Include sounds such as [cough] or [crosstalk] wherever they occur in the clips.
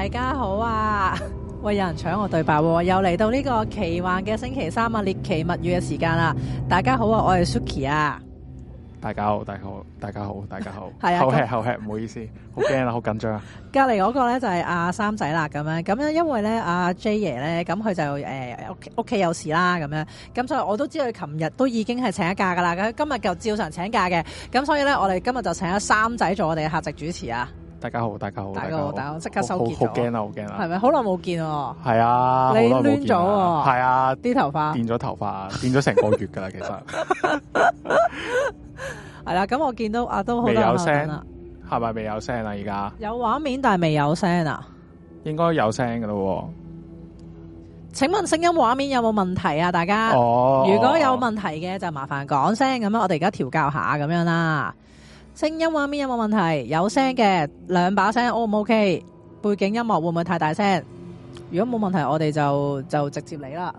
大家好啊！喂，有人搶我對白，啊，又嚟到呢個奇幻嘅星期三啊！獵奇物語嘅時間啦，啊！大家好啊，我係 Suki 啊！大家好，大家好，大家好，大家、 [laughs] 啊、好，係啊！好吃好吃，唔 [laughs] 好意思，好驚啊，好緊張啊！隔籬嗰個咧就係阿三仔啦，咁樣咁咧，因為咧阿 J 爺咧，咁、啊、佢就誒屋屋企有事啦，咁樣咁所以我都知道佢琴日都已經係請假噶啦，咁今日就照常請假嘅，咁所以咧我哋今日就請阿三仔做我哋嘅客席主持啊！大家好，大家好，大家好，大家即刻收結咗，好驚啊，好驚啊！係咪好耐冇見？係啊，你攣咗喎！係啊，啲頭髮變咗頭髮，變咗成個月㗎啦，其實係啦。咁我見到啊都好有聲啊。係咪未有聲啊？而家有畫面，但係未有聲啊？應該有聲㗎咯。請問聲音畫面有冇問題啊？大家哦，如果有問題嘅就麻煩講聲咁啊！我哋而家調教下咁樣啦。聲音畫面有冇問題？有聲嘅，兩把聲 O 唔 O K？背景音樂會唔會太大聲？如果冇問題，我哋就就直接嚟啦，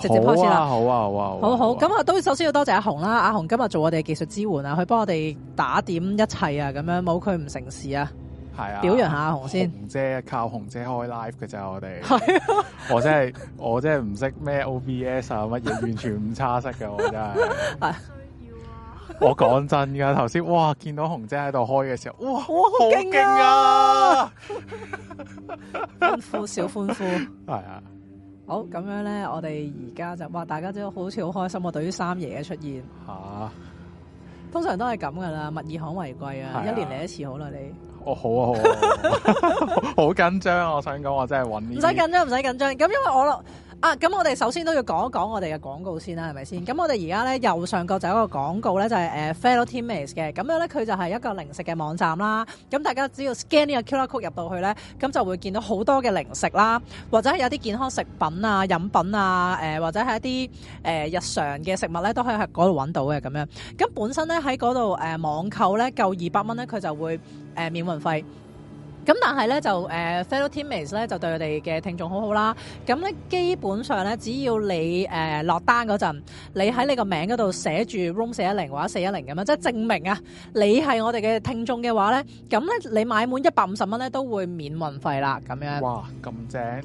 直接開始啦。好啊，好啊，好好咁啊，都、啊啊、首先要多謝阿紅啦。阿紅今日做我哋技術支援啊，佢幫我哋打點一切啊，咁樣冇佢唔成事啊。係啊，表揚下阿紅先。紅姐靠紅姐開 live 嘅咋我哋？係啊我真，我真係我真係唔識咩 O B S 啊乜嘢，完全唔差識嘅我真係。 [laughs] [laughs] 我講真噶，頭先哇見到紅姐喺度開嘅時候，哇，哇好勁啊！歡呼小歡呼，係啊，好咁樣咧，我哋而家就哇，大家真好似好開心啊！對於三爺嘅出現，吓、啊、通常都係咁噶啦，物以罕為貴啊， [laughs] 一年嚟一次好啦，你，哦好啊好，啊！好緊張啊 [laughs] [laughs] 緊張！我想講，我真係搵呢，唔使緊張，唔使緊張，咁因為我。啊，咁我哋首先都要講一講我哋嘅廣告先啦，係咪先？咁我哋而家咧右上角就有一個廣告咧，就係、是、誒 Fellow Teamers 嘅，咁樣咧佢就係一個零食嘅網站啦。咁大家只要 scan 呢個 QR code 入到去咧，咁就會見到好多嘅零食啦，或者係有啲健康食品啊、飲品啊，誒、呃、或者係一啲誒、呃、日常嘅食物咧，都可以喺嗰度揾到嘅咁樣。咁本身咧喺嗰度誒網購咧夠二百蚊咧，佢就會誒、呃、免運費。咁但係咧就誒、uh, Fellow Teamers 咧就對我哋嘅聽眾好好啦。咁咧基本上咧，只要你誒、uh, 落單嗰陣，你喺你個名嗰度寫住 Room 四一零或者四一零咁樣，即係證明啊，你係我哋嘅聽眾嘅話咧，咁咧你買滿一百五十蚊咧都會免運費啦，咁樣。哇！咁正，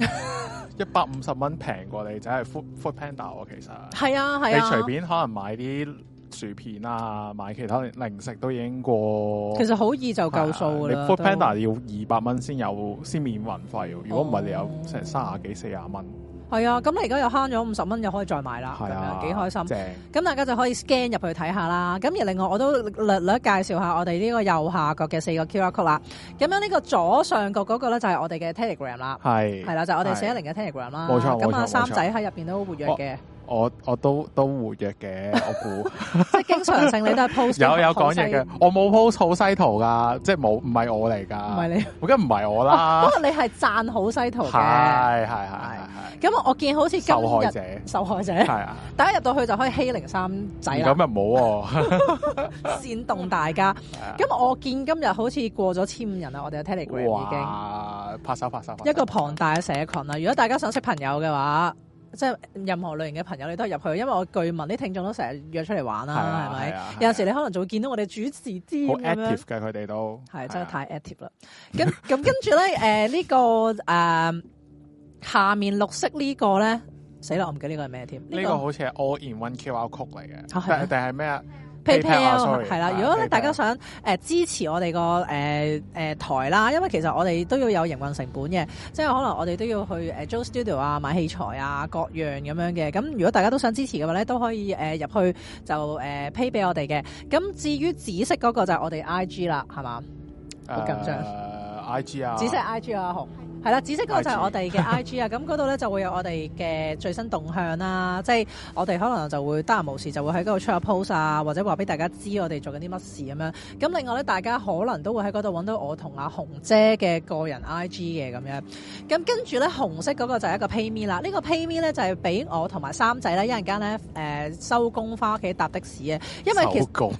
一百五十蚊平過你，就係、是、Food Panda 啊，其實。係啊係啊，啊你隨便可能買啲。薯片啊，買其他零食都已經過。其實好易就夠數 yeah, 你 foodpanda 會要二百蚊先有先免運費喎，如果唔係你有成三十幾四十蚊。係啊，咁、yeah, 你而家又慳咗五十蚊，又可以再買啦，咁啊 Yeah,。幾開心。正，咁大家就可以 scan 入去睇下啦。咁而另外我都略略介紹下我哋呢個右下角嘅四個 QR code 啦。咁樣呢個左上角嗰個咧就係我哋嘅 Telegram 啦。係係啦，就係、我哋寫一零嘅 Telegram 啦。冇的錯冇錯，咁啊三仔喺入邊都好活躍嘅。啊我我都都活躍嘅，我估即係經常性你都係 post 有有講嘢嘅，我冇 post 好西圖噶，即係冇唔係我嚟噶，唔係你，我梗唔係我啦。不過你係讚好西圖嘅，係係係係。咁我見好似今日受害者受害者係啊，大家入到去就可以欺凌三仔。咁今日冇喎，煽動大家。咁我見今日好似過咗千五人啦，我哋嘅 Telegram 已經拍手拍手，一個龐大嘅社群啦。如果大家想識朋友嘅話，即係任何類型嘅朋友你都係入去，因為我據聞啲聽眾都成日約出嚟玩啦，係咪？有時你可能就會見到我哋主持啲好 active 嘅佢哋都係真係太 active 啦。咁咁跟住咧，誒呢個誒下面綠色呢個咧，死啦！我唔記得呢個係咩添。呢個好似係 All in One QR Code 嚟嘅，定定係咩啊？PayPal 係啦，如果咧大家想誒支持我哋個誒誒台啦，因為其實我哋都要有營運成本嘅，即係可能我哋都要去誒租 studio 啊、買器材啊、各樣咁樣嘅。咁如果大家都想支持嘅話咧，都可以誒入去就誒 pay 俾我哋嘅。咁至於紫色嗰個就係我哋 I G 啦，係嘛？好緊張。I G 啊。紫色 I G 啊，紅。係啦，紫色嗰個就係我哋嘅 IG 啊，咁嗰度咧就會有我哋嘅最新動向啦，即係我哋可能就會得閒無事就會喺嗰度出下 post 啊，或者話俾大家知我哋做緊啲乜事咁樣。咁另外咧，大家可能都會喺嗰度揾到我同阿紅姐嘅個人 IG 嘅咁樣。咁跟住咧，紅色嗰個就係一個 PayMe 啦。呢個 PayMe 咧就係俾我同埋三仔咧一陣間咧誒收工返屋企搭的士啊，因為其實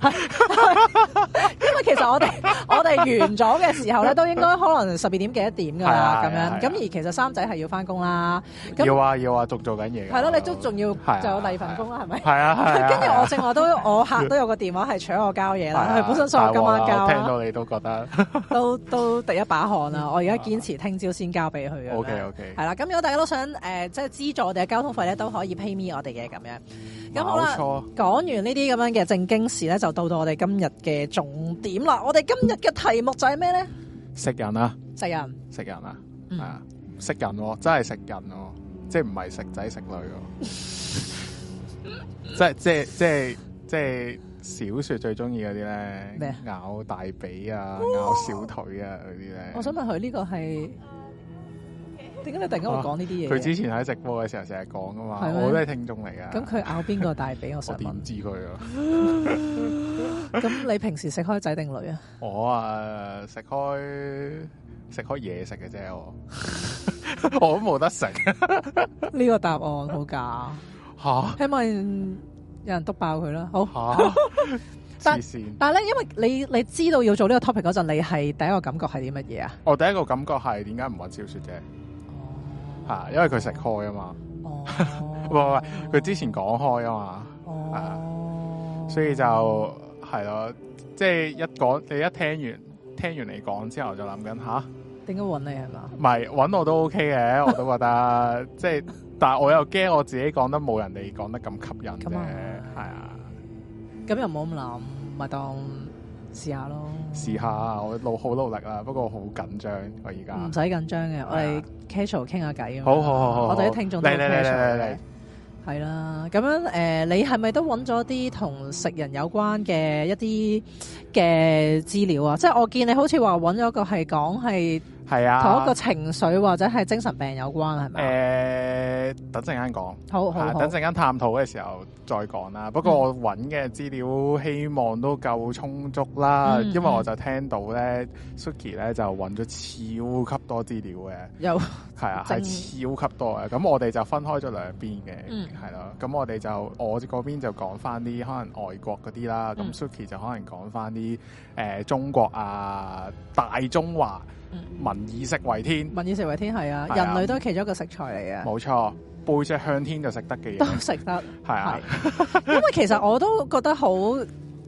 因為其實我哋我哋完咗嘅時候咧都應該可能十二點幾一點㗎啦。咁而其實三仔係要翻工啦，要啊要啊，仲做緊嘢嘅。係咯，你都仲要就有第二份工啦，係咪？係啊。跟住我正話都我客都有個電話係搶我交嘢啦，本身想今晚交啦。聽到你都覺得都都第一把汗啊！我而家堅持聽朝先交俾佢。O K O K。係啦，咁如果大家都想誒即係資助我哋嘅交通費咧，都可以 pay me 我哋嘅咁樣。冇錯。講完呢啲咁樣嘅正經事咧，就到到我哋今日嘅重點啦。我哋今日嘅題目就係咩咧？食人啊！食人！食人啊！啊！食人咯，啊，真係食人咯，啊，即係唔係食仔食女咯，啊， [laughs] 即係即係即係即係小說最中意嗰啲咧，咩咬大髀啊，哦、咬小腿啊嗰啲咧。我想問佢呢個係點解，你突然間會講呢啲嘢？佢之前喺直播嘅時候成日講噶嘛，我都係聽眾嚟噶。咁佢咬邊個大髀？我我點知佢啊？咁 [laughs] [laughs] 你平時食開仔定女啊？我啊食開。食開嘢，食嘅啫，我我都冇得食。呢個答案好假吓，啊哈，希望有人督爆佢啦。好，黐線。但係咧，因為你你知道要做呢個 topic 嗰陣，你係第一個感覺係啲乜嘢啊？我、哦、第一個感覺係點解唔揾小說啫？吓、哦啊，因為佢食開啊嘛。哦，唔唔佢之前講開啊嘛。哦，所以就係咯，即係、就是、一講你一聽完，聽完你講之後就諗緊吓。點解搵你係嘛？唔係搵我都 OK 嘅，我都覺得即係，但係我又驚我自己講得冇人哋講得咁吸引嘅，係啊。咁又冇咁諗，咪當試下咯。試下，我努好努力啦，不過好緊張，我而家。唔使緊張嘅，我哋 casual 傾下偈啊嘛。好好好好，我哋啲聽眾都 casual 嚟嚟嚟嚟。係啦，咁、啊、樣誒、呃，你係咪都搵咗啲同食人有關嘅一啲嘅資料啊？即係我見你好似話搵咗個係講係。係啊，同一個情緒或者係精神病有關，係咪？誒、呃，等陣間講，好，好，等陣間探討嘅時候再講啦。嗯、不過我搵嘅資料希望都夠充足啦，嗯嗯、因為我就聽到咧，Suki 咧就搵咗超級多資料嘅，有係啊，係是的超級多嘅。咁我哋就分開咗兩邊嘅，係咯、嗯。咁我哋就我嗰邊就講翻啲可能外國嗰啲啦，咁、嗯、Suki 就可能講翻啲誒中國啊大中華，民以，民以食為天，民以食為天係啊，人類都係其中一個食材嚟嘅。冇錯，背脊向天就食得嘅嘢，都食得係啊，因為其實我都覺得好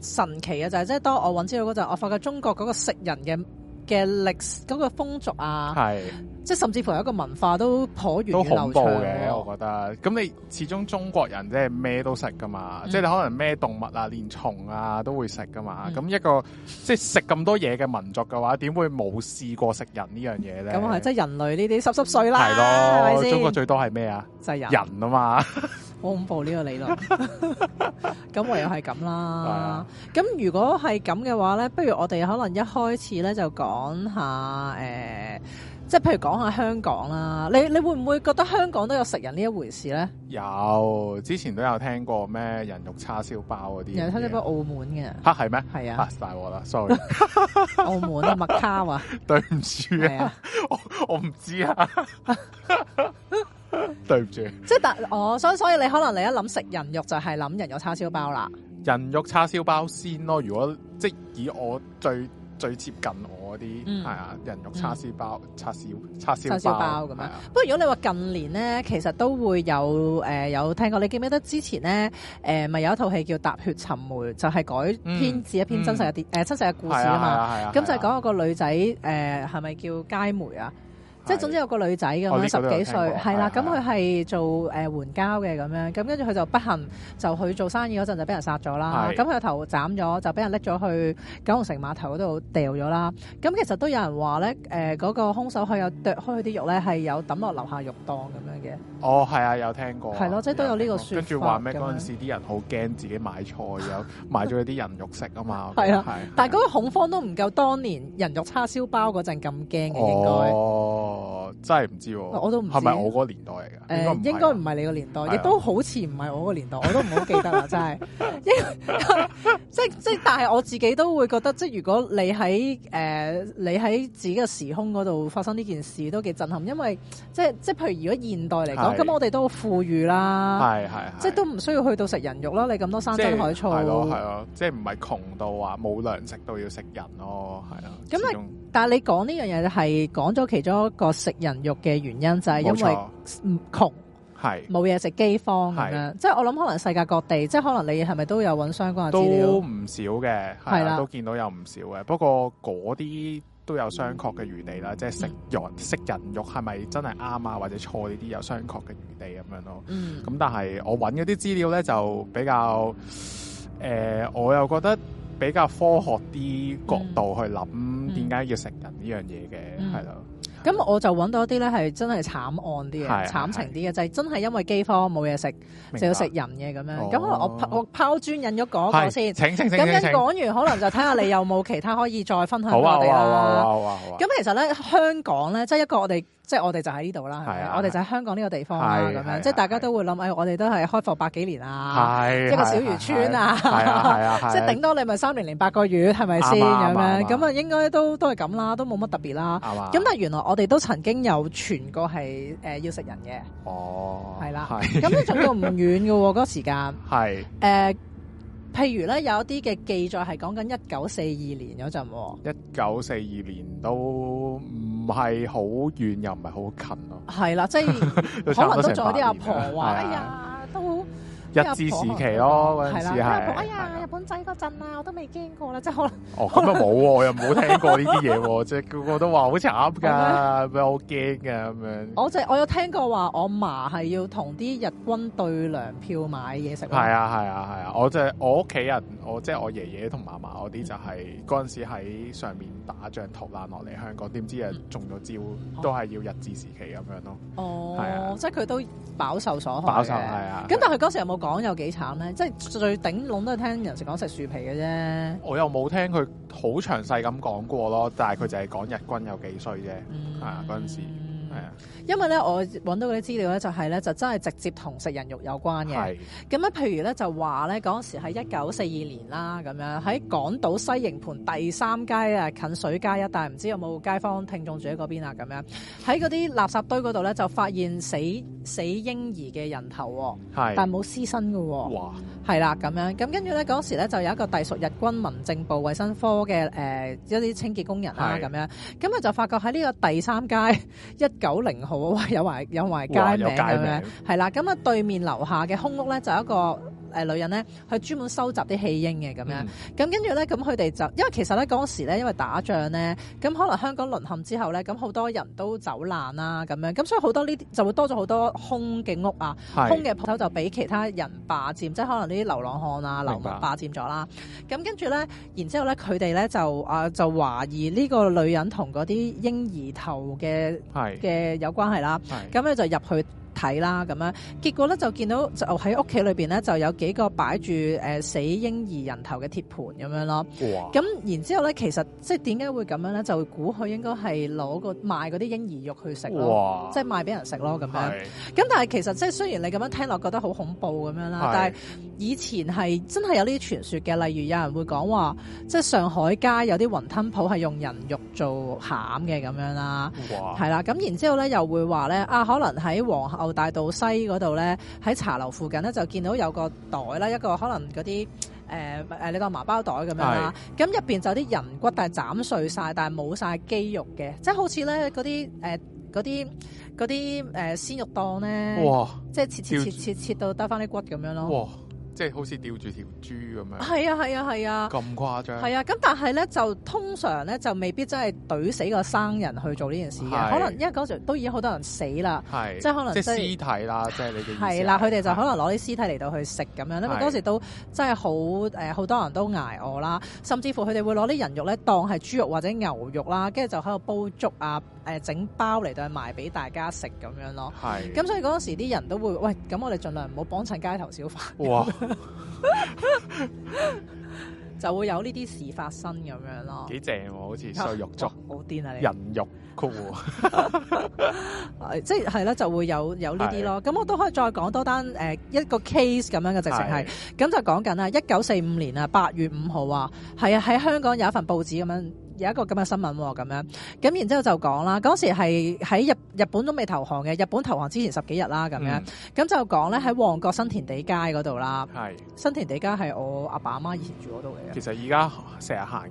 神奇嘅就係，即係當我搵資料嗰陣，我發覺中國嗰個食人嘅。嘅歷史嗰、嗰個風俗啊，係即係甚至乎有一個文化都頗源遠流長都恐怖嘅，我覺得。咁你始終中國人即係咩都食噶嘛，嗯、即係你可能咩動物啊、連蟲啊都會食噶嘛。咁、嗯、一個即係食咁多嘢嘅民族嘅話，點會冇試過食人呢樣嘢咧？咁啊、嗯，即係人類呢啲濕濕碎啦，係咪咯中國最多係咩啊？就係人啊人嘛。 [laughs] 好恐怖呢、這個理論，咁唯有係咁啦。咁、uh, 如果係咁嘅話咧，不如我哋可能一開始咧就講下，誒、欸，即係譬如講下香港啦。你你會唔會覺得香港都有食人呢一回事咧？有，之前都有聽過咩人肉叉燒包嗰啲，又聽到個澳門嘅吓係咩？係啊，大鑊啦，sorry，澳門啊，麥卡哇，對唔住啊，我我唔知啊。 [laughs] 對唔住，即係但，我所以所以你可能你一諗食人肉就係諗人肉叉燒包啦，人肉叉燒包先咯。如果即以我最最接近我嗰啲係啊，人肉叉燒包、叉燒、叉燒、叉燒包咁樣。不過如果你話近年咧，其實都會有誒有聽過。你記唔記得之前咧誒，咪有一套戲叫《踏血尋梅》，就係改編自一篇真實嘅誒真實嘅故事啊嘛。係啊。咁就係講一個女仔誒，係咪叫佳梅啊？即係總之有個女仔咁樣十幾歲，係啦，咁佢係做誒援交嘅咁樣，咁跟住佢就不幸就去做生意嗰陣就俾人殺咗啦。咁佢個頭斬咗，就俾人拎咗去九龍城碼頭嗰度掉咗啦。咁其實都有人話咧，誒嗰個兇手佢有剁開佢啲肉咧，係有抌落樓下肉檔咁樣嘅。哦，係啊，有聽過。係咯，即係都有呢個説。跟住話咩？嗰陣時啲人好驚自己買菜有買咗啲人肉食啊嘛。係啊，係。但係嗰個恐慌都唔夠當年人肉叉燒包嗰陣咁驚嘅，應該。哦，真係唔知，我都唔係，係咪我嗰個年代嚟㗎？誒，應該唔係你個年代，亦都好似唔係我個年代，我都唔好記得啦，真係。 [laughs] [laughs] 即即但係我自己都會覺得，即如果你喺誒、呃、你喺自己嘅時空嗰度發生呢件事，都幾震撼，因為即即譬如如果現代嚟講，咁的我哋都富裕啦，係係，即都唔需要去到食人肉啦，你咁多山珍海錯，係咯係咯，即唔係窮到話冇糧食都要食人咯，係啊，咁係。但係你講呢樣嘢係講咗其中一個食人肉嘅原因就係、是、因為窮係冇嘢食饑荒咁樣，即係是、就是、我諗可能世界各地，即、就、係、是、可能你係咪都有揾相關資料都唔少嘅係啦，啊、的都見到有唔少嘅。不過嗰啲都有商榷嘅餘地啦，即、就、係、是、食肉、嗯、食人肉係咪真係啱啊或者錯呢啲有商榷嘅餘地咁樣咯。嗯，咁但係我揾嗰啲資料咧就比較誒、呃，我又覺得。比較科學啲角度去諗點解要食人呢樣嘢嘅，係咯。咁我就揾到一啲咧係真係慘案啲嘅、慘情啲嘅，就係真係因為饑荒冇嘢食，就要食人嘅咁樣。咁我我拋磚引咗嗰個先。請請請請。咁樣講完，可能就睇下你有冇其他可以再分享畀我哋啦？好啊好啊好啊。咁其實咧，香港咧，即係一個我哋，即係我哋就喺呢度啦，我哋就喺香港呢個地方啦，咁樣即係大家都會諗，誒，我哋都係開放百幾年啊，即係一個小漁村啊，即係頂多你咪三年零八個月，係咪先咁樣？咁啊，應該都都係咁啦，都冇乜特別啦。咁但係原來我哋都曾經有傳過係誒要食人嘅，哦，係啦。咁都仲到唔遠噶嗰個時間，誒，譬如咧有一啲嘅記載係講緊一九四二年嗰陣，一九四二年都。唔係好遠又唔係好近咯，啊，係啦，即係可能都做啲阿婆話，哎呀。日治時期咯，嗰陣時係，哎呀，日本仔嗰陣啊，我都未驚過啦，即係可能哦咁啊冇喎，又冇聽過呢啲嘢喎，即係個個都話好似慘㗎，唔係好驚㗎咁樣。我就我有聽過話，我阿嫲係要同啲日軍對糧票買嘢食。係啊係啊係啊！我就我屋企人，我即係我爺爺同嫲嫲嗰啲就係嗰陣時喺上面打仗逃難落嚟香港，點知啊中咗招，都係要日治時期咁樣咯。哦，係啊，即係佢都飽受所害。飽受係啊。咁但係嗰時有冇？講有，有幾慘咧？即係最頂籠都係聽人食講食樹皮嘅啫。我又冇聽佢好詳細咁講過咯，但係佢就係講日軍有幾衰啫。嚇，嗰陣時。嗯、因為咧，我揾到嗰啲資料咧，就係、是、咧，就真係直接同食人肉有關嘅。咁咧是，譬如咧，就話咧，嗰時係一九四二年啦，咁樣喺港島西營盤第三街啊，近水街一帶，唔知有冇街坊聽眾住喺嗰邊啊？咁樣喺嗰啲垃圾堆嗰度咧，就發現死死嬰兒嘅人頭，是但係冇屍身㗎。哇係啦，咁樣咁跟住咧，嗰時咧就有一個隸屬日軍民政部衛生科嘅誒一啲清潔工人啦、啊，咁樣咁啊就發覺喺呢個第三街一九零號有懷有懷街名咁樣係啦，咁啊對面樓下嘅空屋咧就有一個。誒、呃、女人咧，佢專門收集啲棄嬰嘅咁樣，咁跟住咧，咁佢哋就，因為其實咧嗰時咧，因為打仗咧，咁可能香港淪陷之後咧，咁好多人都走難啦咁樣，咁所以好多呢啲就會多咗好多空嘅屋啊，是 空嘅鋪頭就俾其他人霸佔，即係可能呢啲流浪漢啊、白流氓霸佔咗啦。咁跟住咧，然之後咧，佢哋咧就啊、呃、就懷疑呢個女人同嗰啲嬰兒頭嘅嘅是 有關係啦。咁咧就入去。睇啦咁樣，結果咧就見到就喺屋企裏邊咧就有幾個擺住誒、呃、死嬰兒人頭嘅鐵盤咁樣咯。咁哇 然之後咧，其實即係點解會咁樣咧？就估佢應該係攞個賣嗰啲嬰兒肉去食咯，哇 即係賣俾人食咯咁樣。咁是 但係其實即係雖然你咁樣聽落覺得好恐怖咁樣啦，是 但係以前係真係有呢啲傳説嘅，例如有人會講話，即係上海街有啲雲吞鋪係用人肉做餡嘅咁樣啦。哇！係啦，咁、嗯、然後之後咧又會話咧啊，可能喺皇后。大道西嗰度咧，喺茶樓附近咧，就見到有個袋啦，一個可能嗰啲誒誒，你當麻包袋咁樣啦。咁入邊就有啲人骨，但係斬碎晒，但係冇晒肌肉嘅，即係好似咧嗰啲誒啲啲誒鮮肉檔咧，哇即係切了切切切切到得翻啲骨咁樣咯。即係好似吊住條豬咁樣，係啊係啊係啊，咁、啊啊、誇張，係啊。咁但係咧，就通常咧，就未必真係懟死個生人去做呢件事啊。是可能因為嗰時都已經好多人死啦，係是，即係可能即係屍體啦，即係你哋，意思係啦。佢哋就可能攞啲屍體嚟到去食咁是樣，因為嗰時都真係好誒，好、呃、多人都挨餓啦，甚至乎佢哋會攞啲人肉咧當係豬肉或者牛肉啦，跟住就喺度煲粥啊。誒整包嚟到賣俾大家食咁樣咯，係是。咁、嗯、所以嗰陣時啲人都會，喂，咁我哋盡量唔好幫襯街頭小販。哇！就會有呢啲事發生咁樣咯。幾正喎，好似碎肉粥。好癲啊你！人肉曲喎。即係係啦，就會有有呢啲咯。咁我都可以再講多單誒、呃、一個 case 咁樣嘅直情係，咁是是就講緊啦，一九四五年啊，八月五號啊，係啊，喺香港有一份報紙咁樣。有一個咁嘅新聞咁、哦、樣，咁然之後就講啦。嗰時係喺日日本都未投降嘅，日本投降之前十幾日啦。咁樣咁、嗯、就講咧，喺旺角新田地街嗰度啦。係、嗯、新田地街係我阿爸阿媽以前住嗰度嚟嘅。其實而家成日行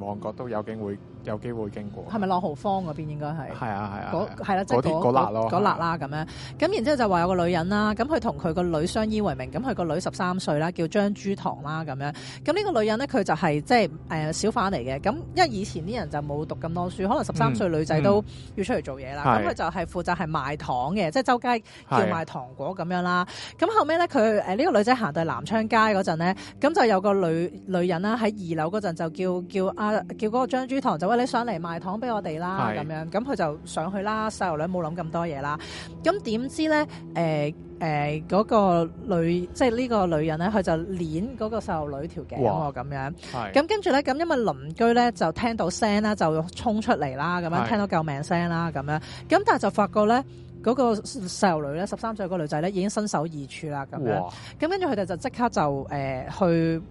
旺角都有機會，有機會經過，係咪落豪方嗰邊應該係？係啊係啊，嗰係啦，即係嗰嗰粒咯，嗰粒啦咁樣。咁、係啊、然之後就話有個女人啦，咁佢同佢個女相依為命，咁佢個女十三歲啦，叫張珠糖啦咁樣。咁呢個女人咧，佢就係即係誒小販嚟嘅。咁因為以前啲人就冇讀咁多書，可能十三歲女仔都要出嚟做嘢啦。咁佢、嗯嗯、就係負責係賣糖嘅，即係周街叫賣糖果咁樣啦。咁後尾咧，佢誒呢個女仔行到係南昌街嗰陣咧，咁就有個女女人啦喺二樓嗰陣就叫叫阿叫嗰、啊、個張珠糖就。喂，你上嚟賣糖俾我哋啦，咁是樣，咁佢就上去啦，細路女冇諗咁多嘢啦，咁點知咧？誒、呃、誒，嗰、呃那個女，即係呢個女人咧，佢就捏嗰個細路女條頸喎，咁哇樣。係是。咁跟住咧，咁因為鄰居咧就聽到聲啦，就衝出嚟啦，咁樣聽到救命聲啦，咁樣。咁但係就發覺咧，嗰、那個細路女咧，十三歲個女仔咧，已經身首異處啦，咁樣。哇！咁跟住佢哋就即刻就誒、呃、去。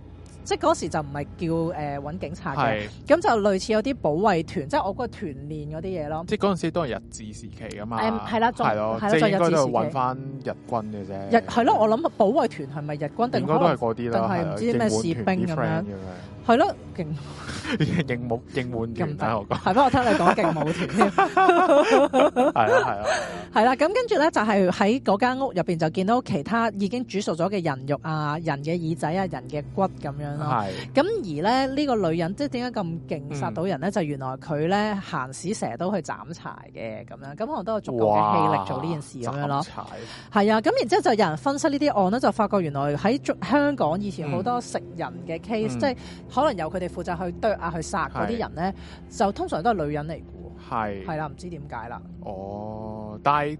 即嗰時就唔係叫誒揾警察嘅，咁就類似有啲保衞團，即係我嗰個團練嗰啲嘢咯。即嗰陣時都係日治時期啊嘛。誒係啦，係咯，即係日治時期揾翻日軍嘅啫。日係咯，我諗保衞團係咪日軍？應該都係嗰啲啦，係。唔知咩士兵咁樣？係咯，勁！勁舞勁換勁、啊，大我講係，不、嗯、 [laughs] 我聽你講勁舞團先。係啊係啊，係啦。咁跟住咧就係喺嗰間屋入邊就見到其他已經煮熟咗嘅人肉啊、人嘅耳仔啊、人嘅骨咁樣咯、啊。係對。咁而咧呢、呢個女人即係點解咁勁殺到人咧？嗯、就原來佢咧行屎蛇都去斬柴嘅咁樣。咁我都有足夠嘅氣力做呢件事咁樣咯。係啊。咁然之後，後就有人分析呢啲案咧，就發覺原來喺香港以前好多食人嘅 case，即係。嗯嗯可能由佢哋負責去啄啊去殺嗰啲人咧，是就通常都係女人嚟嘅，係係啦，唔知點解啦。哦，oh, 但係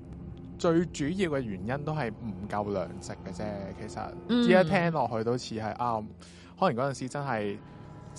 最主要嘅原因都係唔夠糧食嘅啫。其實依家、mm. 聽落去都似係啊，可能嗰陣時真係。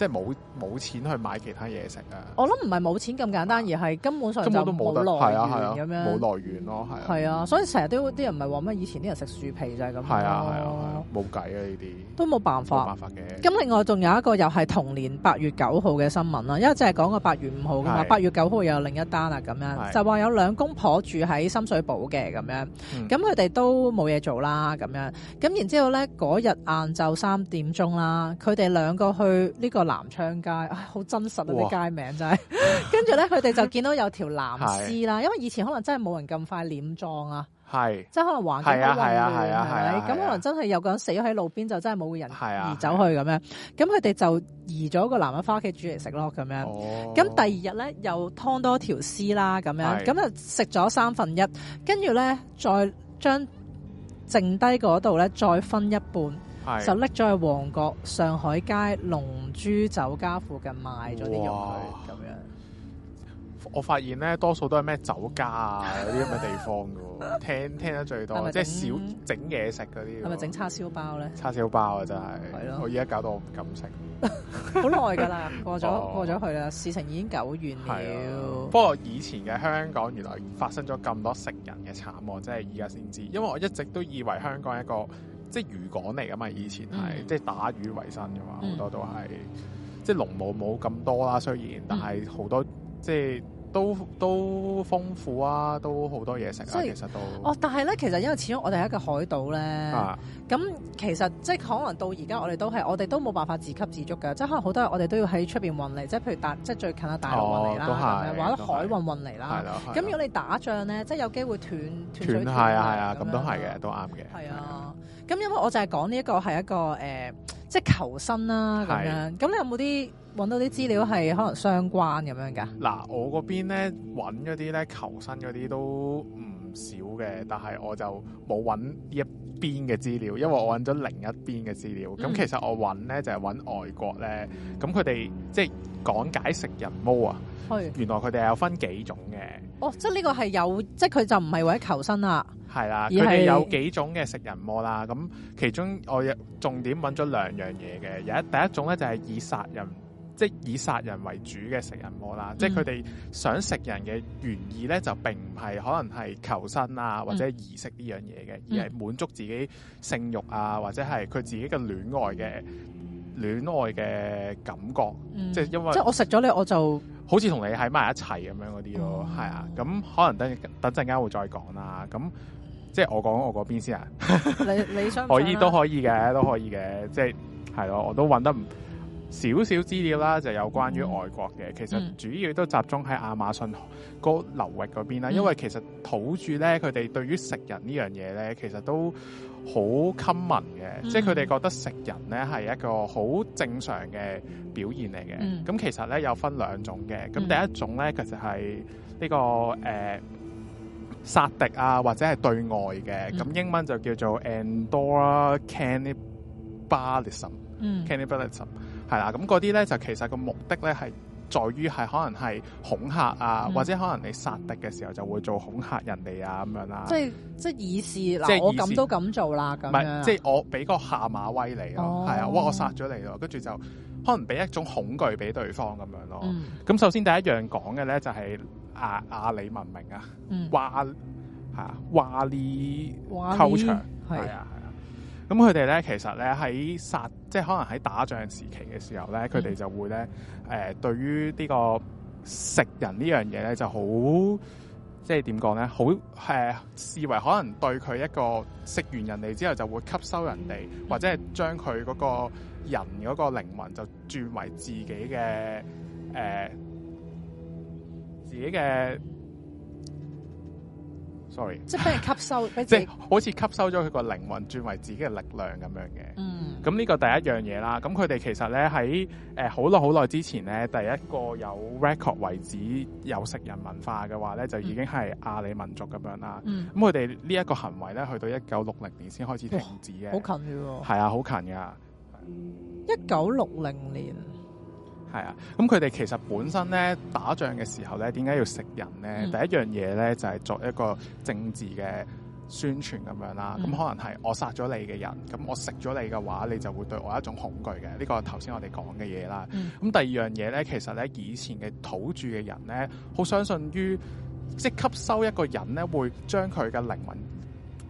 即係冇冇錢去買其他嘢食啊！我諗唔係冇錢咁簡單，而係根本上，本上就冇來源咁樣，冇、啊啊、來源咯，係。係啊，啊嗯、所以成日都啲人唔係話咩？以前啲人食樹皮就係咁。係啊，係啊，冇計啊！呢啲、啊、都冇辦法，冇辦法嘅。咁另外仲有一個又係同年八月九號嘅新聞啦，因為即係講個八月五號㗎嘛，八是月九號又有另一單啦咁樣，是就話有兩公婆住喺深水埗嘅咁樣，咁佢哋都冇嘢做啦咁樣，咁然之後咧嗰日晏晝三點鐘啦，佢哋兩個去呢、呢個。南昌街，好真實啊啲哇 街名真係。跟住咧，佢哋就見到有條藍屍啦， [laughs] 是因為以前可能真係冇人咁快殮葬啊，係 [laughs] 是，即係可能環境都溫暖，啊係啊係啊，係咁、啊啊啊、可能真係有個人死喺路邊，就真係冇人移走去咁、啊、樣。咁佢哋就移咗個男人返屋企煮嚟食咯，咁樣。咁、哦、第二日咧又劏多條屍啦，咁樣。咁就食咗三分一，跟住咧再將剩低嗰度咧再分一半。就拎咗去旺角上海街龍珠酒家附近賣咗啲肉咁樣。我發現咧，多數都係咩酒家啊，有啲咁嘅地方噶。聽聽得最多，即係少整嘢食嗰啲，啊。係咪整叉燒包咧？叉燒包啊，真係。係咯。我而家搞到我唔敢食。好耐噶啦，過咗，哦、過咗去啦，事情已經久遠了。不過，啊、以前嘅香港原來發生咗咁多食人嘅慘禍，即係而家先知。因為我一直都以為香港係一個。即係漁港嚟噶嘛？以前係即係打魚為生嘅嘛，好多都係即係農務冇咁多啦。雖然，但係好多即係都都豐富啊，都好多嘢食啊。其實都哦，但係咧，其實因為始終我哋係一個海島咧，咁其實即係可能到而家我哋都係我哋都冇辦法自給自足嘅，即係可能好多人我哋都要喺出邊運嚟，即係譬如搭即係最近啊大陸運嚟啦，或者海運運嚟啦。咁如果你打仗咧，即係有機會斷斷係啊係啊，咁都係嘅，都啱嘅，係啊。咁因為我就係講呢一個係一個誒，即係求生啦、啊、咁樣。咁是你有冇啲揾到啲資料係可能相關咁樣㗎？嗱，我嗰邊咧揾嗰啲咧求生嗰啲都。少嘅，但係我就冇揾一邊嘅資料，因為我揾咗另一邊嘅資料。咁、嗯、其實我揾咧就係、是、揾外國咧，咁佢哋即係講解食人魔啊。係是原來佢哋係有分幾種嘅哦，即係呢個係有，即係佢就唔係為咗求生啦、啊。係啦、啊，佢哋是有幾種嘅食人魔啦。咁其中我有重點揾咗兩樣嘢嘅，有一第一種咧就係、是、以殺人。即係以殺人為主嘅食人魔啦，即係佢哋想食人嘅原意咧，就並唔係可能係求生啊，或者儀式呢樣嘢嘅，而係滿足自己性欲啊，或者係佢自己嘅戀愛嘅戀愛嘅感覺，即係、嗯、因為即係我食咗咧，我就好似同你喺埋一齊咁樣嗰啲咯，係、嗯、啊，咁可能等等陣間會,會再講啦，咁即係我講我嗰邊先啊，你你想,想 [laughs] 可以都可以嘅，都可以嘅，即係係咯，我都揾得唔～ [noise] 少少資料啦，就有關於外國嘅，嗯、其實主要都集中喺亞馬遜嘅流域嗰邊啦。嗯、因為其實土著咧，佢哋對於食人呢樣嘢咧，其實都好 common 嘅，即係佢哋覺得食人咧係一個好正常嘅表現嚟嘅。咁、嗯、其實咧有分兩種嘅，咁第一種咧其實係呢、呢個誒、呃、殺敵啊，或者係對外嘅，咁、嗯、英文就叫做 Andora Cannibalism，Cannibalism、嗯。Cann 係啦，咁嗰啲咧就其實個目的咧係在於係可能係恐嚇啊，或者可能你殺敵嘅時候就會做恐嚇人哋啊咁樣啦。即係即係以示嗱，我咁都咁做啦，咁。唔係，即係我俾個下馬威你咯，係啊，哇！我殺咗你咯，跟住就可能俾一種恐懼俾對方咁樣咯。咁、嗯、首先第一樣講嘅咧就係亞亞里文明啊，嗯、哇嚇哇哩哇哩係啊。咁佢哋咧，其實咧喺殺，即係可能喺打仗時期嘅時候咧，佢哋就會咧，誒、呃、對於呢個食人呢樣嘢咧，就好，即係點講咧，好誒、呃、視為可能對佢一個食完人哋之後就會吸收人哋，或者係將佢嗰個人嗰個靈魂就轉為自己嘅誒、呃、自己嘅。sorry，即係俾人吸收， [laughs] 即係好似吸收咗佢個靈魂，轉為自己嘅力量咁樣嘅。嗯，咁呢個第一樣嘢啦。咁佢哋其實咧喺誒好耐好耐之前咧，第一個有 record 為止有食人文化嘅話咧，就已經係亞里民族咁樣啦。嗯，咁佢哋呢一個行為咧，去到一九六零年先開始停止嘅，好近嘅喎。係啊，好近噶，一九六零年。係啊，咁佢哋其實本身咧打仗嘅時候咧，點解要食人咧？嗯、第一樣嘢咧就係、是、作一個政治嘅宣傳咁樣啦。咁、嗯、可能係我殺咗你嘅人，咁我食咗你嘅話，你就會對我一種恐懼嘅。呢、呢個頭先我哋講嘅嘢啦。咁、嗯、第二樣嘢咧，其實咧以前嘅土著嘅人咧，好相信於即吸收一個人咧，會將佢嘅靈魂。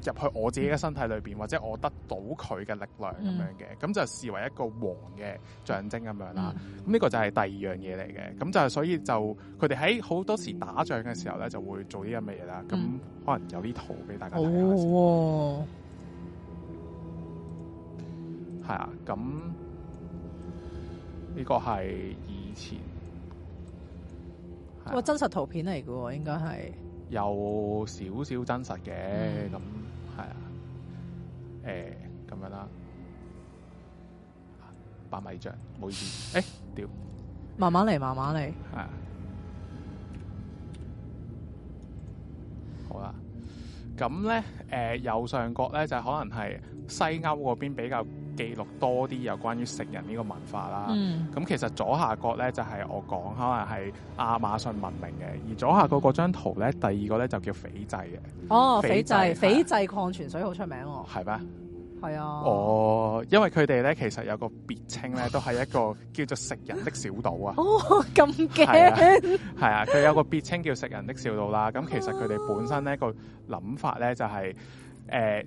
入去我自己嘅身體裏邊，或者我得到佢嘅力量咁樣嘅，咁、嗯、就視為一個王嘅象徵咁樣啦。咁呢、嗯、個就係第二樣嘢嚟嘅。咁就係所以就佢哋喺好多時打仗嘅時候咧，就會做呢樣嘅嘢啦。咁、嗯、可能有啲圖俾大家睇下先、哦。係、哦、啊。咁呢個係以前。個哇、啊、真實圖片嚟嘅喎，應該係有少少真實嘅咁。嗯係、哎、啊，誒，咁樣啦，白米醬，唔好意思。誒、哎，屌，慢慢嚟，慢慢嚟。係好啦，咁咧，誒、呃，右上角咧就可能係西歐嗰邊比較。記錄多啲有關於食人呢個文化啦，咁、嗯、其實左下角咧就係、是、我講可能係亞馬遜文明嘅，而左下角嗰張圖咧第二個咧就叫斐濟嘅，哦，斐濟製，斐濟礦泉水好出名，係咩？係啊，哦，因為佢哋咧其實有個別稱咧都係一個叫做食人的小島啊， [laughs] 哦，咁驚，係 [laughs] 啊，佢、啊、有個別稱叫食人的小島啦、啊，咁、嗯 [laughs] 嗯、其實佢哋本身咧個諗法咧就係、是、誒。呃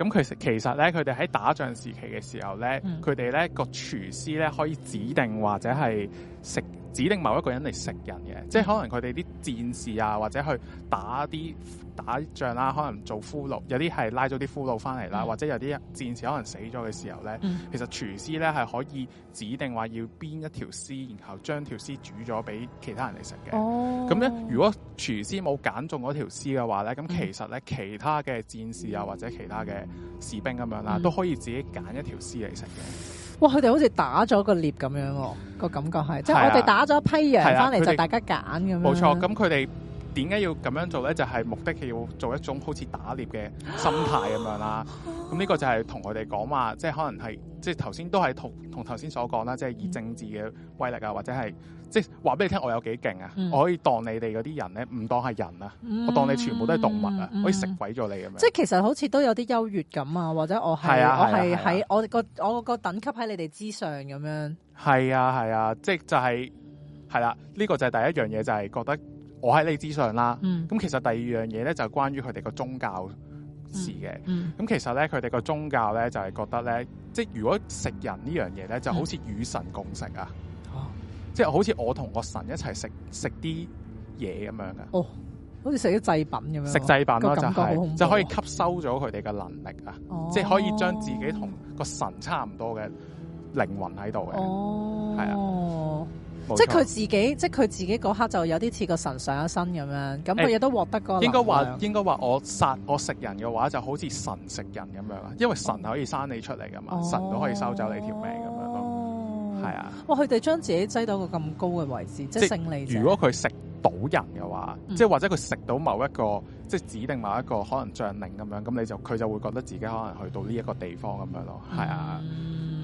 咁其實其實咧，佢哋喺打仗時期嘅時候咧，佢哋咧個廚師咧可以指定或者係食。指定某一個人嚟食人嘅，即係可能佢哋啲戰士啊，或者去打啲打仗啦、啊，可能做俘虜，有啲係拉咗啲俘虜翻嚟啦，嗯、或者有啲戰士可能死咗嘅時候咧，嗯、其實廚師咧係可以指定話要邊一條絲，然後將條絲煮咗俾其他人嚟食嘅。咁咧、哦，如果廚師冇揀中嗰條絲嘅話咧，咁其實咧、嗯、其他嘅戰士啊，或者其他嘅士兵咁樣啦，嗯、都可以自己揀一條絲嚟食嘅。哇！佢哋好似打咗個獵咁樣喎、啊，個感覺係，即係我哋打咗一批羊翻嚟、啊、就大家揀咁樣。冇錯，咁佢哋。點解要咁樣做咧？就係、是、目的係要做一種好似打獵嘅心態咁樣啦、啊。咁呢、 [coughs] 嗯這個就係同佢哋講話，即係可能係即係頭先都係同同頭先所講啦，即係以政治嘅威力啊，或者係即係話俾你聽，我有幾勁啊！嗯、我可以當你哋嗰啲人咧，唔當係人啊，嗯、我當你全部都係動物啊，嗯、可以食鬼咗你咁樣。即係其實好似都有啲優越咁啊，或者我係我係喺我個我個等級喺你哋之上咁樣。係啊係啊，即係、啊啊啊啊啊、就係係啦，呢、啊這個就係第一樣嘢，就係、是、覺得。我喺你之上啦，咁、嗯、其實第二樣嘢咧就係、是、關於佢哋個宗教事嘅。咁、嗯嗯、其實咧，佢哋個宗教咧就係、是、覺得咧，即係如果食人呢樣嘢咧，就好似與神共食啊！嗯、即係好似我同個神一齊食食啲嘢咁樣嘅。哦，好似食啲祭品咁樣。食祭品咯、啊，就係就可以吸收咗佢哋嘅能力啊！哦、即係可以將自己同個神差唔多嘅靈魂喺度嘅。哦，係啊。即係佢自己，嗯、即係佢自己嗰刻就有啲似個神上一身咁樣，咁佢亦都獲得嗰、欸。應該話應該話，我殺我食人嘅話，就好似神食人咁樣，因為神可以生你出嚟㗎嘛，哦、神都可以收走你條命咁樣咯，係、哦、啊。哇！佢哋將自己擠到個咁高嘅位置，即係勝利。如果佢食到人嘅話，嗯、即係或者佢食到某一個，即係指定某一個可能將領咁樣，咁你就佢就會覺得自己可能去到呢一個地方咁樣咯。係啊，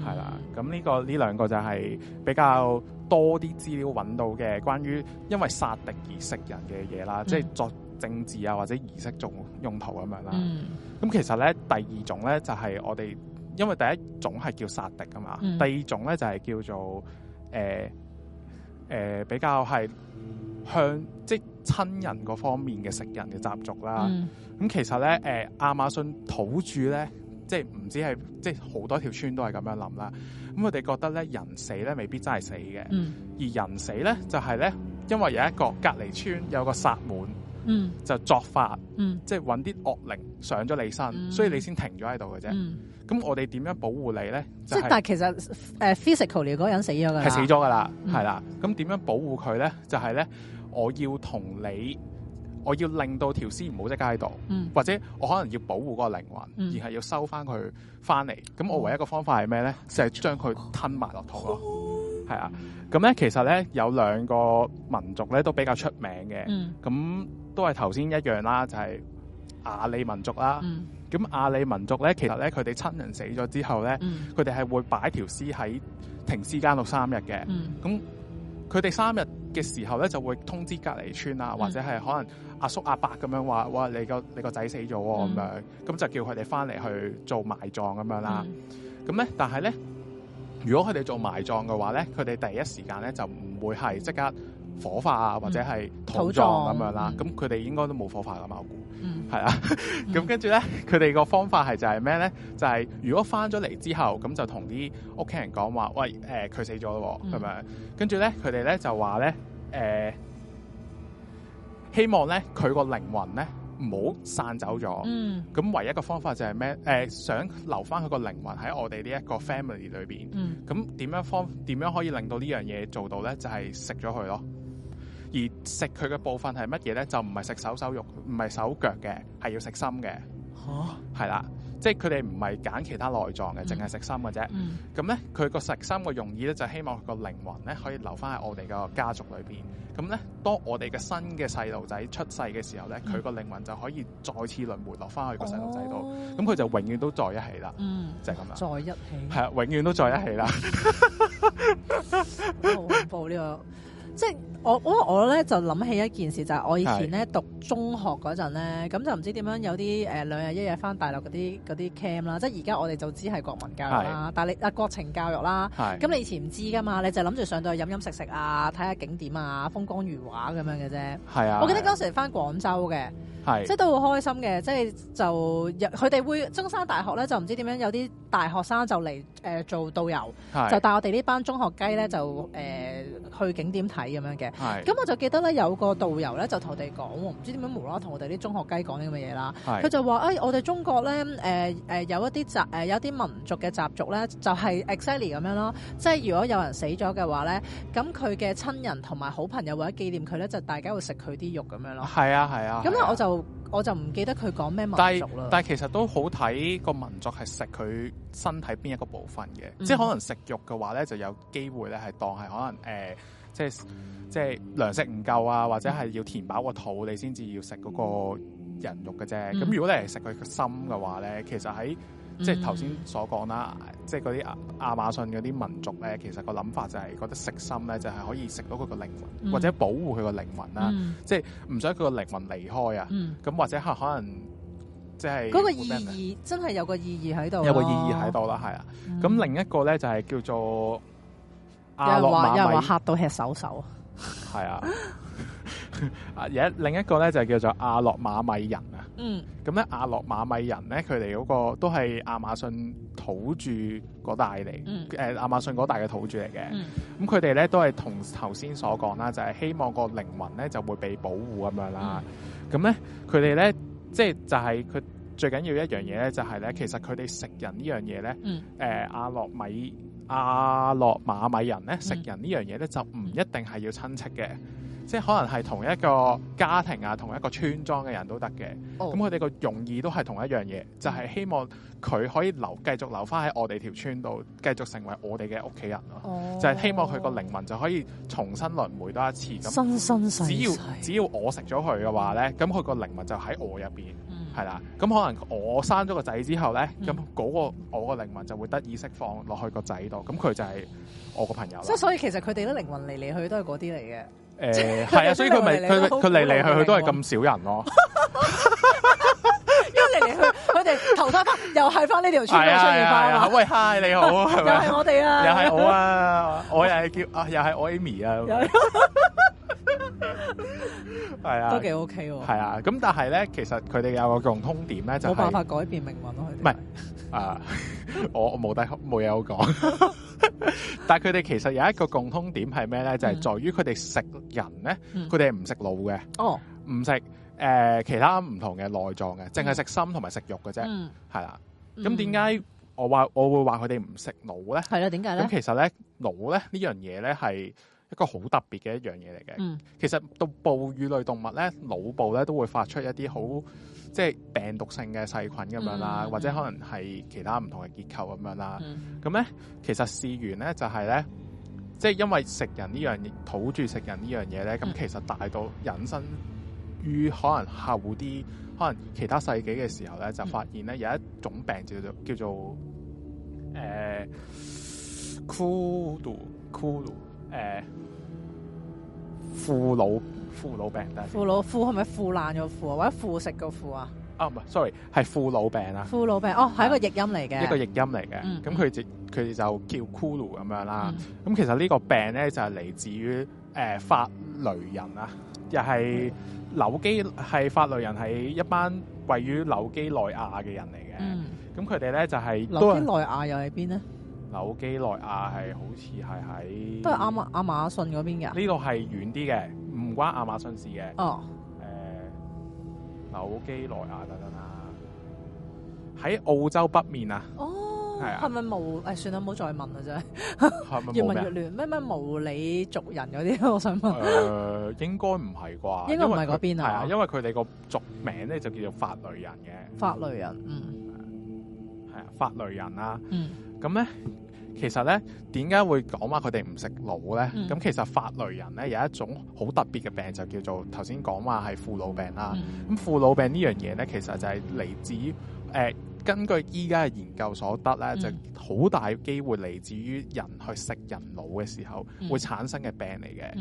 係啦、嗯。咁呢、啊啊呢個呢兩、嗯嗯呢個嗯呢個嗯、個就係比較。多啲資料揾到嘅關於因為殺敵而食人嘅嘢啦，嗯、即係作政治啊或者儀式做用途咁樣啦。咁、嗯、其實咧第二種咧就係、是、我哋因為第一種係叫殺敵啊嘛，嗯、第二種咧就係、是、叫做誒誒、呃呃、比較係向即親人嗰方面嘅食人嘅習俗啦。咁、嗯、其實咧誒、呃、亞馬遜土著咧，即係唔知係即好多條村都係咁樣諗啦。咁我哋覺得咧，人死咧未必真係死嘅，嗯、而人死咧就係、是、咧，因為有一個隔離村有個薩滿，嗯、就作法，嗯、即係揾啲惡靈上咗你身，嗯、所以你先停咗喺度嘅啫。咁、嗯、我哋點樣保護你咧？就是、即係但係其實誒 physical 你嗰個人死咗㗎，係死咗㗎啦，係啦、嗯。咁點樣保護佢咧？就係、是、咧，我要同你。我要令到條屍唔好喺街度，或者我可能要保護嗰個靈魂，而係要收翻佢翻嚟。咁我唯一一個方法係咩咧？就係將佢吞埋落肚咯。係啊，咁咧其實咧有兩個民族咧都比較出名嘅，咁都係頭先一樣啦，就係亞利民族啦。咁亞利民族咧，其實咧佢哋親人死咗之後咧，佢哋係會擺條屍喺停屍間度三日嘅。咁佢哋三日嘅時候咧，就會通知隔離村啊，嗯、或者係可能阿叔阿伯咁樣話：哇你個你個仔死咗咁樣，咁、嗯、就叫佢哋翻嚟去做埋葬咁樣啦。咁咧、嗯，但係咧，如果佢哋做埋葬嘅話咧，佢哋第一時間咧就唔會係即刻。火化啊，或者係土葬咁壯樣啦，咁佢哋應該都冇火化噶嘛，我估係、嗯、是啊，咁跟住咧，佢哋個方法係就係咩咧？就係、是、如果翻咗嚟之後，咁就同啲屋企人講話，喂，誒、呃，佢死咗咯咁樣。跟住咧，佢哋咧就話咧，誒、呃，希望咧佢個靈魂咧唔好散走咗。嗯，咁唯一個方法就係咩？誒、呃，想留翻佢個靈魂喺我哋呢一個 family 裏邊。嗯，咁點樣方點樣可以令到呢樣嘢做到咧？就係食咗佢咯。而食佢嘅部分係乜嘢咧？就唔係食手手肉，唔係手腳嘅，係要食心嘅。吓、啊？係啦，即係佢哋唔係揀其他內臟嘅，淨係、嗯嗯、食心嘅啫。咁咧，佢個食心嘅用意咧，就希望佢個靈魂咧可以留翻喺我哋個家族裏邊。咁、嗯、咧，當我哋嘅新嘅細路仔出世嘅時候咧，佢、嗯、個靈魂就可以再次輪迴落翻去個細路仔度，咁佢、哦、就永遠都在一起啦。嗯，就係咁樣，在一起。係啊、嗯嗯，永遠都在一起啦。 [laughs] 好恐怖呢、這個！即係我，因為我咧就諗起一件事，就係我以前咧是讀中學嗰陣咧，咁就唔知點樣有啲誒兩日一日翻大陸嗰啲啲 camp 啦，即係而家我哋就知係國民教育啦，是但係你啊國情教育啦，咁是你以前唔知噶嘛，你就諗住上到去飲飲食食啊，睇下景點啊，風光如畫咁樣嘅啫。係是啊，我記得當時翻廣州嘅是是，即係都好開心嘅，即係就佢哋會中山大學咧，就唔知點樣有啲。大學生就嚟誒、呃、做導遊，是就帶我哋呢班中學雞咧就誒、呃、去景點睇咁樣嘅。咁是我就記得咧有個導遊咧就同我哋講，唔、哦、知點樣無啦同我哋啲中學雞講啲咁嘅嘢啦。佢是就話：誒、哎、我哋中國咧誒誒有一啲習誒有啲民族嘅習俗咧，就係 exactly 咁樣咯。即係如果有人死咗嘅話咧，咁佢嘅親人同埋好朋友或者紀念佢咧，就是、大家會食佢啲肉咁樣咯。係啊係啊。咁咧我就。我就唔記得佢講咩民族啦。但係，但係其實都好睇個民族係食佢身體邊一個部分嘅，嗯、即係可能食肉嘅話咧，就有機會咧係當係可能誒、呃，即係即係糧食唔夠啊，或者係要填飽個肚，你先至要食嗰個人肉嘅啫。咁、嗯、如果你係食佢個心嘅話咧，其實喺嗯、即係頭先所講啦，即係嗰啲亞亞馬遜嗰啲民族咧，其實個諗法就係、是、覺得食心咧，就係、是、可以食到佢個靈魂，嗯、或者保護佢個靈魂啦，即係唔想佢個靈魂離開啊。咁或者係可能即係嗰個意義真係有個意義喺度，有個意義喺度啦，係啊。咁、嗯、另一個咧就係、是、叫做亞馬米，又話嚇到吃手手，係 [laughs] 啊。有 [laughs] 另一個咧就叫做阿洛馬米人啊。嗯，咁咧阿洛馬米人咧，佢哋嗰個都係亞馬遜土著嗰帶嚟，誒、嗯，亞馬遜嗰帶嘅土著嚟嘅。咁佢哋咧都係同頭先所講啦，就係希望個靈魂咧就會被保護咁樣啦。咁咧佢哋咧，即係就係佢最緊要一樣嘢咧，就係咧，嗯、其實佢哋食人呢樣嘢咧，誒、呃，阿洛米阿洛馬米人咧食人呢樣嘢咧，就唔一定係要親戚嘅。即係可能係同一個家庭啊，同一個村莊嘅人都得嘅。咁佢哋個用意都係同一樣嘢，就係、是、希望佢可以留繼續留翻喺我哋條村度，繼續成為我哋嘅屋企人咯、啊。Oh. 就係希望佢個靈魂就可以重新輪迴多一次。咁，只要生生世世只要我食咗佢嘅話咧，咁佢個靈魂就喺我入邊，係啦、mm.。咁可能我生咗個仔之後咧，咁嗰、mm. 那個我個靈魂就會得以釋放落去個仔度，咁佢就係我個朋友。即係所以其實佢哋啲靈魂嚟嚟去去都係嗰啲嚟嘅。誒係啊，所以佢咪佢佢嚟嚟去去都係咁少人咯。佢哋投胎翻，又喺翻呢條村上面翻啊！喂，Hi，你好，係又係我哋啊！又係我啊！我又係叫啊！又係 Amy 啊！係啊，都幾 OK 喎。係啊，咁但係咧，其實佢哋有個共通點咧，就係冇辦法改變命運咯。佢哋？唔係啊，我冇得冇嘢好講。但係佢哋其實有一個共通點係咩咧？就係在於佢哋食人咧，佢哋係唔食腦嘅，哦，唔食。誒、呃、其他唔同嘅內臟嘅，淨係食心同埋食肉嘅啫，係啦、嗯。咁點解我話我會話佢哋唔食腦咧？係啦，點解咧？咁其實咧，腦咧呢樣嘢咧係一個好特別嘅一樣嘢嚟嘅。嗯、其實到哺乳類動物咧，腦部咧都會發出一啲好即係病毒性嘅細菌咁樣啦，嗯、或者可能係其他唔同嘅結構咁樣啦。咁咧、嗯嗯、其實事緣咧就係、是、咧，即係因為食人呢樣嘢土著食人呢樣嘢咧，咁、嗯、其實大到引申。於可能客戶啲可能其他世紀嘅時候咧，就發現咧有一種病叫做、嗯、叫做誒骷魯骷魯誒腐老腐老病，但係腐老腐係咪腐爛咗腐啊，或者腐食個腐啊？啊唔係，sorry 係腐老病啊。腐老病哦係一個譯音嚟嘅，一個譯音嚟嘅。咁佢就佢就叫骷魯咁樣啦。咁、嗯、其實呢個病咧就係、是、嚟自於誒法雷人啊。又係紐基係法律人，係一班位於紐基內亞嘅人嚟嘅，咁佢哋咧就係、係、紐基內亞又喺邊咧？紐基內亞係好似係喺都係亞馬亞馬遜嗰邊嘅，呢度係遠啲嘅，唔關亞馬遜事嘅。哦，誒、呃，紐基內亞等等啦，喺澳洲北面啊！哦。係啊，係咪無誒、哎？算啦，唔好再問啦，真係不 [laughs] 越問越亂。咩咩麼無理族人嗰啲，我想問。誒、呃，應該唔係啩？應該唔係嗰邊啊？係啊，因為佢哋個族名咧就叫做法類人嘅。法類人，嗯，係啊，法類人啦、啊，嗯。咁咧，其實咧，點解會講話佢哋唔食腦咧？咁、嗯、其實法類人咧有一種好特別嘅病，就叫做頭先講話係父老病啦、啊。咁父、嗯、老病呢樣嘢咧，其實就係嚟自誒。呃根據依家嘅研究所得咧，嗯、就好大機會嚟自於人去食人腦嘅時候會產生嘅病嚟嘅。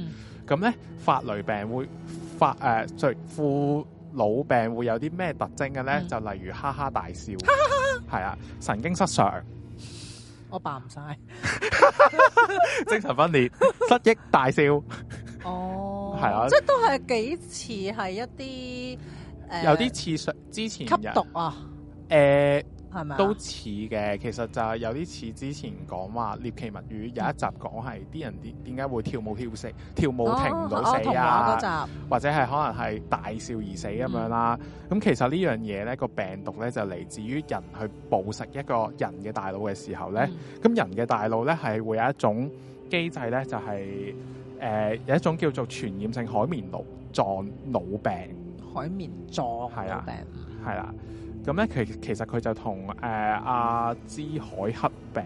咁咧、嗯，法雷病會發誒，最富腦病會有啲咩特徵嘅咧？嗯、就例如哈哈大笑，哈哈，哈，係啊，神經失常，我扮唔晒， [laughs] [laughs] 精神分裂，失憶大笑，哦，係 [laughs] 啊，即係都係幾似係一啲誒，有啲似上之前吸毒啊。誒，係咪、呃、都似嘅？其實就係有啲似之前講話《獵奇物語》有一集講係啲人點點解會跳舞跳死、跳舞停唔到死啊？啊啊或者係可能係大笑而死咁樣啦。咁其實呢樣嘢咧，個病毒咧就嚟自於人去捕食一個人嘅大腦嘅時候咧。咁、嗯、人嘅大腦咧係會有一種機制咧，就係、是、誒、呃、有一種叫做傳染性海綿腦狀腦病。海綿狀係啊，係啦對。對咁咧，其其實佢就同誒、呃、阿茲海克病、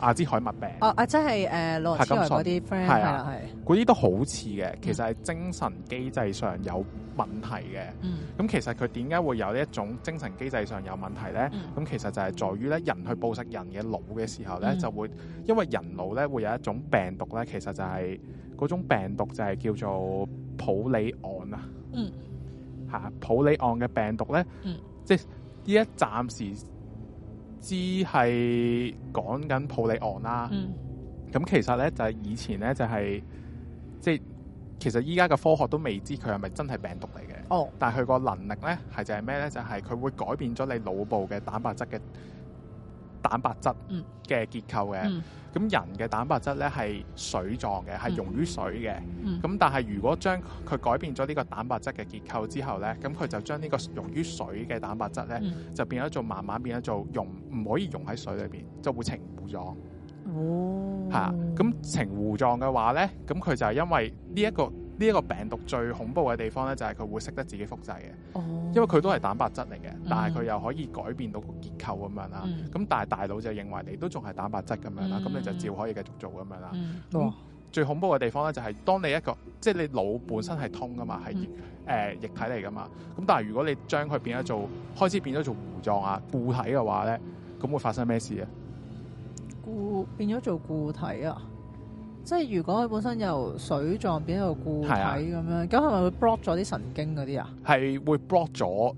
阿茲海默病，哦、啊，啊，即係誒、呃、羅恩金嗰啲 friend，係啊係，嗰啲都好似嘅。嗯、其實係精神機制上有問題嘅。咁、嗯、其實佢點解會有一種精神機制上有問題咧？咁、嗯、其實就係在於咧，人去暴食人嘅腦嘅時候咧，嗯、就會因為人腦咧會有一種病毒咧，其實就係、是、嗰種病毒就係叫做普里昂啊。嗯。嚇，普里昂嘅病毒咧。嗯。即係呢一暫時知係講緊普利昂啦，咁、嗯、其實咧就係以前咧就係、是、即係其實依家嘅科學都未知佢係咪真係病毒嚟嘅，哦！但係佢個能力咧係就係咩咧？就係、是、佢會改變咗你腦部嘅蛋白質嘅。蛋白質嘅結構嘅，咁、嗯、人嘅蛋白質咧係水狀嘅，係溶於水嘅。咁、嗯、但係如果將佢改變咗呢個蛋白質嘅結構之後咧，咁佢就將呢個溶於水嘅蛋白質咧，嗯、就變咗做慢慢變咗做溶，唔可以溶喺水裏邊，就會呈糊狀。哦，嚇、啊，咁呈糊狀嘅話咧，咁佢就係因為呢、這、一個。呢一個病毒最恐怖嘅地方咧，就係、是、佢會識得自己複製嘅，oh. 因為佢都係蛋白質嚟嘅，mm. 但係佢又可以改變到個結構咁樣啦。咁、mm. 但係大腦就認為你都仲係蛋白質咁樣啦，咁你就照可以繼續做咁樣啦。最恐怖嘅地方咧，就係、是、當你一個即係、就是、你腦本身係通㗎嘛，係誒液、mm. 呃、液體嚟㗎嘛。咁但係如果你將佢變咗做開始變咗做糊狀啊固體嘅話咧，咁會發生咩事啊？固變咗做固體啊！即係如果佢本身由水狀變一個固體咁、啊、樣，咁係咪會 block 咗啲神經嗰啲啊？係會 block 咗，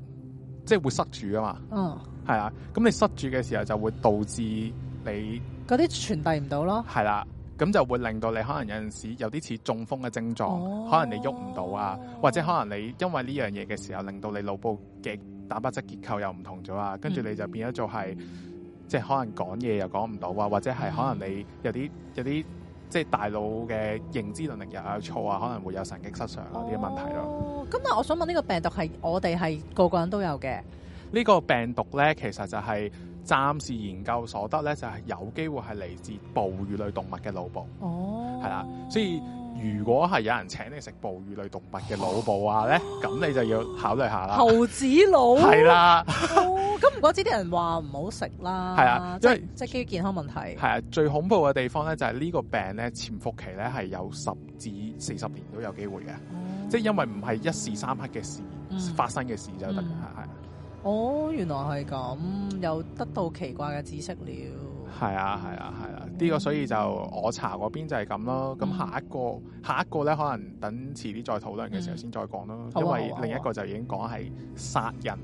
即、就、係、是、會塞住啊嘛。嗯，係啊。咁、啊、你塞住嘅時候，就會導致你嗰啲傳遞唔到咯。係啦、啊，咁就會令到你可能有陣時有啲似中風嘅症狀，哦、可能你喐唔到啊，或者可能你因為呢樣嘢嘅時候，令到你腦部嘅蛋白質結構又唔同咗啊，跟住你就變咗做係，嗯、即係可能講嘢又講唔到啊，或者係可能你有啲有啲。有即係大腦嘅認知能力又有錯啊，可能會有神經失常呢啲、oh. 問題咯。咁但我想問呢個病毒係我哋係個個人都有嘅？呢個病毒咧，其實就係、是。暫時研究所得咧，就係、是、有機會係嚟自哺乳類動物嘅腦部。哦，係啦，所以如果係有人請你食哺乳類動物嘅腦部啊，咧咁、oh. 你就要考慮下啦。猴子腦係啦，咁唔的、oh. 怪之啲人話唔好食啦。係啊，即係即係基於健康問題。係啊，最恐怖嘅地方咧，就係呢個病咧潛伏期咧係有十至四十年都有機會嘅。Oh. 即係因為唔係一時三刻嘅事、mm. 發生嘅事就得㗎係係。Mm. Mm. 哦，原來係咁，又得到奇怪嘅知識了。係啊，係啊，係啊，呢、嗯、個所以就我查嗰邊就係咁咯。咁下一個，嗯、下一個呢，可能等遲啲再討論嘅時候先再講咯。嗯啊、因為、啊啊、另一個就已經講係殺人，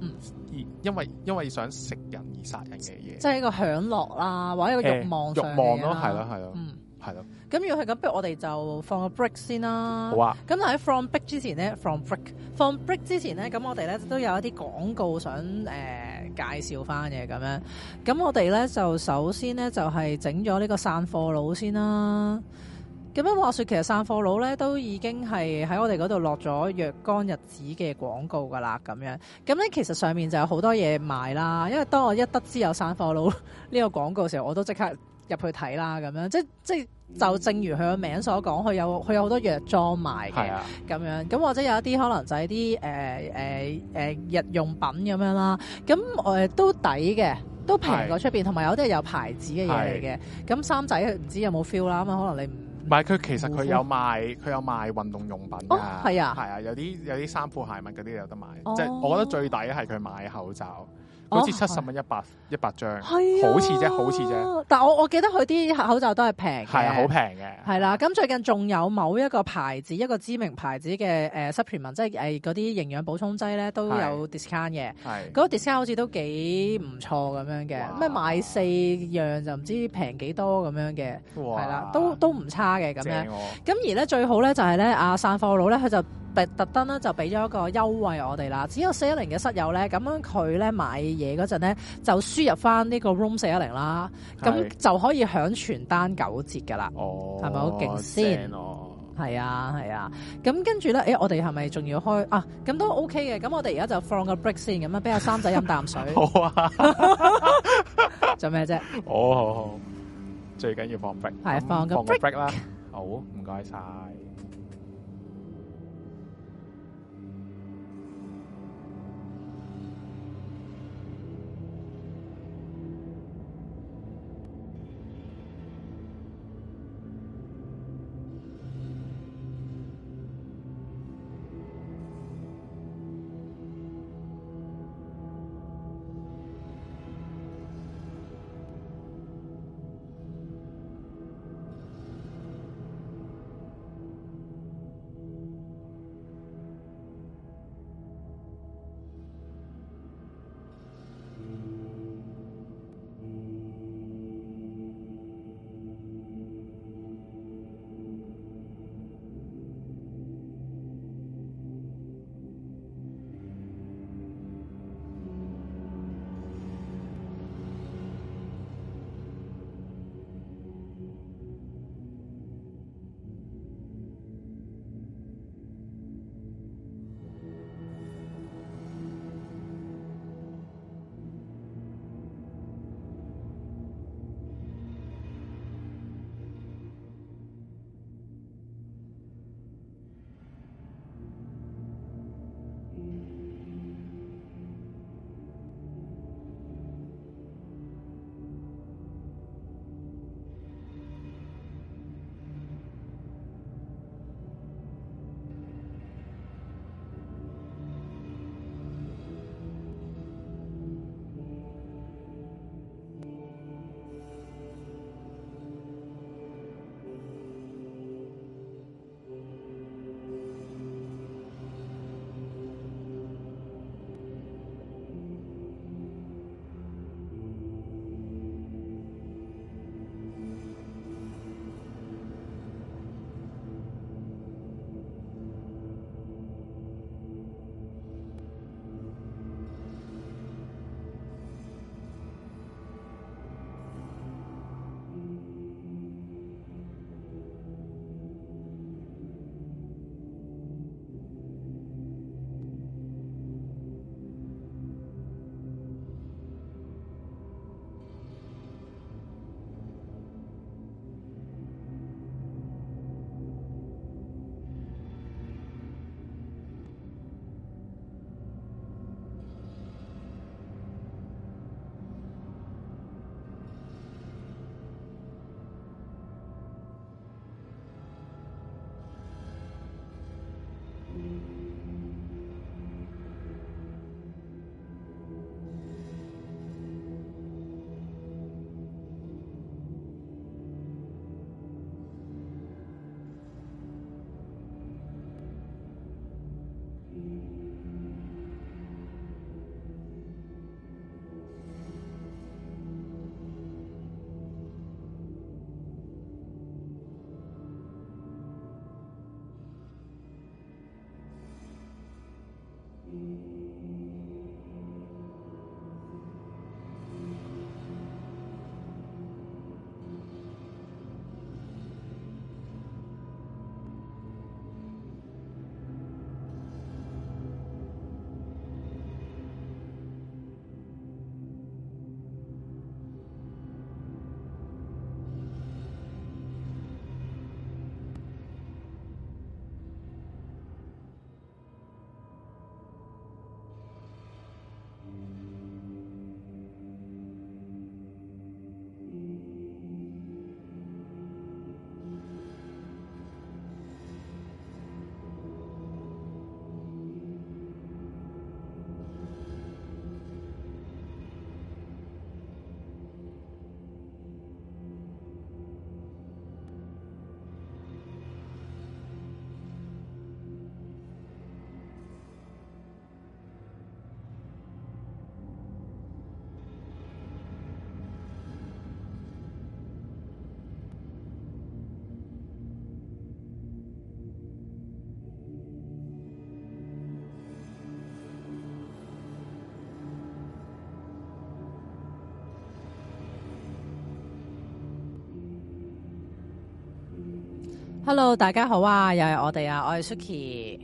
而、嗯、因為因為想食人而殺人嘅嘢，即係一個享樂啦、啊，或者一個慾望、啊呃、慾望咯，係咯、啊，係咯，嗯，係咯。的咁如果係咁，不如我哋就放個 break 先啦。好啊！咁喺 from break 之前咧，from break，from break 之前咧，咁我哋咧都有一啲廣告想誒、呃、介紹翻嘅咁樣。咁我哋咧就首先咧就係整咗呢個散貨佬先啦。咁樣話說，其實散貨佬咧都已經係喺我哋嗰度落咗若干日子嘅廣告噶啦，咁樣。咁咧其實上面就有好多嘢賣啦。因為當我一得知有散貨佬呢個廣告嘅時候，我都即刻入去睇啦。咁樣即即。即就正如佢個名所講，佢有佢有好多藥妝賣嘅。咁係、啊、樣咁或者有一啲可能就係啲誒誒誒日用品咁樣啦，咁誒都抵嘅，都平過出邊，同埋係有啲有牌子嘅嘢嚟嘅，咁係三仔唔知有冇 feel 啦，咁可能你唔唔係佢其實佢有賣佢有賣運動用品噶，係、哦、啊係啊，有啲有啲衫褲鞋襪嗰啲有得買，即係、哦、我覺得最抵係佢賣口罩。好似七十蚊一百一百張，啊、好似啫，好似啫。但我我記得佢啲口罩都係平嘅，係啊，好平嘅。係啦，咁最近仲有某一個牌子，一個知名牌子嘅誒、呃、Supplement 的即係誒嗰啲營養補充劑咧，都有 discount 嘅。係嗰的個 discount 好似都幾唔錯咁樣嘅，咩哇買四樣就唔知平幾多咁樣嘅，係啦哇，都都唔差嘅咁、啊、樣。咁而咧最好咧就係咧阿散貨佬咧佢就特登咧就俾咗一個優惠我哋啦，只有四一零嘅室友咧咁樣佢咧買嘢嗰陣咧，就輸入翻呢個 room 四一零啦，咁是就可以享全單九折噶啦，係咪好勁先？係啊係啊，咁、啊啊、跟住咧，誒、欸、我哋係咪仲要開啊？咁都 OK 嘅，咁我哋而家就放個 break 先，咁啊俾阿三仔飲啖水。 [laughs] 好啊， [laughs] [laughs] 做咩啫？哦，好好，最緊要放 break，係 [music] 那放個 break 啦。好，唔該晒。hello，大家好啊，又係我哋啊，我係 Suki。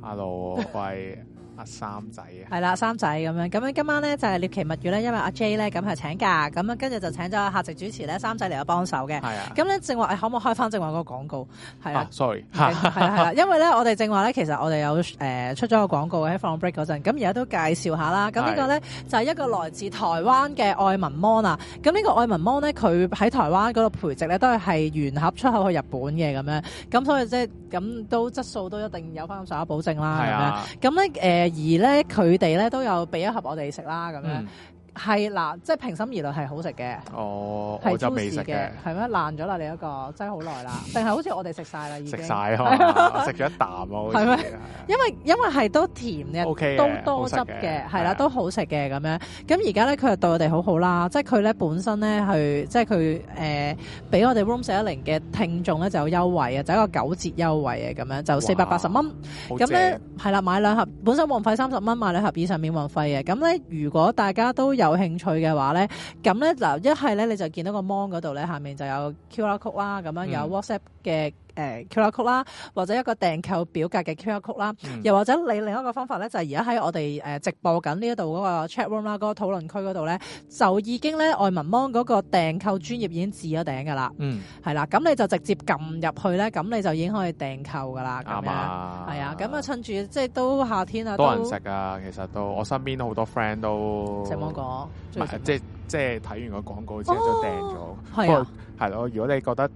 hello，我係阿三仔啊。係啦，三仔咁樣，咁樣今晚咧就係獵奇物語咧，因為阿 J 咧咁係請假，咁樣跟住就請咗客席主持咧，三仔嚟咗幫手嘅。係啊，咁咧正話，誒，可唔可以開翻正話個廣告？係 [laughs] 啊，sorry。係啦，係啦， [laughs] [laughs] 因為咧，我哋正話咧，其實我哋有誒出咗個廣告喺放 break 嗰陣，咁而家都介紹下啦。咁呢 [noise] 個咧就係一個來自台灣嘅愛文芒啦。咁、這、呢個愛文芒咧，佢喺台灣嗰度培植咧都係，係原盒出口去日本嘅咁樣，咁所以即係咁都質素都一定有翻咁上下保證啦。咁樣咁咧誒， [noise] 而咧佢哋咧都有俾一盒我哋食啦咁樣。 [noise] 係嗱，即係平心而論係好食嘅。哦，我就未食嘅，係咩爛咗啦？你嗰個真係好耐啦，定係好似我哋食晒啦？食曬係嘛？食咗一啖咯。係咪？因為因為係都甜嘅，都多汁嘅，係啦，都好食嘅咁樣。咁而家咧佢又對我哋好好啦，即係佢咧本身咧去，即係佢誒俾我哋 Room 四一零嘅聽眾咧就有優惠啊，就一個九折優惠啊，咁樣就四百八十蚊。咁咧係啦，買兩盒本身運費三十蚊，買兩盒以上免運費嘅。咁咧如果大家都有興趣嘅話咧，咁咧嗱，一係咧你就見到個芒嗰度咧，下面就有 QR code 啦，咁樣有 WhatsApp 嘅。誒 QR code 啦，或者一個訂購表格嘅 QR code 啦，又或者你另一個方法咧，就係而家喺我哋誒直播緊呢一度嗰個 chat room 啦，嗰個討論區嗰度咧，就已經咧外文網嗰個訂購專頁已經置咗頂噶啦。嗯，係啦，咁你就直接撳入去咧，咁你就已經可以訂購噶啦。啱啊，係啊，咁啊趁住即係都夏天啊，多人食啊，其實都我身邊好多 friend 都食芒果，即係即係睇完個廣告之後就訂咗。係啊，係咯，如果你覺得。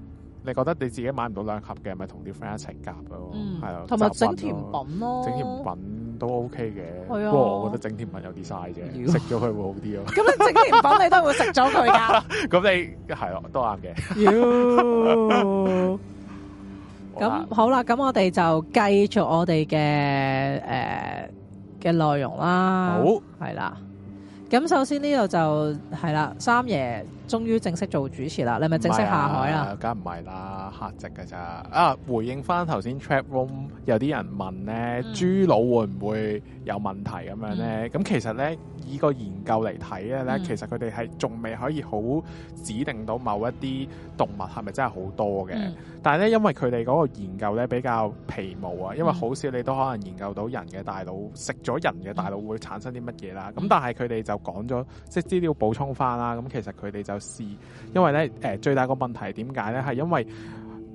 你覺得你自己買唔到兩盒嘅，咪同啲 friend 一齊夾咯，係咯、嗯，同埋整甜品咯、啊，整甜品都 OK 嘅。不過、啊、我覺得整甜品有啲嘥啫，食咗佢會好啲咯。咁 [laughs] 你整甜品你都會食咗佢噶。咁 [laughs] [laughs] 你係咯，都啱嘅。咁 [laughs] 的好啦，咁我哋就繼續我哋嘅誒嘅內容啦。好，係啦。咁首先呢度就係啦，三爺。終於正式做主持啦！你係咪正式下海啊？梗唔係啦，客席㗎咋啊！回應翻頭先 trap room 有啲人問咧，豬腦、嗯、會唔會有問題咁樣咧？咁、嗯嗯嗯、其實咧，以個研究嚟睇咧，嗯、其實佢哋係仲未可以好指定到某一啲動物係咪真係好多嘅。嗯、但係咧，因為佢哋嗰個研究咧比較皮毛啊，因為好少你都可能研究到人嘅大腦，食咗人嘅大腦會產生啲乜嘢啦。咁、嗯嗯、但係佢哋就講咗，即係資料補充翻啦。咁其實佢哋就是，因為咧，誒、呃，最大個問題點解咧，係因為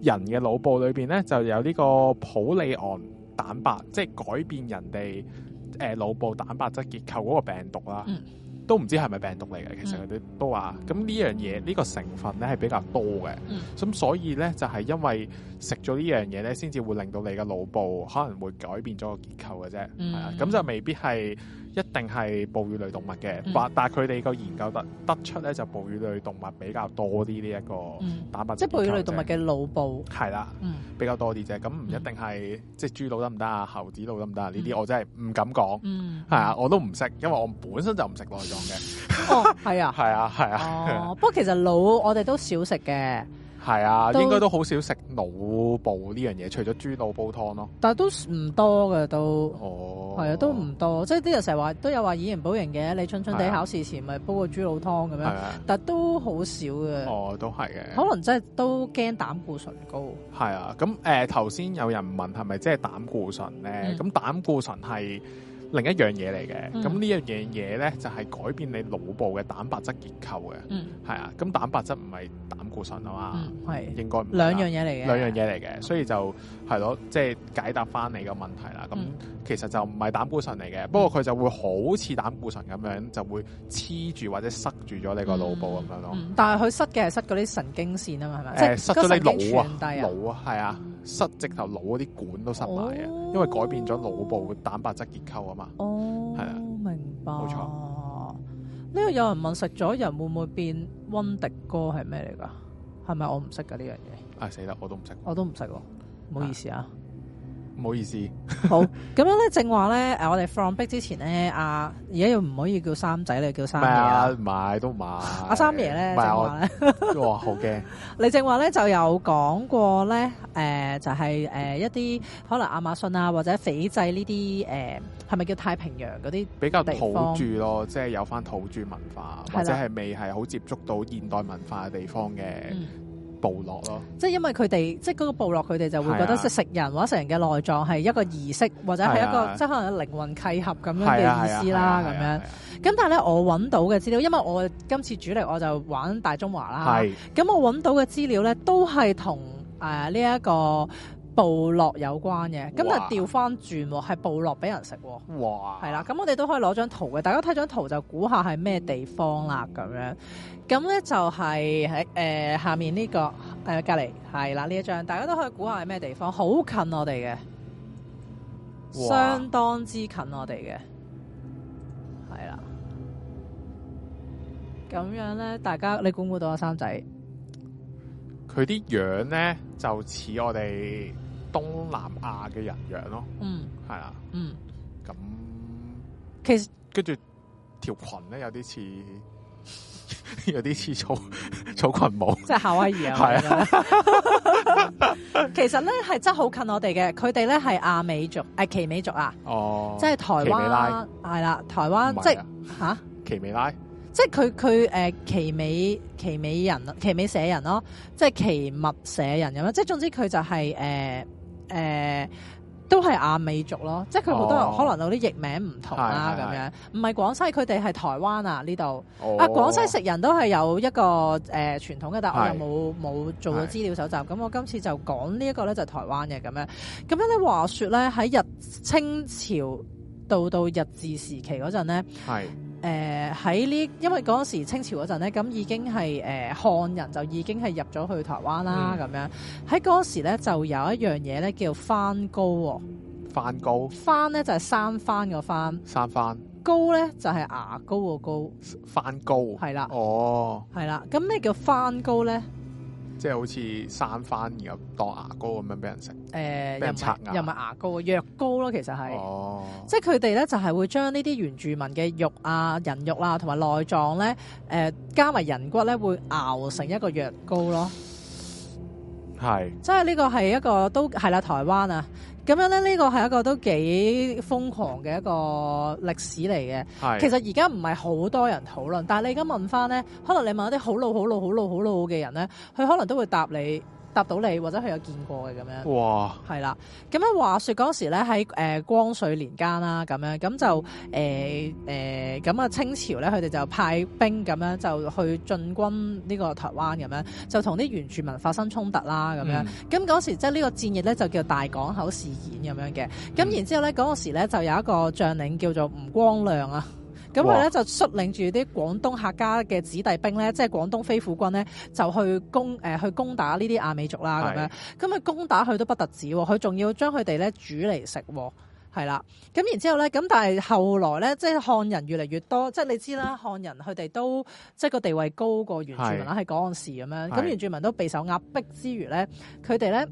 人嘅腦部裏邊咧，就有呢個普利昂蛋白，即、就、係、是、改變人哋誒腦部蛋白質結構嗰個病毒啦，嗯、都唔知係咪病毒嚟嘅，其實佢哋都話，咁呢樣嘢呢個成分咧係比較多嘅，咁、嗯、所以咧就係、是、因為食咗呢樣嘢咧，先至會令到你嘅腦部可能會改變咗個結構嘅啫，咁、嗯啊、就未必係。一定係哺乳類動物嘅，嗯、但但係佢哋個研究得得出咧，就哺乳類動物比較多啲呢一個蛋白質、嗯。即係哺乳類動物嘅腦部係啦，的嗯、比較多啲啫。咁唔一定係、嗯、即係豬腦得唔得啊？猴子腦得唔得啊？呢啲我真係唔敢講，係啊、嗯，我都唔識，因為我本身就唔食內臟嘅。哦，係啊 [laughs] 的，係啊、哦，係啊。不過、 [laughs] 哦、其實腦我哋都少食嘅。係啊，應該都好少食腦部呢樣嘢，除咗豬腦煲湯咯。但係都唔多嘅都。哦。係啊，都唔多。即係啲人成日話，都有話以形補形嘅，你蠢蠢哋考試前咪煲個豬腦湯咁樣。啊、但係都好少嘅。哦，都係嘅。可能真係都驚膽固醇高。係啊，咁誒頭先有人問係咪即係膽固醇咧？咁、嗯、膽固醇係。另一樣嘢嚟嘅，咁、嗯、呢一樣嘢咧就係、是、改變你腦部嘅蛋白質結構嘅，係啊、嗯，咁蛋白質唔係膽固醇啊嘛，嗯、應該唔係兩樣嘢嚟嘅，兩樣嘢嚟嘅，所以就係咯，即係、就是、解答翻你個問題啦，咁。嗯。其實就唔係膽固醇嚟嘅，不過佢就會好似膽固醇咁樣，就會黐住或者塞住咗你個腦部咁樣咯。但係佢塞嘅係塞嗰啲神經線啊嘛，係咪？即係，塞咗你腦啊，腦啊，係啊，塞直頭腦嗰啲管都塞埋啊，因為改變咗腦部嘅蛋白質結構啊嘛。哦，明白。冇錯。呢個有人問食咗人會唔會變溫迪哥係咩嚟㗎？係咪我唔識㗎呢樣嘢？啊，死啦我都唔識，我都唔識喎，唔好意思啊。唔好意思。 [laughs] 好，咁樣咧，正話咧，誒，我哋放逼之前咧，啊，而家又唔可以叫三仔，你叫三爺，啊，唔係、啊、都唔係。阿、啊、三爺咧，啊、正話都哇，好驚。你正話咧就有講過咧，誒、呃，就係、是、誒、呃、一啲可能亞馬遜啊或者斐濟呢啲，誒、呃，係咪叫太平洋嗰啲比較土著咯，即係有翻土著文化，或者係未係好接觸到現代文化嘅地方嘅對吧、嗯。部落咯，即係因為佢哋，即係嗰個部落，佢哋就會覺得食人或者食人嘅內臟係一個儀式，或者係一個、啊、即係可能靈魂契合咁樣嘅意思啦，咁、啊啊啊啊、樣。咁、啊啊啊啊、但係咧，我揾到嘅資料，因為我今次主力我就玩大中華啦，咁、啊、我揾到嘅資料咧都係同誒呢一個部落有關嘅。咁哇就係調翻轉喎，係部落俾人食喎。哇！係啦、啊，咁我哋都可以攞張圖嘅，大家睇張圖就估下係咩地方啦，咁樣。咁咧就係喺誒下面呢、這個誒隔籬係啦呢一張，大家都可以估下係咩地方，好近我哋嘅，哇相當之近我哋嘅，係啦。咁樣咧，大家你估唔估到阿三仔？佢啲樣咧就似我哋東南亞嘅人樣咯。嗯，係啦的。嗯，咁那其實跟住條裙咧有啲似。有啲似草草裙舞，即係夏威夷啊！係啊，其實咧係真係好近我哋嘅，佢哋咧係阿美族，誒、啊、奇美族啊，哦，即係台灣，係啦，台灣即係吓奇美拉，啊、即係佢佢誒奇美、呃、奇美、奇美人，奇美社人咯，即係奇密社人咁樣，即係總之佢就係誒誒。呃呃都係亞美族咯，即係佢好多人可能有啲譯名唔同啦、啊，咁、哦、樣唔係廣西佢哋係台灣啊呢度、哦、啊廣西食人都係有一個誒、呃、傳統嘅，但係、哦、我又冇冇是做到資料搜集，咁是我今次就講呢一個咧就係台灣嘅咁樣。咁樣咧話說咧喺日清朝到到日治時期嗰陣咧。誒喺呢，因為嗰陣時清朝嗰陣咧，咁已經係誒漢人就已經係入咗去台灣啦咁、嗯、樣。喺嗰陣時咧，就有一樣嘢咧叫番膏喎、哦。番膏高。番咧就係、是、生番個番。生番。糕咧就係、是、牙膏個膏。番膏高。係啦。哦。係啦，咁咩叫番膏咧？即係好似生翻然後當牙膏咁樣俾人食，誒、呃，人又唔又唔係牙膏啊，藥膏咯，其實係，哦、即係佢哋咧就係、是、會將呢啲原住民嘅肉啊、人肉啊同埋內臟咧，誒、呃，加埋人骨咧，會熬成一個藥膏咯，係是，即係呢個係一個都係啦，台灣啊。咁樣咧，呢個係一個都幾瘋狂嘅一個歷史嚟嘅。係。其實而家唔係好多人討論，但係你而家問翻咧，可能你問一啲好老、好老、好老、好老、好老、好老、好老嘅人咧，佢可能都會答你。答到你，或者佢有見過嘅咁樣。哇，係啦，咁樣話說嗰時咧，喺、呃、誒光緒年間啦，咁樣咁就誒誒，咁、呃、啊、呃、清朝咧，佢哋就派兵咁樣就去進軍呢個台灣咁樣，就同啲原住民發生衝突啦咁、嗯、樣。咁嗰時即係呢個戰役咧，就叫大港口事件咁樣嘅。咁然之後咧，嗰、嗯、時咧就有一個將領叫做吳光亮啊。咁佢咧就率領住啲廣東客家嘅子弟兵咧，即係廣東飛虎軍咧，就去攻誒去、呃、攻打呢啲亞美族啦咁是的 樣。咁佢攻打佢都不特止喎，佢仲要將佢哋咧煮嚟食喎，係啦。咁然之後咧，咁但係後來咧，即係漢人越嚟越多，即係你知啦，漢人佢哋都即係個地位高過原住民啦，喺嗰陣時咁樣。咁原住民都備受壓迫之餘咧，佢哋咧。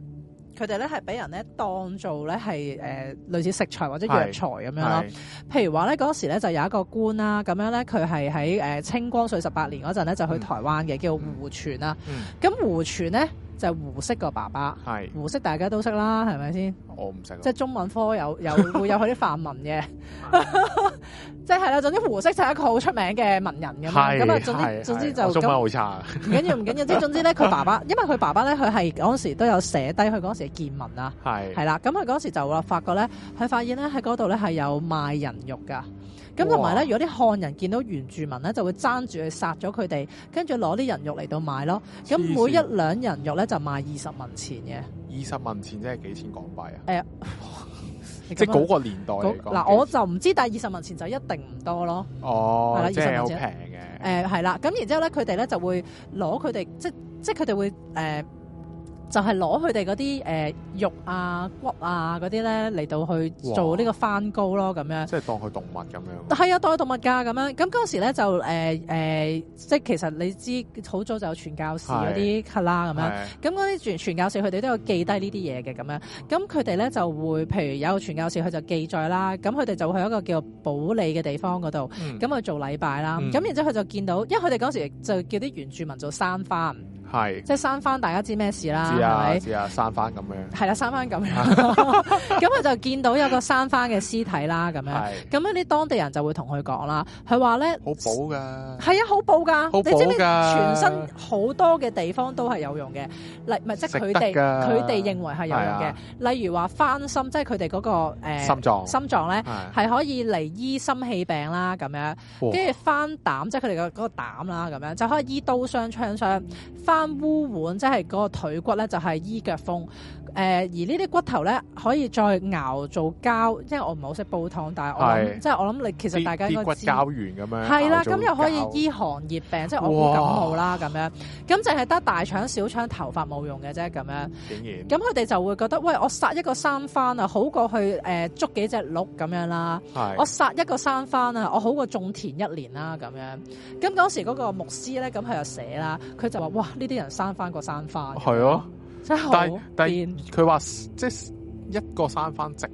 佢哋咧係俾人咧當做咧係誒類似食材或者藥材咁樣咯。譬如話咧，嗰時咧就有一個官啦，咁樣咧佢係喺誒清光緒十八年嗰陣咧就去台灣嘅，嗯、叫胡傳啦。咁、嗯嗯、胡傳咧。就胡適個爸爸，係胡適大家都識啦，係咪先？我唔識。即係中文科有有會有佢啲範文嘅，即係係啦。總之胡適就係一個好出名嘅文人嘅嘛。咁啊，總之總之就中文好差。唔緊要，唔緊要。即係總之咧，佢爸爸，因為佢爸爸咧，佢係嗰時都有寫低佢嗰時嘅見聞啊。係。係啦，咁佢嗰時就話發覺咧，佢發現咧喺嗰度咧係有賣人肉㗎。咁同埋咧，如果啲漢人見到原住民咧，就會爭住去殺咗佢哋，跟住攞啲人肉嚟到賣咯。咁了每一兩人肉咧，就賣二十文錢嘅。二十文錢即係幾錢港幣啊？誒、哎呀， [laughs] 即係嗰個年代嗱、那個、我就唔知，但係二十文錢就一定唔多咯。哦，即係好平嘅。誒，係啦。咁、呃、然之後咧，佢哋咧就會攞佢哋，即即佢哋會誒。呃就係攞佢哋嗰啲誒肉啊、骨啊嗰啲咧嚟到去做呢個番膏咯，咁哇樣。即係當佢動物咁樣。係啊，當佢動物家咁樣。咁嗰時咧就誒誒、呃呃，即係其實你知好早就有傳教士嗰啲啦咁樣。咁嗰啲傳傳教士佢哋都有記低呢啲嘢嘅咁樣。咁佢哋咧就會，譬如有個傳教士佢就記載啦。咁佢哋就去一個叫保裏嘅地方嗰度，咁去、嗯、做禮拜啦。咁、嗯、然之後佢就見到，因為佢哋嗰時就叫啲原住民做生番。係，即係生翻，大家知咩事啦？知啊，知啊，生翻咁樣。係啦，生翻咁樣。咁我就見到有個生翻嘅屍體啦，咁樣。咁樣啲當地人就會同佢講啦，佢話咧：好補噶，係啊，好補噶，你知唔知全身好多嘅地方都係有用嘅？例，唔係即係佢哋佢哋認為係有用嘅。例如話翻心，即係佢哋嗰個誒心臟，心臟咧係可以嚟醫心氣病啦，咁樣。跟住翻膽，即係佢哋嘅嗰個膽啦，咁樣就可以醫刀傷槍傷翻。烏碗即係嗰個腿骨咧，就係、是、依腳風。誒、呃、而呢啲骨頭咧可以再熬做膠，因為我唔係好識煲湯，但係我是即係我諗你其實大家應該知骨膠原咁、啊、的樣。係啦，咁又可以醫寒熱病，即係我會感冒啦咁哇 樣。咁淨係得大腸小腸頭髮冇用嘅啫咁樣。竟明然咁佢哋就會覺得喂，我殺一個生番啊，好過去誒捉幾隻鹿咁樣啦。是的 我殺一個生番啊，我好過種田一年啦咁樣。咁嗰時嗰個牧師咧，咁佢就寫啦，佢就話：哇，呢啲人生番過生番。係啊。真好，但係但係佢話即係一個三翻值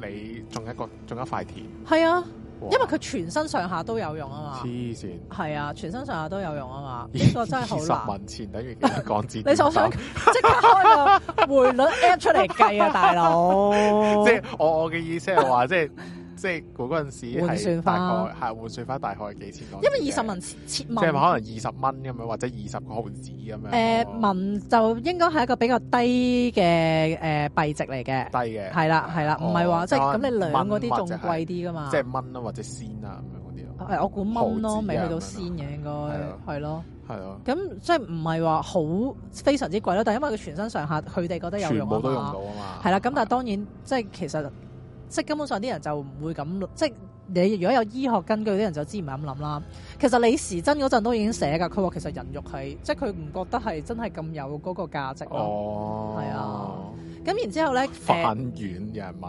你仲一個仲一塊田係啊，哇因為佢全身上下都有用啊嘛。黐線，係啊，全身上下都有用啊嘛。一個 [laughs] 真係好難 [laughs] 十文錢等於幾多港紙？ [laughs] 你想即刻開個匯率 app 出嚟計啊，大佬！ [laughs] 即係我我嘅意思係話即係。 [laughs] [laughs] 即係嗰嗰陣時係大概係換算翻大概幾錢，因為二十蚊文錢，即係可能二十蚊咁樣，或者二十個毫子咁樣。誒，文就應該係一個比較低嘅誒幣值嚟嘅，低嘅，係啦係啦，唔係話即係咁你兩嗰啲仲貴啲噶嘛？即係蚊啊或者仙啊咁樣嗰啲我估蚊咯，未去到仙嘅應該係咯，係咯。咁即係唔係話好非常之貴咯？但係因為佢全身上下佢哋覺得有用到啊嘛。係啦，咁但係當然即係其實。即根本上啲人就唔會咁，即你如果有醫學根據，啲人就唔係咁諗啦。其實李時珍嗰陣都已經寫㗎，佢話其實人肉係，即係佢唔覺得係真係咁有嗰個價值咯。係、oh. 啊，咁然之後咧，犯冤人問，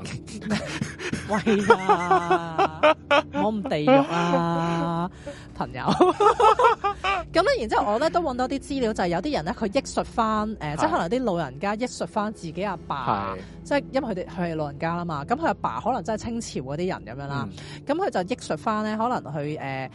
[laughs] 喂啊， [laughs] 我唔地獄啊， [laughs] 朋友。咁咧，然之後我咧都揾到啲資料，就係、是、有啲人咧佢憶述翻，誒，呃、是即係可能啲老人家憶述翻自己阿爸，爸，即係是因為佢哋佢係老人家啦嘛，咁佢阿爸可能真係清朝嗰啲人咁樣啦，咁佢、嗯、就憶述翻咧，可能佢。誒、呃、誒。呃呃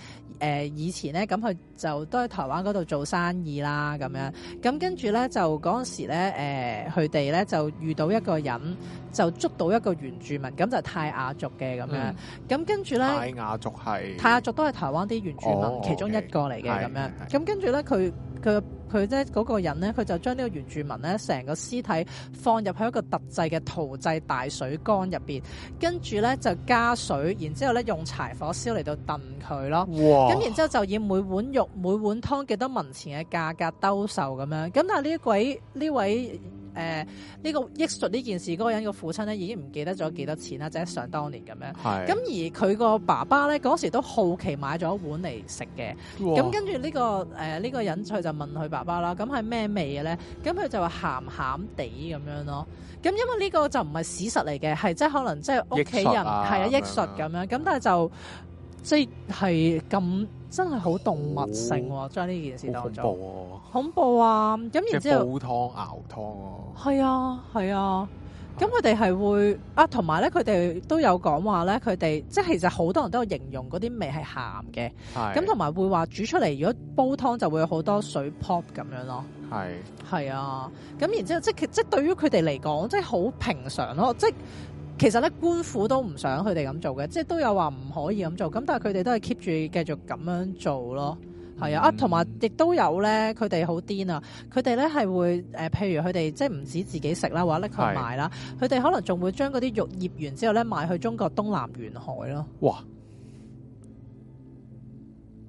呃以前咧，咁佢就都喺台灣嗰度做生意啦，咁樣咁跟住咧就嗰陣時咧，誒佢哋咧就遇到一個人，就捉到一個原住民，咁就泰雅族嘅咁樣，咁、嗯、跟住咧泰雅族係泰雅族都係台灣啲原住民其中一個嚟嘅咁樣，咁跟住咧佢。佢佢咧嗰個人咧，佢就將呢個原住民咧成個屍體放入喺一個特製嘅陶製大水缸入邊，跟住咧就加水，然之後咧用柴火燒嚟到燉佢咯。哇！咁然之後就以每碗肉每碗湯幾多文錢嘅價格兜售咁樣。咁但係呢鬼呢位。誒呢、呃這個益術呢件事，嗰、那個人個父親咧已經唔記得咗幾多錢啦，即係想當年咁樣。係是。咁而佢個爸爸咧嗰時都好奇買咗一碗嚟食嘅。哇！咁跟住呢個誒呢、呃這個隱趣就問佢爸爸啦，咁係咩味嘅咧？咁佢就話鹹鹹地咁樣咯。咁因為呢個就唔係史實嚟嘅，係即係可能即係屋企人係啊益術咁、啊、樣。咁但係就。即係咁，真係好動物性喎，將呢好件事當作恐怖啊！咁然之後煲湯熬湯啊，係啊係啊，咁佢哋係會啊，同埋咧，佢哋、啊啊、都有講話咧，佢哋即係其實好多人都有形容嗰啲味係鹹嘅，咁同埋會話煮出嚟如果煲湯就會有好多水泡泡咁樣咯，係係啊，咁、啊、然之後即係即係對於佢哋嚟講，即係好平常咯，即係。即其實咧，官府都唔想佢哋咁做嘅，即係都有話唔可以咁做。咁但係佢哋都係 keep 住繼續咁樣做咯。係、嗯、啊，啊同埋亦都有咧，佢哋好癲啊！佢哋咧係會誒、呃，譬如佢哋即係唔止自己食啦，或者拎佢賣啦，佢哋是可能仲會將嗰啲肉醃完之後咧賣去中國東南沿海咯。哇！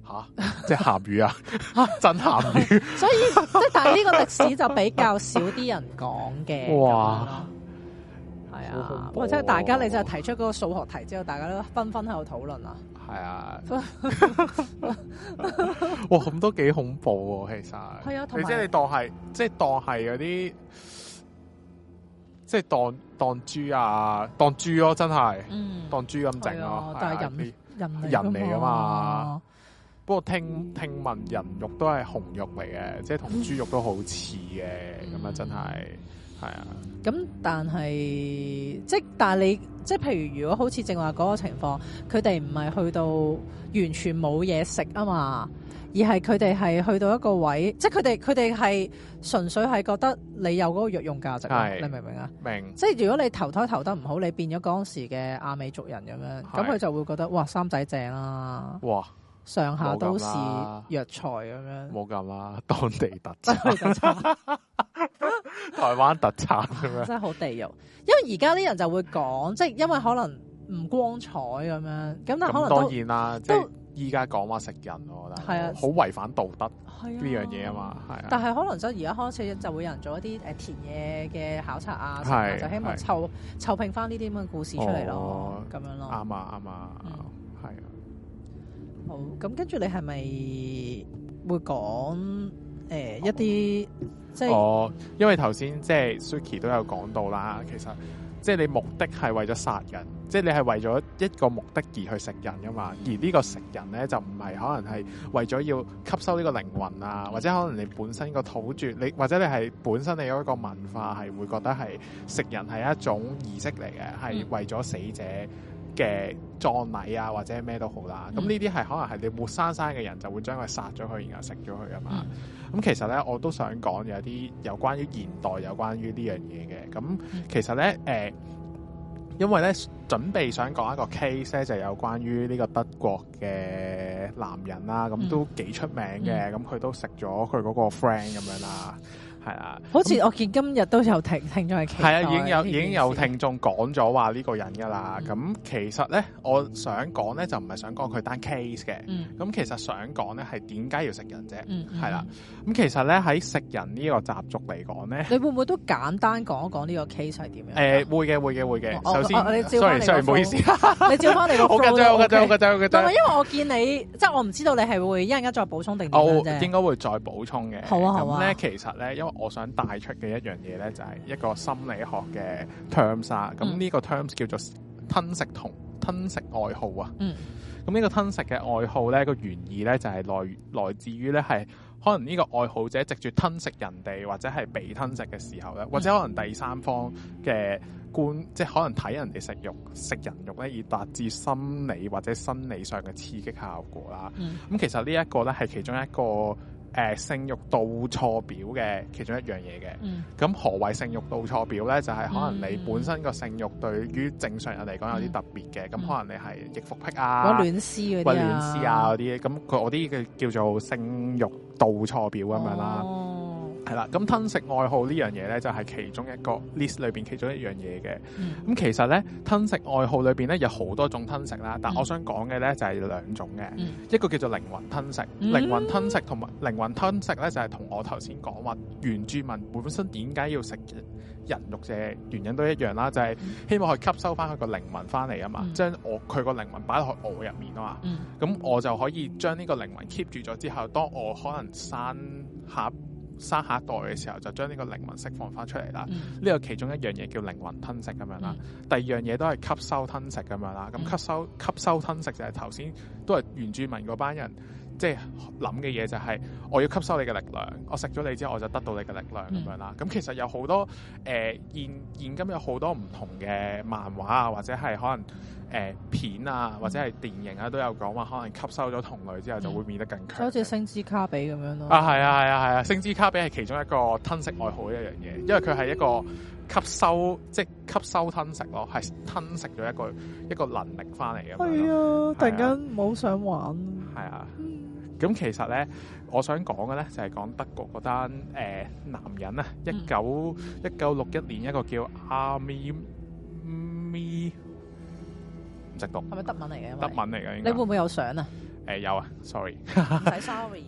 嚇！即係鹹魚啊！ [laughs] [laughs] [laughs] 真鹹魚！ [laughs] 所以即但係呢個歷史就比較少啲人講嘅。哇！哦嗯、即係大家你就提出嗰個數學題之後，大家都紛紛喺度討論啊。係啊，哇，咁都幾恐怖喎、哦！其實係啊，即係你，你當係，即係當係嗰啲，即係當當豬啊，當豬咯、哦，真係，嗯、當豬咁整咯，但係人，人嚟噶嘛？嗯、不過聽聽聞人肉都係紅肉嚟嘅，即係同豬肉都好似嘅，咁啊、嗯嗯，真係。係啊，咁但係即係，但係你即係，譬如如果好似正話嗰個情況，佢哋唔係去到完全冇嘢食啊嘛，而係佢哋係去到一個位，即係佢哋佢哋係純粹係覺得你有嗰個藥用價值，是你明唔明啊？明白，即係如果你投胎投得唔好，你變咗當時嘅阿美族人咁樣，咁佢是就會覺得哇三仔正啦、啊。哇上下都是藥材咁樣，冇咁啦，當地特產， [laughs] 台灣特產咁樣，真係好地獄。因為而家啲人就會講，即係因為可能唔光彩咁樣，咁但可能當然啦，都依家講話食人，我覺得係、嗯、啊，好違反道德呢樣嘢啊嘛，係、啊。但係可能就而家開始就會有人做一啲誒田野嘅考察啊，是就希望湊湊聘翻呢啲咁嘅故事出嚟咯、哦，咁樣咯。啱啊，啱啊。好，咁跟住你係咪會講誒、呃嗯、一啲即係哦，因為頭先即係 Suki 都有講到啦，其實即係你目的係為咗殺人，即係你係為咗一個目的而去食人噶嘛。而呢個食人咧，就唔係可能係為咗要吸收呢個靈魂啊，或者可能你本身個土著，你或者你係本身你有一個文化係會覺得係食人係一種儀式嚟嘅，係為咗死者。嗯嘅葬禮啊，或者咩都好啦。咁呢啲係可能係你活生生嘅人就會將佢殺咗佢，然後食咗佢啊嘛。咁、嗯、其實咧，我都想講有啲有關於現代，有關於呢樣嘢嘅。咁、嗯嗯、其實咧，誒、呃，因為咧準備想講一個 case 咧，就有關於呢個德國嘅男人啦。咁都幾出名嘅。咁佢、嗯嗯、都食咗佢嗰個 friend 咁、嗯、樣啦。係啦，好似我見今日都有聽聽眾係，係啊，已經有已經有聽眾講咗話呢個人噶啦。咁其實咧，我想講咧就唔係想講佢單 case 嘅。咁其實想講咧係點解要食人啫？嗯，係啦。咁其實咧喺食人呢個習俗嚟講咧，你會唔會都簡單講一講呢個 case 係點樣？誒，會嘅，會嘅，會嘅。首先，sorry，sorry，唔好意思，你照翻嚟，好緊張，好緊張，好緊張，緊張。因為我見你，即係我唔知道你係會一陣間再補充定點啫。應該會再補充嘅。好啊，好啊。咁咧，其實咧，因為我想帶出嘅一樣嘢呢，就係、是、一個心理學嘅 terms 啦、啊。咁呢、嗯、個 terms 叫做吞食同吞食愛好啊。嗯。咁呢個吞食嘅愛好呢，個原意呢，就係、是、來來自於呢，係可能呢個愛好者直接吞食人哋，或者係被吞食嘅時候呢，嗯、或者可能第三方嘅觀，即係可能睇人哋食肉、食人肉呢，以達至心理或者生理上嘅刺激效果啦。嗯。咁其實呢一個呢，係其中一個。誒、呃、性欲倒錯表嘅其中一樣嘢嘅，咁、嗯、何謂性欲倒錯表咧？就係、是、可能你本身個性欲對於正常人嚟講有啲特別嘅，咁、嗯、可能你係易服癖啊，或戀屍嗰啲啊，或戀屍啊嗰啲，咁佢我啲叫叫做性欲倒錯表咁樣啦。哦。係啦，咁吞食愛好呢樣嘢咧，就係、是、其中一個 list 裏邊其中一樣嘢嘅。咁、嗯、其實咧，吞食愛好裏邊咧有好多種吞食啦，但我想講嘅咧就係、是、兩種嘅，嗯、一個叫做靈魂吞食，靈魂吞食同埋靈魂吞食咧就係、是、同我頭先講話原住民本身點解要食人肉嘅原因都一樣啦，就係、是、希望可以吸收翻佢個靈魂翻嚟啊嘛，將、嗯、我佢個靈魂擺落去我入面啊嘛，咁、嗯、我就可以將呢個靈魂 keep 住咗之後，當我可能生下。生下一代嘅時候就將呢個靈魂釋放翻出嚟啦，呢、嗯、個其中一樣嘢叫靈魂吞食。咁樣啦，嗯、第二樣嘢都係吸收吞食。咁樣啦，咁、嗯、吸收吸收吞食就係頭先都係原住民嗰班人即係諗嘅嘢就係、是、我要吸收你嘅力量，我食咗你之後我就得到你嘅力量咁、嗯、樣啦，咁其實有好多誒、呃、現現今有好多唔同嘅漫畫啊或者係可能。誒、呃、片啊，或者係電影啊，都有講話可能吸收咗同類之後就會變得更強，就好似 [noise] 星之卡比咁樣咯。啊，係啊，係啊，係啊，星之卡比係其中一個吞食愛好一樣嘢，因為佢係一個吸收，即係吸收吞食咯，係吞食咗一個一個能力翻嚟嘅。係啊！突然間冇想玩。係啊。咁、啊啊啊啊、其實咧，我想講嘅咧就係、是、講德國嗰單、呃、男人啊，一九一九六一年一個叫阿咪咪。咪咪咪直讀係咪德文嚟嘅？德文嚟嘅，應該你會唔會有相啊？誒、呃，有啊，sorry，唔使 sorry，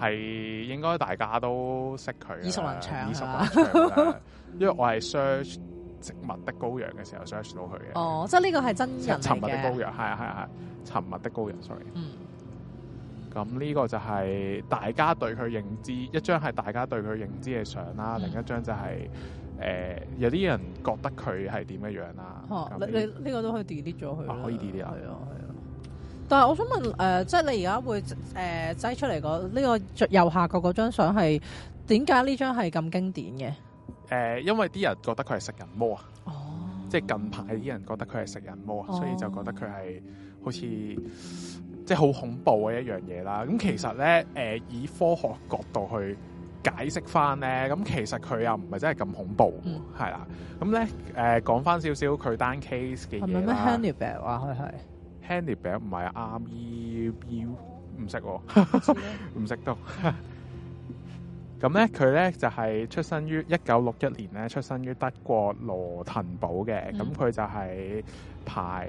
係應該大家都識佢，耳熟能詳啦。 [laughs] 因為我係 search 植物的羔羊嘅時候 search 到佢嘅。哦，即係呢個係真人的。沉默的羔羊係啊係啊係，沉默、啊、的羔羊 sorry。嗯。咁呢個就係大家對佢認知，一張係大家對佢認知嘅相啦，另一張就係、是。誒、呃、有啲人覺得佢係點嘅樣啦、啊啊他，你你呢、呢個都可以 delete 咗佢。可以 delete 啊。係啊係啊。但係我想問誒、呃，即係你而家會誒擠、呃、出嚟嗰呢個右下角嗰張相係點解呢張係咁經典嘅？誒、呃，因為啲人覺得佢係食人魔啊。哦。即係近排啲人覺得佢係食人魔，所以就覺得佢係好似即係好恐怖嘅一樣嘢啦。咁其實咧誒、呃，以科學角度去解釋翻咧，咁其實佢又唔係真係咁恐怖，係啦、嗯。咁咧，誒講翻少少佢單 case 嘅嘢係咪咩 Hannibal 啊？佢係 Hannibal，唔係 Army Bill，唔識喎，唔識讀。咁咧，佢咧就係、是、出生於一九六一年咧，出生於德國羅滕堡嘅。咁佢、嗯、就係排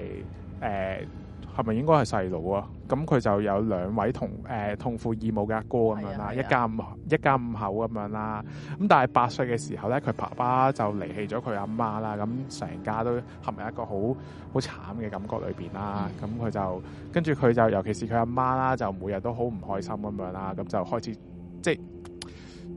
誒。呃係咪應該係細佬啊？咁佢就有兩位同誒同父異母嘅阿哥咁樣啦、啊啊一，一家五一家五口咁樣啦。咁、嗯、但係八歲嘅時候咧，佢爸爸就離棄咗佢阿媽啦。咁成家都陷入一個好好慘嘅感覺裏邊啦。咁佢、嗯、就跟住佢就尤其是佢阿媽啦，就每日都好唔開心咁樣啦。咁就開始即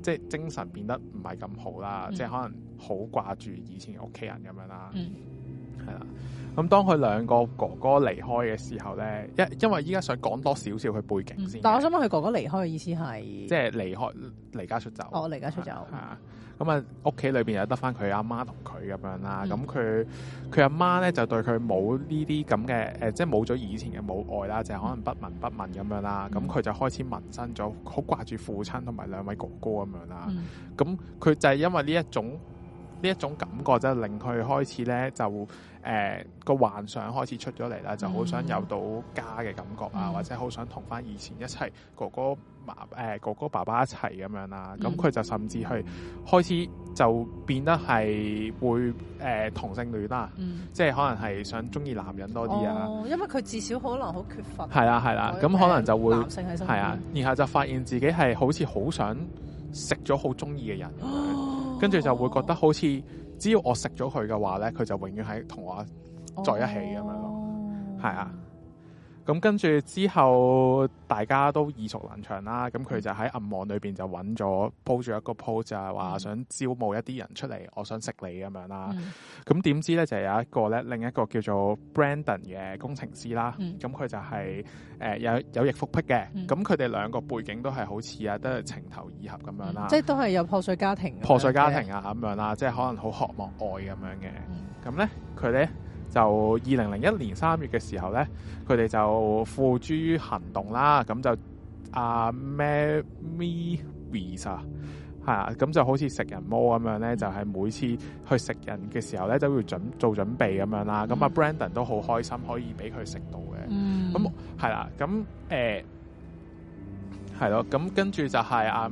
即精神變得唔係咁好啦。即、嗯、可能好掛住以前屋企人咁樣啦。係啦、嗯。咁當佢兩個哥哥離開嘅時候咧，一因為依家想講多少少佢背景先。但我想問佢哥哥離開嘅意思係？即係離開，離家出走。哦，離家出走。係啊是，咁啊是，屋企裏邊又得翻佢阿媽同佢咁樣啦。咁佢佢阿媽咧就對佢冇呢啲咁嘅誒，即係冇咗以前嘅母愛啦，就係，可能不聞不問咁樣啦。咁佢、嗯、就開始萌生咗好掛住父親同埋兩位哥哥咁樣啦。咁佢、嗯、就係因為呢一種。呢一種感覺就令佢開始咧，就誒、呃、個幻想開始出咗嚟啦，就好想有到家嘅感覺啊，嗯、或者好想同翻以前一齊哥哥媽誒、呃、哥哥爸爸一齊咁樣啦。咁佢、嗯、就甚至去開始就變得係會誒、呃、同性戀啦、啊，嗯、即係可能係想中意男人多啲啊、哦，因為佢至少可能好缺乏。係啦係啦，咁、啊啊、可能就會係啊，然後就發現自己係好似好想食咗好中意嘅人。 [coughs] 跟住就會覺得好似只要我食咗佢嘅話咧，佢就永遠喺同我在一起咁、oh. 樣咯，係啊。咁跟住之後，大家都耳熟能詳啦。咁佢就喺暗網裏邊就揾咗鋪住一個鋪，就係話想招募一啲人出嚟，我想識你咁樣啦。咁點、嗯、知咧就是、有一個咧，另一個叫做 Brandon 嘅工程師啦。咁佢、嗯、就係、是、誒、呃、有有逆反癖嘅。咁佢哋兩個背景都係好似啊，都係情投意合咁樣啦、嗯。即係都係有破碎家庭、破碎家庭啊咁樣啦。即、就、係、是、可能好渴望愛咁樣嘅。咁咧佢咧。就二零零一年三月嘅時候咧，佢哋就付諸行動啦。咁就啊咩 Miwi 啊，係啊，咁就好似食人魔咁樣咧，就係、是、每次去食人嘅時候咧，就會準做準備咁樣啦。咁阿、嗯、Brandon 都好開心可以俾佢食到嘅。咁係啦。咁誒係咯。咁跟住就係阿、啊、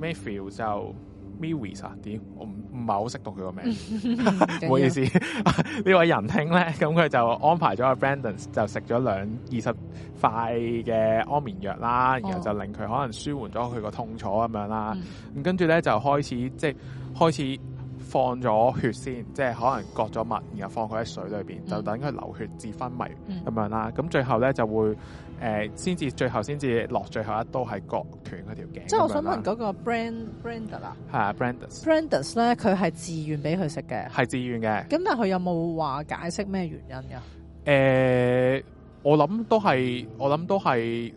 Matthew 就。m i 啊？點？我唔唔 [laughs] 係好識讀佢個名，唔好意思。呢位仁兄咧，咁佢就安排咗阿 Brandon 就食咗兩二十塊嘅安眠藥啦，然後就令佢可能舒緩咗佢個痛楚咁樣啦。咁跟住咧就開始即係開始放咗血先，即係可能割咗物，然後放佢喺水裏邊，就等佢流血至昏迷咁、哦、樣啦。咁最後咧就會。誒，先至、呃、最後先至落最後一刀，係割斷嗰條頸。即係我想問嗰個 Brand,、啊、Brand Brander 啊，Branders 咧，佢係自願俾佢食嘅，係自願嘅。咁但係佢有冇話解釋咩原因㗎？誒、呃，我諗都係，我諗都係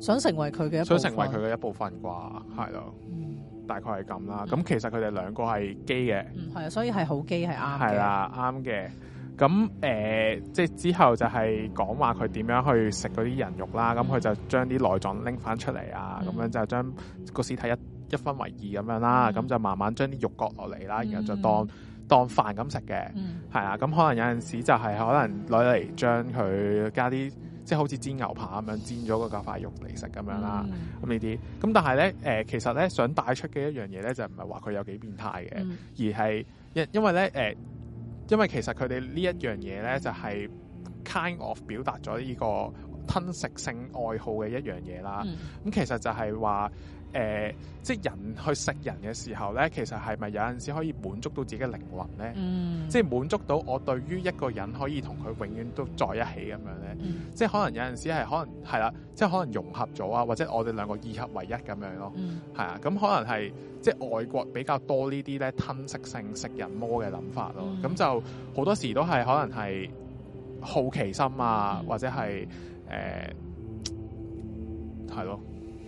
想成為佢嘅一部分，想成為佢嘅一部分啩，係咯，嗯、大概係咁啦。咁其實佢哋兩個係基嘅，嗯啊，所以係好基係啱，係啦啱嘅。咁誒，即係、嗯呃就是、之後就係講話佢點樣去食嗰啲人肉啦。咁佢就將啲內臟拎翻出嚟啊，咁、嗯、樣就將個屍體一一分為二咁樣啦。咁就慢慢將啲肉割落嚟啦，然後就當、嗯、當飯咁食嘅，係啦、嗯。咁可能有陣時就係可能攞嚟將佢加啲，即係、嗯、好似煎牛扒咁樣煎咗個塊肉嚟食咁樣啦。咁呢啲，咁但係咧誒，其實咧想帶出嘅一樣嘢咧，就唔係話佢有幾變態嘅，嗯、而係因因為咧誒。呃因為其實佢哋呢一樣嘢呢，就係 kind of 表達咗呢個吞食性愛好嘅一樣嘢啦。咁其實就係話。誒、呃，即係人去食人嘅時候咧，其實係咪有陣時可以滿足到自己嘅靈魂咧？Mm hmm. 即係滿足到我對於一個人可以同佢永遠都在一起咁樣咧？Mm hmm. 即係可能有陣時係可能係啦，啊，即係可能融合咗啊，或者我哋兩個二合為一咁樣咯。嗯、mm，係、hmm. 啊，咁可能係即係外國比較多呢啲咧，吞噬性食人魔嘅諗法咯。咁、mm hmm. 就好多時都係可能係好奇心啊，mm hmm. 或者係誒係咯。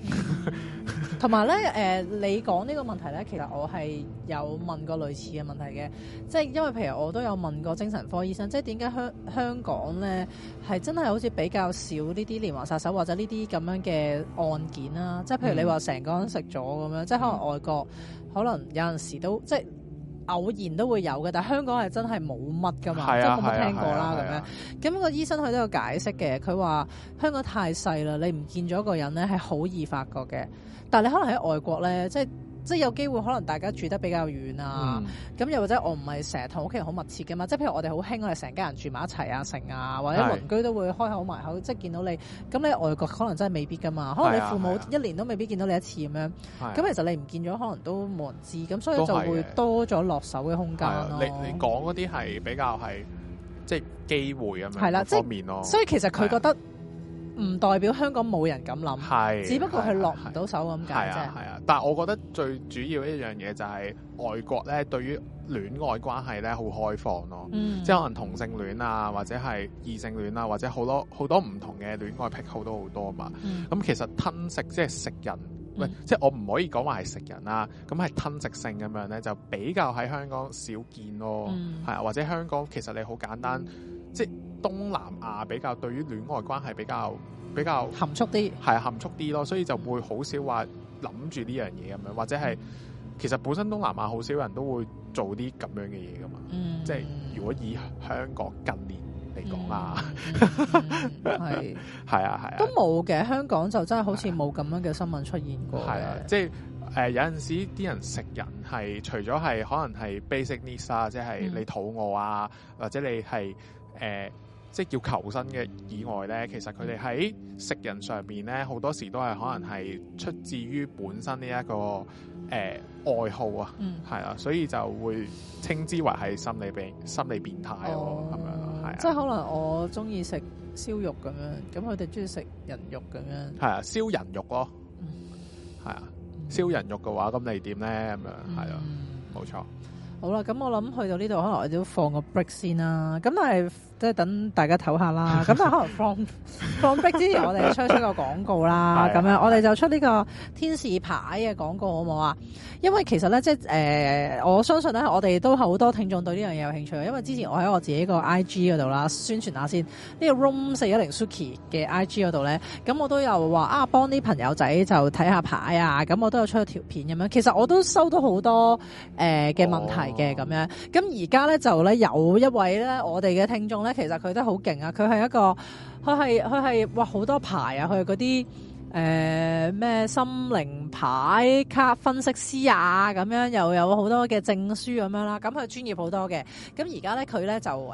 [laughs] [laughs] 同埋咧，誒、呃，你講呢個問題咧，其實我係有問過類似嘅問題嘅，即係因為譬如我都有問過精神科醫生，即係點解香香港咧係真係好似比較少呢啲連環殺手或者呢啲咁樣嘅案件啦、啊，即係譬如你話成個人食咗咁樣，嗯、即係可能外國可能有陣時都即係。偶然都會有嘅，但係香港係真係冇乜㗎嘛，啊、即係冇聽過啦咁樣。咁、啊啊啊、個醫生佢都有解釋嘅，佢話香港太細啦，你唔見咗個人咧係好易發覺嘅，但係你可能喺外國咧，即係。即係有機會，可能大家住得比較遠啊，咁又、嗯、或者我唔係成日同屋企人好密切㗎嘛。即係譬如我哋好興，我哋成家人住埋一齊啊、成啊，或者鄰居都會開口埋口，即係見到你。咁你外國可能真係未必㗎嘛。可能你父母一年都未必見到你一次咁樣。咁、嗯嗯、其實你唔見咗，可能都冇人知。咁所以就會多咗落手嘅空間咯、啊。你你講嗰啲係比較係即係機會啊嘛，方面咯、啊。即面啊、所以其實佢覺得。唔代表香港冇人咁諗，係，只不過係落唔到手咁解啊，係啊，但係我覺得最主要一樣嘢就係外國咧，對於戀愛關係咧好開放咯。嗯，即係可能同性戀啊，或者係異性戀啊，或者好多好多唔同嘅戀愛癖好都好多嘛。嗯，咁其實吞食即係食人，喂，嗯，即係我唔可以講話係食人啊，咁係吞食性咁樣咧，就比較喺香港少見咯。嗯，係啊，或者香港其實你好簡單，即東南亞比較對於戀愛關係比較比較含蓄啲，係含蓄啲咯，所以就會好少話諗住呢樣嘢咁樣，或者係其實本身東南亞好少人都會做啲咁樣嘅嘢噶嘛，嗯、即係如果以香港近年嚟講啊，係係啊係啊，啊都冇嘅，啊、香港就真係好似冇咁樣嘅新聞出現過，係啊，即係誒、呃、有陣時啲人食人係除咗係可能係 basic needs 啊，即係你肚餓啊，嗯、或者你係誒。呃即係要求生嘅以外咧，其實佢哋喺食人上邊咧，好多時都係可能係出自於本身呢一個誒愛好啊，嗯，係啊，所以就會稱之為係心，心理變心理變態咯，咁樣係啊，哦、的即係可能我中意食燒肉咁樣，咁佢哋中意食人肉咁樣，係啊，燒人肉咯，係啊，燒人肉嘅話，咁你點咧？咁樣係啊，冇錯、嗯。錯好啦，咁我諗去到呢度，可能我都放個 break 先啦。咁但係。即係等大家唞下啦，咁啊可能放放逼之前，我哋出出個廣告啦，咁樣我哋就出呢個天使牌嘅廣告好唔好啊？因為其實咧，即係誒我相信咧，我哋都好多聽眾對呢樣嘢有興趣。因為之前我喺我自己個 IG 度啦，宣傳下先呢個 room 四一零 Suki 嘅 IG 度咧，咁我都有話啊，幫啲朋友仔就睇下牌啊，咁我都有出咗條片咁樣。其實我都收到好多誒嘅，呃、問題嘅咁樣。咁而家咧就咧有一位咧，我哋嘅聽眾咧。其實佢都好勁啊！佢係一個，佢係佢係哇好多牌啊！佢係嗰啲。誒咩、呃、心靈牌卡分析師啊，咁樣又有好多嘅證書咁樣啦，咁佢專業好多嘅。咁而家咧佢咧就誒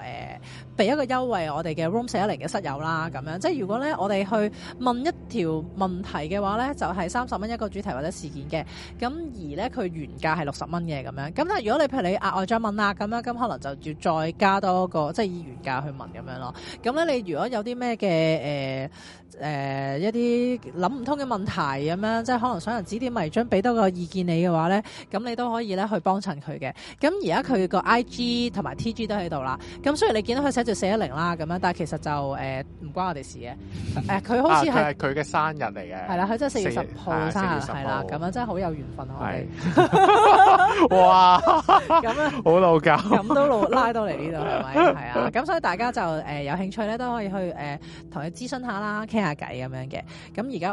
俾、呃、一個優惠我哋嘅 Room 四一零嘅室友啦，咁樣即係如果咧我哋去問一條問題嘅話咧，就係三十蚊一個主題或者事件嘅。咁而咧佢原價係六十蚊嘅咁樣。咁但如果你譬如你額外再問啦咁樣，咁可能就要再加多個即係以原價去問咁樣咯。咁咧你如果有啲咩嘅誒誒一啲，諗唔通嘅問題咁樣，即係可能想人指點迷津，俾多個意見你嘅話咧，咁你都可以咧去幫襯佢嘅。咁而家佢個 IG 同埋 TG 都喺度啦。咁雖然你見到佢寫住四一零啦咁樣，但係其實就誒唔、呃、關我哋事嘅。誒、呃，佢好似係佢嘅生日嚟嘅。係啦，佢真係四月十號生日。係啦，咁、啊、的樣真係好有緣分咯。係的。 [laughs] [laughs] 哇！咁啊 [laughs] 樣，好老狗，咁都老拉到嚟呢度係咪？係啊。咁所以大家就誒、呃、有興趣咧都可以去誒同佢諮詢下啦，傾下偈咁樣嘅。咁而家。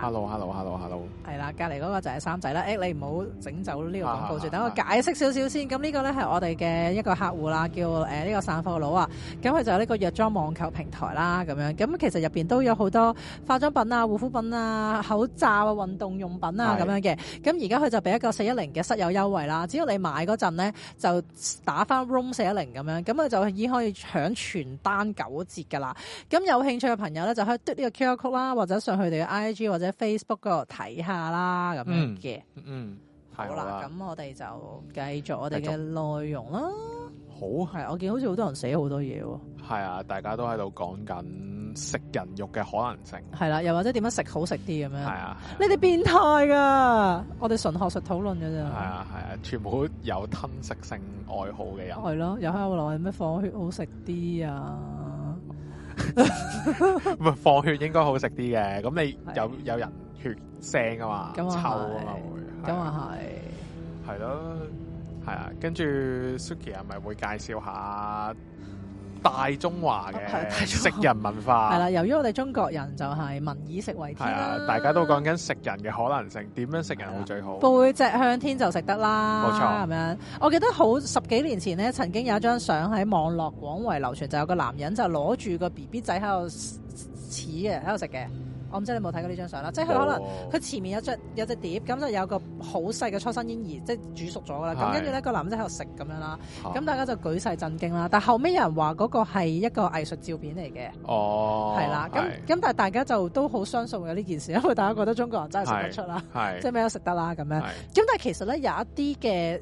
hello，hello，hello，hello，係啦，隔籬嗰個就係三仔啦，誒、欸，你唔好整走呢個廣告，住等，啊、我解釋少少先。咁呢、啊、個咧係我哋嘅一個客戶啦，叫誒呢、呃這個散貨佬啊，咁佢就呢個藥妝網購平台啦，咁樣，咁其實入邊都有好多化妝品啊、護膚品啊、口罩啊、運動用品啊咁是樣嘅，咁而家佢就俾一九四一零嘅室友優惠啦，只要你買嗰陣呢，就打翻 room 四一零咁樣，咁佢就已經可以搶全單九折噶啦。咁有興趣嘅朋友咧就可以 drop 呢個 QQ 群啦，或者上佢哋嘅 IG 或者。喺 Facebook 嗰度睇下啦，咁樣嘅、嗯。嗯，好啦，咁、嗯、我哋就繼續我哋嘅內容啦。好，係，我見好似好多人寫好多嘢、啊。係啊，大家都喺度講緊食人肉嘅可能性。係啦、啊，又或者點樣食好食啲咁樣。係啊，啊你哋變態噶，我哋純學術討論嘅啫。係啊，係啊，全部有吞食性愛好嘅人。係咯、啊，又喺度講咩放血好食啲啊？唔係 [laughs] 放血應該好食啲嘅，咁你有有人血腥啊嘛，咁臭啊嘛會，咁啊係，係咯是，係啊， [noise] 跟住 Suki 係咪會介紹下？大中華嘅食人文化係啦 [noise] 由於我哋中國人就係民以食為天啦、啊，大家都講緊食人嘅可能性，點樣食人會最好？背脊向天就食得啦，冇錯係咪？我記得好十幾年前咧，曾經有一張相喺網絡廣為流傳，就有個男人就攞住個 BB 仔喺度似嘅，喺度食嘅。我唔知你有冇睇過呢張相啦，即係佢可能佢前面有隻有隻碟，咁就有個好細嘅初生嬰兒，即係煮熟咗噶啦，咁跟住咧個男仔喺度食咁樣啦，咁、oh. 大家就舉世震驚啦。但後尾有人話嗰個係一個藝術照片嚟嘅，哦、oh.，係啦，咁咁的但係大家就都好相信嘅呢件事，因為大家覺得中國人真係食得出啦，的的即係咩都食得啦咁樣。咁的的但係其實咧有一啲嘅。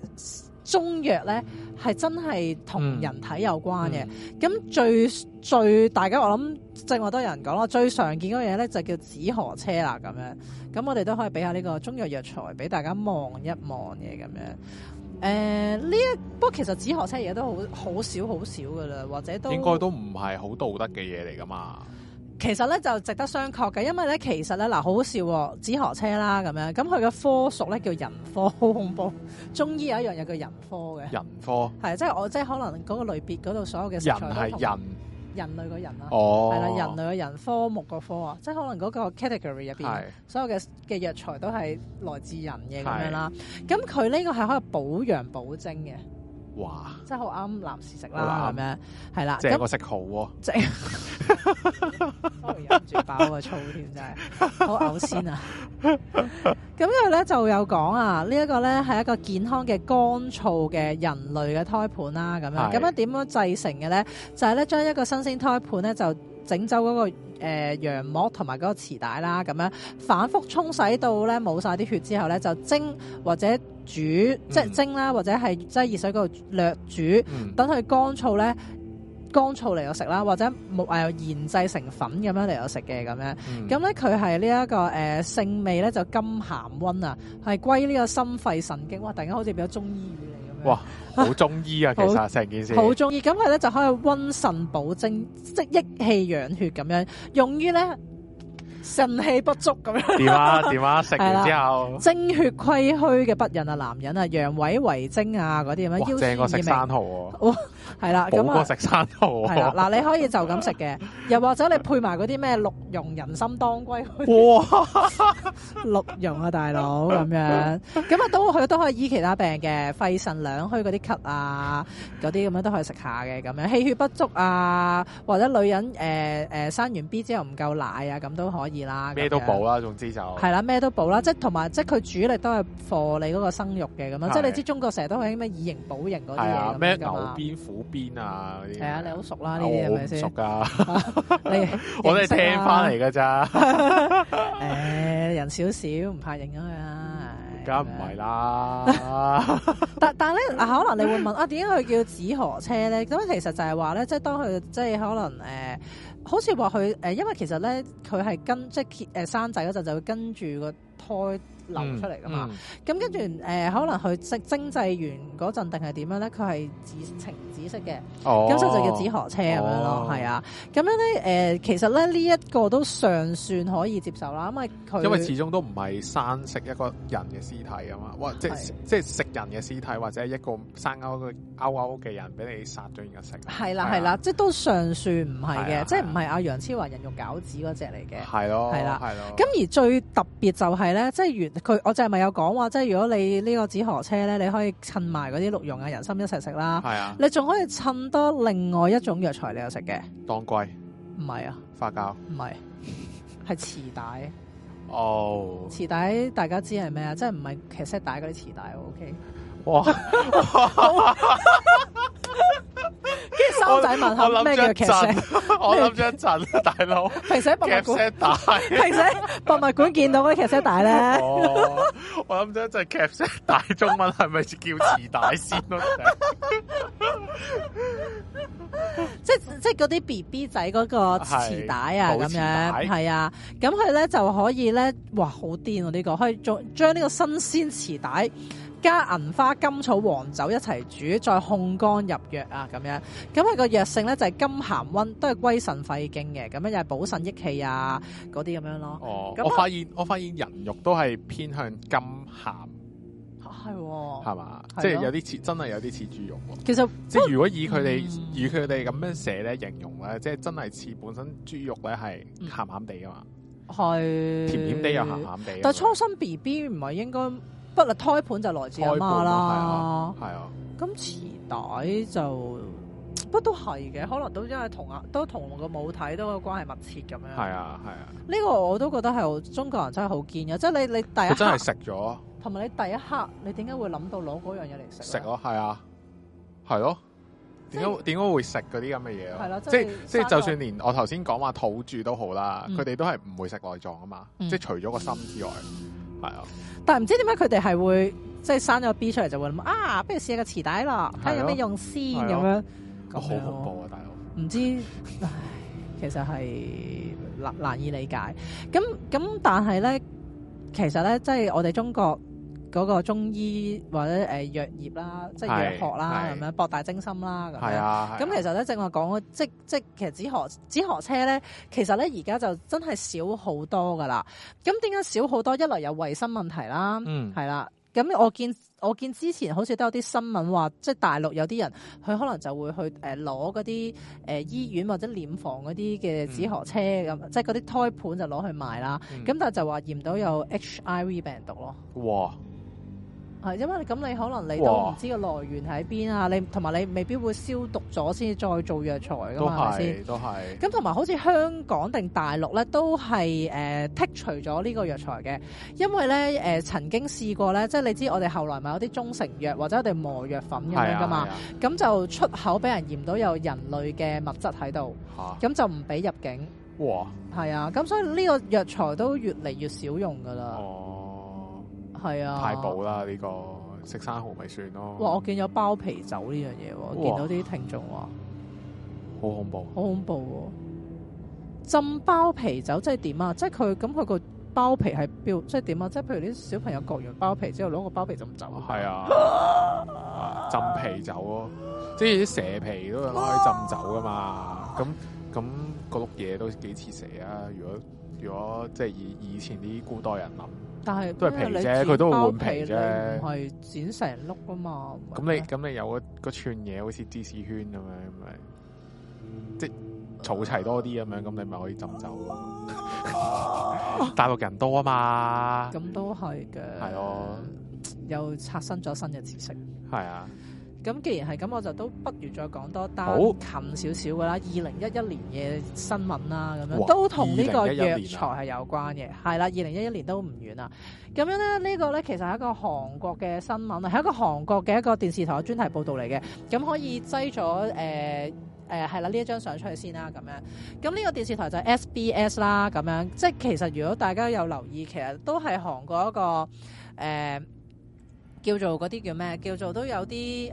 中藥咧係真係同人體有關嘅，咁、嗯嗯、最最大家我諗正話多人講啦，最常見嗰嘢咧就叫紫河車啦咁樣，咁我哋都可以俾下呢個中藥藥材俾大家望一望嘅咁樣，誒、呃、呢一不過其實紫河車嘢都好好少好少噶啦，或者都應該都唔係好道德嘅嘢嚟噶嘛。其實咧就值得商榷嘅，因為咧其實咧嗱好好笑喎，紫河車啦咁樣，咁佢嘅科屬咧叫人科，好恐怖。中醫有一樣嘢叫人科嘅。人科。係，即係我即係可能嗰個類別嗰度所有嘅食材。人係人，人類嘅人啊。哦。係啦，人類嘅人科目個科啊，即係可能嗰個 category 入邊是所有嘅嘅藥材都係來自人嘅咁是樣啦。咁佢呢個係可以補陽補精嘅。哇！真係好啱男士食啦咁樣，係啦，即係個食蠔喎，即係飲住包個醋添，真係好嘔心啊！咁佢咧就有講啊，這個、呢一個咧係一個健康嘅乾燥嘅人類嘅胎盤啦，咁樣咁是樣點樣製成嘅咧？就係、是、咧將一個新鮮胎盤咧就整走嗰、那個。誒羊膜同埋嗰個臍帶啦，咁樣反覆沖洗到咧冇晒啲血之後咧，就蒸或者煮，嗯、即係蒸啦，或者係即係熱水嗰度略煮，嗯、等佢乾燥咧，乾燥嚟我食啦，或者冇誒研製成粉咁樣嚟我食嘅咁樣。咁咧佢係呢一個誒、呃、性味咧就甘鹹温啊，係歸呢個心肺神經。哇，突然間好似變咗中醫嚟。哇，好中意啊，其實成、啊啊、件事好中意咁佢咧就可以温腎補精，即、就、益、是、氣養血咁樣，用於咧。腎氣不足咁樣，點啊點啊食完之後，精血虧虛嘅不孕啊，男人啊陽痿遺精啊嗰啲咁樣，哇正我食生蠔啊，哇係啦，咁我食生蠔係啦，嗱，你可以就咁食嘅，又或者你配埋嗰啲咩鹿茸、人參、當歸嗰啲，哇鹿茸啊大佬咁樣，咁啊都佢都可以醫其他病嘅，肺腎兩虛嗰啲咳啊嗰啲咁樣都可以食下嘅，咁樣氣血不足啊或者女人誒誒生完 B 之後唔夠奶啊咁都可以。咩都補啦，總之就係、是、啦，咩都補啦，即係同埋即係佢主力都係貨你嗰個生育嘅咁樣，是即係你知中國成日都興咩以形補形嗰啲嘢，咩、啊、牛鞭虎鞭啊嗰啲。係啊，你好熟啦呢啲係咪先？啊、些熟㗎，我都係聽翻嚟㗎咋。誒，人少少唔怕影緊佢啦。梗唔係啦。但但係咧，可能你會問啊，點解佢叫紫河車咧？咁其實就係話咧，即係當佢即係可能誒。呃好似話佢誒，因為其實咧，佢係跟即係誒生仔嗰陣就會跟住個胎流出嚟噶嘛，咁、嗯嗯、跟住誒、呃，可能佢即係精製完嗰陣定係點樣咧？佢係指情。紫色嘅，咁所以就叫紫河車咁樣咯，係啊，咁樣咧誒，其實咧呢一個都尚算可以接受啦，因為佢因為始終都唔係生食一個人嘅屍體啊嘛，哇！即即食人嘅屍體或者一個生勾勾嘅人俾你殺咗然後食，係啦係啦，即都尚算唔係嘅，即唔係阿楊千嬅人肉餃子嗰隻嚟嘅，係咯，係啦，係啦。咁而最特別就係咧，即如佢我就係咪有講話，即如果你呢個紫河車咧，你可以襯埋嗰啲鹿茸啊、人參一齊食啦，係啊，你仲。可以襯多另外一種藥材你有食嘅，當歸唔係啊，花膠唔係，係磁帶哦，磁 [laughs] 帶帶、oh. 大家知係咩啊？即係唔係其實帶嗰啲磁帶，O K。Okay? 哇！跟住三仔問下咩叫騎士？我諗咗一陣麼大佬。 [laughs] 平時喺博物館，騎士 [laughs] 博物館見到嗰啲騎士帶咧。我諗咗，一陣，騎士帶中文係咪叫磁帶先？即係即係嗰啲 B B 仔嗰個磁帶啊，咁樣係啊。咁佢咧就可以咧，哇，好癲哦！呢、這個可以將將呢個新鮮磁帶。加銀花、甘草、黃酒一齊煮，再控乾入藥啊！咁樣，咁佢個藥性咧就係甘鹹温，都係歸腎肺經嘅。咁樣又補腎益氣啊，嗰啲咁樣咯。哦，我發現那我發現人肉都係偏向甘鹹，係喎，係嘛？即係有啲似，真係有啲似豬肉。其實即係如果以佢哋，嗯、以佢哋咁樣寫咧形容咧，即係真係似本身豬肉咧係鹹鹹地啊嘛，係、嗯、是甜甜地又鹹鹹地。的但係初生 B B 唔係應該？不，胎盤就來自阿媽啦。係啊。咁臍帶就不都係嘅，可能都因為同阿都同個母體都個關係密切咁樣。係啊，係啊。呢個我都覺得係，中國人真係好堅嘅。即係你，你第一刻真係食咗，同埋你第一刻你點解會諗到攞嗰樣嘢嚟食？食咯，係啊，係咯。點解點解會食嗰啲咁嘅嘢？係啦，即係即係，就算連我頭先講話土著都好啦，佢哋都係唔會食內臟啊嘛。即係除咗個心之外，係啊。但唔知點解佢哋係會即係生咗 B 出嚟就會諗啊，不如試下個磁帶咯，睇下有咩用先咁樣，咁了了好恐怖啊！大佬，唔知，唉，其實係難難以理解。咁咁，但係咧，其實咧，即係我哋中國。嗰個中醫或者誒、呃、藥業啦，即係藥學啦，咁樣博大精深啦，咁樣、啊。咁、啊、其實咧，正話講，即即其實紫河紫河車咧，其實咧而家就真係少好多噶啦。咁點解少好多？一來有衞生問題啦，係、嗯、啦。咁我見我見之前好似都有啲新聞話，即係大陸有啲人，佢可能就會去誒攞嗰啲誒醫院或者殮房嗰啲嘅紫河車咁，嗯、即係嗰啲胎盤就攞去賣啦。咁、嗯、但係就話驗到有 HIV 病毒咯。哇哇係，因為咁你可能你都唔知個來源喺邊啊！你同埋你未必會消毒咗先再做藥材㗎嘛？係，都係。咁同埋好似香港定大陸咧，都係誒剔除咗呢個藥材嘅，因為咧誒、呃、曾經試過咧，即係你知我哋後來咪有啲中成藥或者我哋磨藥粉咁樣㗎嘛，咁、啊啊、就出口俾人驗到有人類嘅物質喺度，咁哈就唔俾入境。哇！係啊，咁所以呢個藥材都越嚟越少用㗎啦。哦。係啊，太補啦！呢、這個食生蚝咪算咯。哇，我見有包皮酒呢樣嘢，哇見到啲聽眾話好恐怖，好恐怖、哦。浸包皮酒即係點啊？即係佢咁佢個包皮係標，即係點啊？即係譬如啲小朋友割完包皮之後攞個包皮浸酒啊？係啊，浸皮酒咯、哦，啊、即係啲蛇皮都攞去浸酒噶嘛。咁咁嗰碌嘢都幾似蛇啊？如果如果,如果即係以以前啲古代人諗。但係都係皮啫，佢都會換皮啫，唔係剪成碌啊嘛。咁你咁、啊、你，你有一個串嘢好似芝士圈咁樣，咪即係儲齊多啲咁樣，咁你咪可以浸酒。大陸人多啊嘛，咁都係嘅，係咯、哦，又刷新咗新嘅知識，係啊。咁既然係咁，我就都不如再講多單近少少嘅啦。二零一一年嘅新聞啦，咁樣都同呢個藥材係有關嘅。係啦、嗯，二零一一年都唔遠啦。咁樣咧，這個、呢個咧其實係一個韓國嘅新聞啊，係一個韓國嘅一個電視台嘅專題報導嚟嘅。咁可以擠咗誒誒係啦呢一張相出嚟先啦，咁樣。咁呢個電視台就係 SBS 啦，咁樣即係其實如果大家有留意，其實都係韓國一個誒，呃叫做嗰啲叫咩？叫做都有啲誒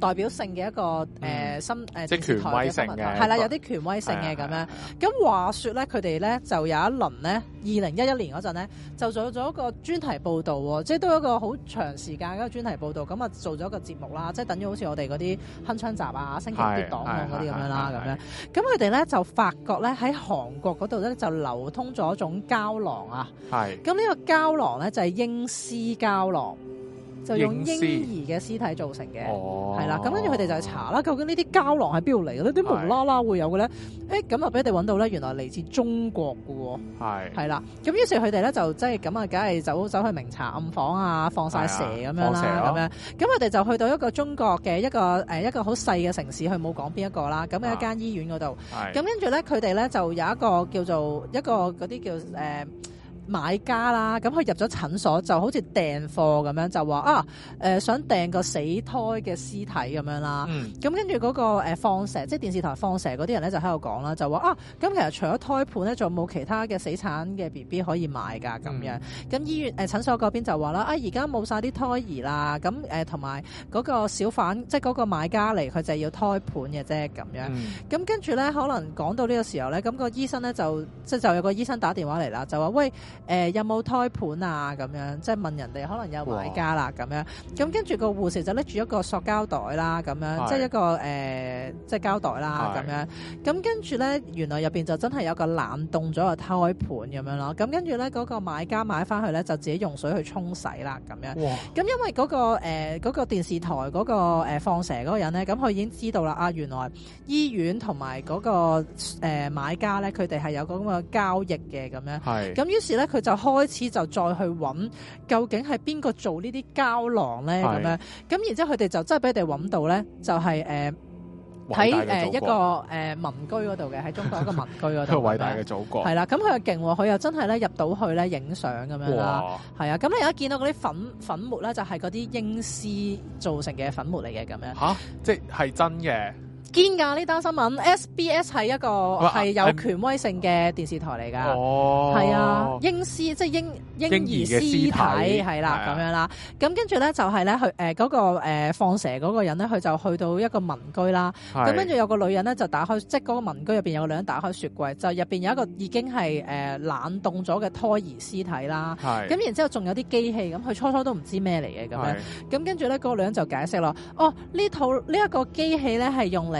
代表性嘅一個誒深誒即權威性嘅，係啦，有啲權威性嘅咁樣。咁話說咧，佢哋咧就有一輪咧，二零一一年嗰陣咧，就做咗一個專題報導喎，即係都有一個好長時間嘅專題報導。咁啊，做咗一個節目啦，即係等於好似我哋嗰啲鏗鏘集啊、星期 X 檔案嗰啲咁樣啦，咁樣。咁佢哋咧就發覺咧喺韓國嗰度咧就流通咗一種膠囊啊，係。咁呢個膠囊咧就係英絲膠囊。就用嬰兒嘅屍體做成嘅，係啦、哦，咁跟住佢哋就去查啦。究竟呢啲膠囊喺邊度嚟嘅咧？啲無啦啦會有嘅咧？誒是的、哎，咁啊俾佢哋揾到咧，原來嚟自中國嘅喎。係係啦，咁於是佢哋咧就即係咁啊，梗係走走去明查暗訪啊，放晒蛇咁樣啦，咁樣。咁佢哋就去到一個中國嘅一個誒一個好細嘅城市，佢冇講邊一個啦。咁一間是的 的醫院嗰度，咁跟住咧佢哋咧就有一個叫做一個嗰啲叫誒。買家啦，咁佢入咗診所就好似訂貨咁樣，就話啊誒、呃、想訂個死胎嘅屍體咁樣啦。咁、嗯、跟住嗰個放蛇，即係電視台放蛇嗰啲人咧，就喺度講啦，就話啊，咁其實除咗胎盤咧，仲有冇其他嘅死產嘅 B B 可以買㗎咁樣。咁醫院誒、呃、診所嗰邊就話啦，啊而家冇晒啲胎兒啦。咁誒同埋嗰個小販，即係嗰個買家嚟，佢就係要胎盤嘅啫咁樣。咁、嗯、跟住咧，可能講到呢個時候咧，咁、個醫生咧就即係就有個醫生打電話嚟啦，就話喂。誒、欸、有冇胎盤啊？咁樣即係問人哋可能有買家啦咁樣。咁、嗯、跟住個護士就拎住一個塑膠袋啦，咁樣是即係一個誒、欸、即係膠袋啦咁是樣。咁、嗯、跟住咧，原來入邊就真係有個冷凍咗個胎盤咁樣咯。咁、嗯、跟住咧，嗰、那個買家買翻去咧，就自己用水去沖洗啦咁樣。咁哇、嗯、因為嗰、那個誒嗰、呃那個電視台嗰、那個、呃、放射嗰個人咧，咁、嗯、佢已經知道啦。啊，原來醫院同埋嗰個誒、呃、買家咧，佢哋係有咁個交易嘅咁樣。係是。咁於是咧。佢就開始就再去揾，究竟係邊個做呢啲膠囊咧？咁是樣咁，然之後佢哋就真係俾佢哋揾到咧，就係誒喺誒一個誒、呃、民居嗰度嘅，喺中國一個民居嗰度。偉 [laughs] 大嘅祖國係啦，咁佢又勁喎，佢又真係咧入到去咧影相咁樣啦。係啊，咁你而家見到嗰啲粉粉末咧，就係嗰啲嬰屍造成嘅粉末嚟嘅咁樣。嚇！即係真嘅。堅㗎呢單新聞，SBS 係一個係有權威性嘅電視台嚟㗎，係、哦、啊，英屍即係嬰嬰兒屍體係啦咁樣啦。咁跟住咧就係咧佢誒嗰個、呃、放蛇嗰個人咧，佢就去到一個民居啦。咁跟住有個女人咧就打開，即係嗰個民居入邊有個女人打開雪櫃，就入邊有一個已經係誒、呃、冷凍咗嘅胎兒屍體啦。係咁然之後仲有啲機器咁，佢初初都唔知咩嚟嘅咁樣。咁跟住咧嗰個女人就解釋咯，哦呢套呢一個機器咧係用嚟。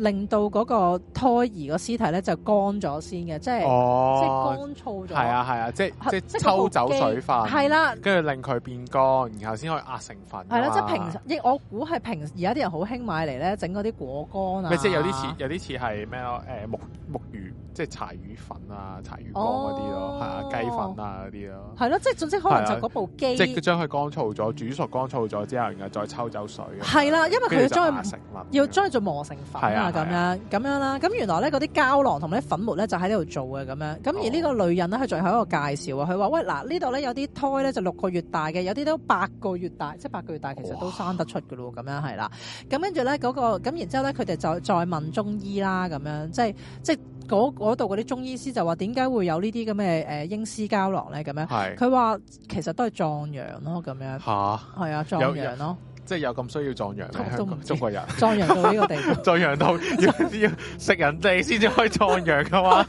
令到嗰個胎兒個屍體咧就乾咗先嘅，即係即係乾燥咗。係啊係啊，即係即係抽走水分。係啦，跟住令佢變乾，然後先可以壓成粉。係啦，即係平，我估係平而家啲人好興買嚟咧整嗰啲果乾啊。即係有啲似有啲似係咩咯？木木魚，即係柴魚粉啊、柴魚乾嗰啲咯，係啊，雞粉啊嗰啲咯。係咯，即係總之可能就嗰部機。即係佢將佢乾燥咗、煮熟乾燥咗之後，然後再抽走水。係啦，因為佢將佢要將佢做磨成粉。係啊。咁樣，咁樣啦，咁原來咧嗰啲膠囊同埋啲粉末咧就喺呢度做嘅，咁樣，咁而呢個女人咧佢最後一個介紹啊，佢話喂，嗱，呢度咧有啲胎咧就六個月大嘅，有啲都八個月大，即係八個月大其實都生得出嘅咯，咁樣係啦，咁跟住咧嗰個咁然之後咧佢哋就再問中醫啦咁樣，即係即係嗰度嗰啲中醫師就話點解會有、呃、呢啲咁嘅誒嬰屍膠囊咧咁樣，佢話係其實都係壯陽咯咁樣，吓、啊，係啊壯陽咯。即係有咁需要壯陽，中國人壯陽到呢個地步，壯陽 [laughs] 到要食人哋先至可以壯陽嘅話，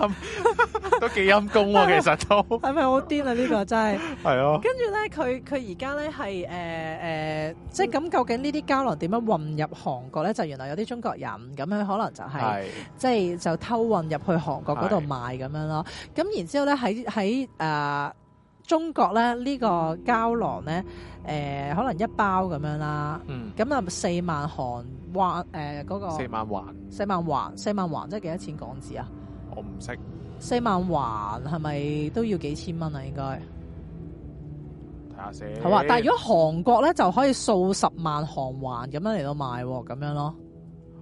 都幾陰功喎，其實都係咪好癲啊？呢個真係係啊！跟住咧，佢佢而家咧係誒誒，即係咁究竟呢啲膠囊點樣運入韓國咧？就原來有啲中國人咁樣，可能就係即係就偷運入去韓國嗰度賣咁樣咯。咁是 [laughs] 然之後咧，喺喺誒。中國咧呢、這個膠囊咧，誒、呃、可能一包咁樣啦，咁啊、嗯、四萬韓環誒嗰個四萬環，四萬環，四萬環，即係幾多錢港紙啊？我唔識四萬環係咪都要幾千蚊啊？應該睇下先，好啊！但係如果韓國咧就可以數十萬韓環咁樣嚟到賣喎，咁樣咯。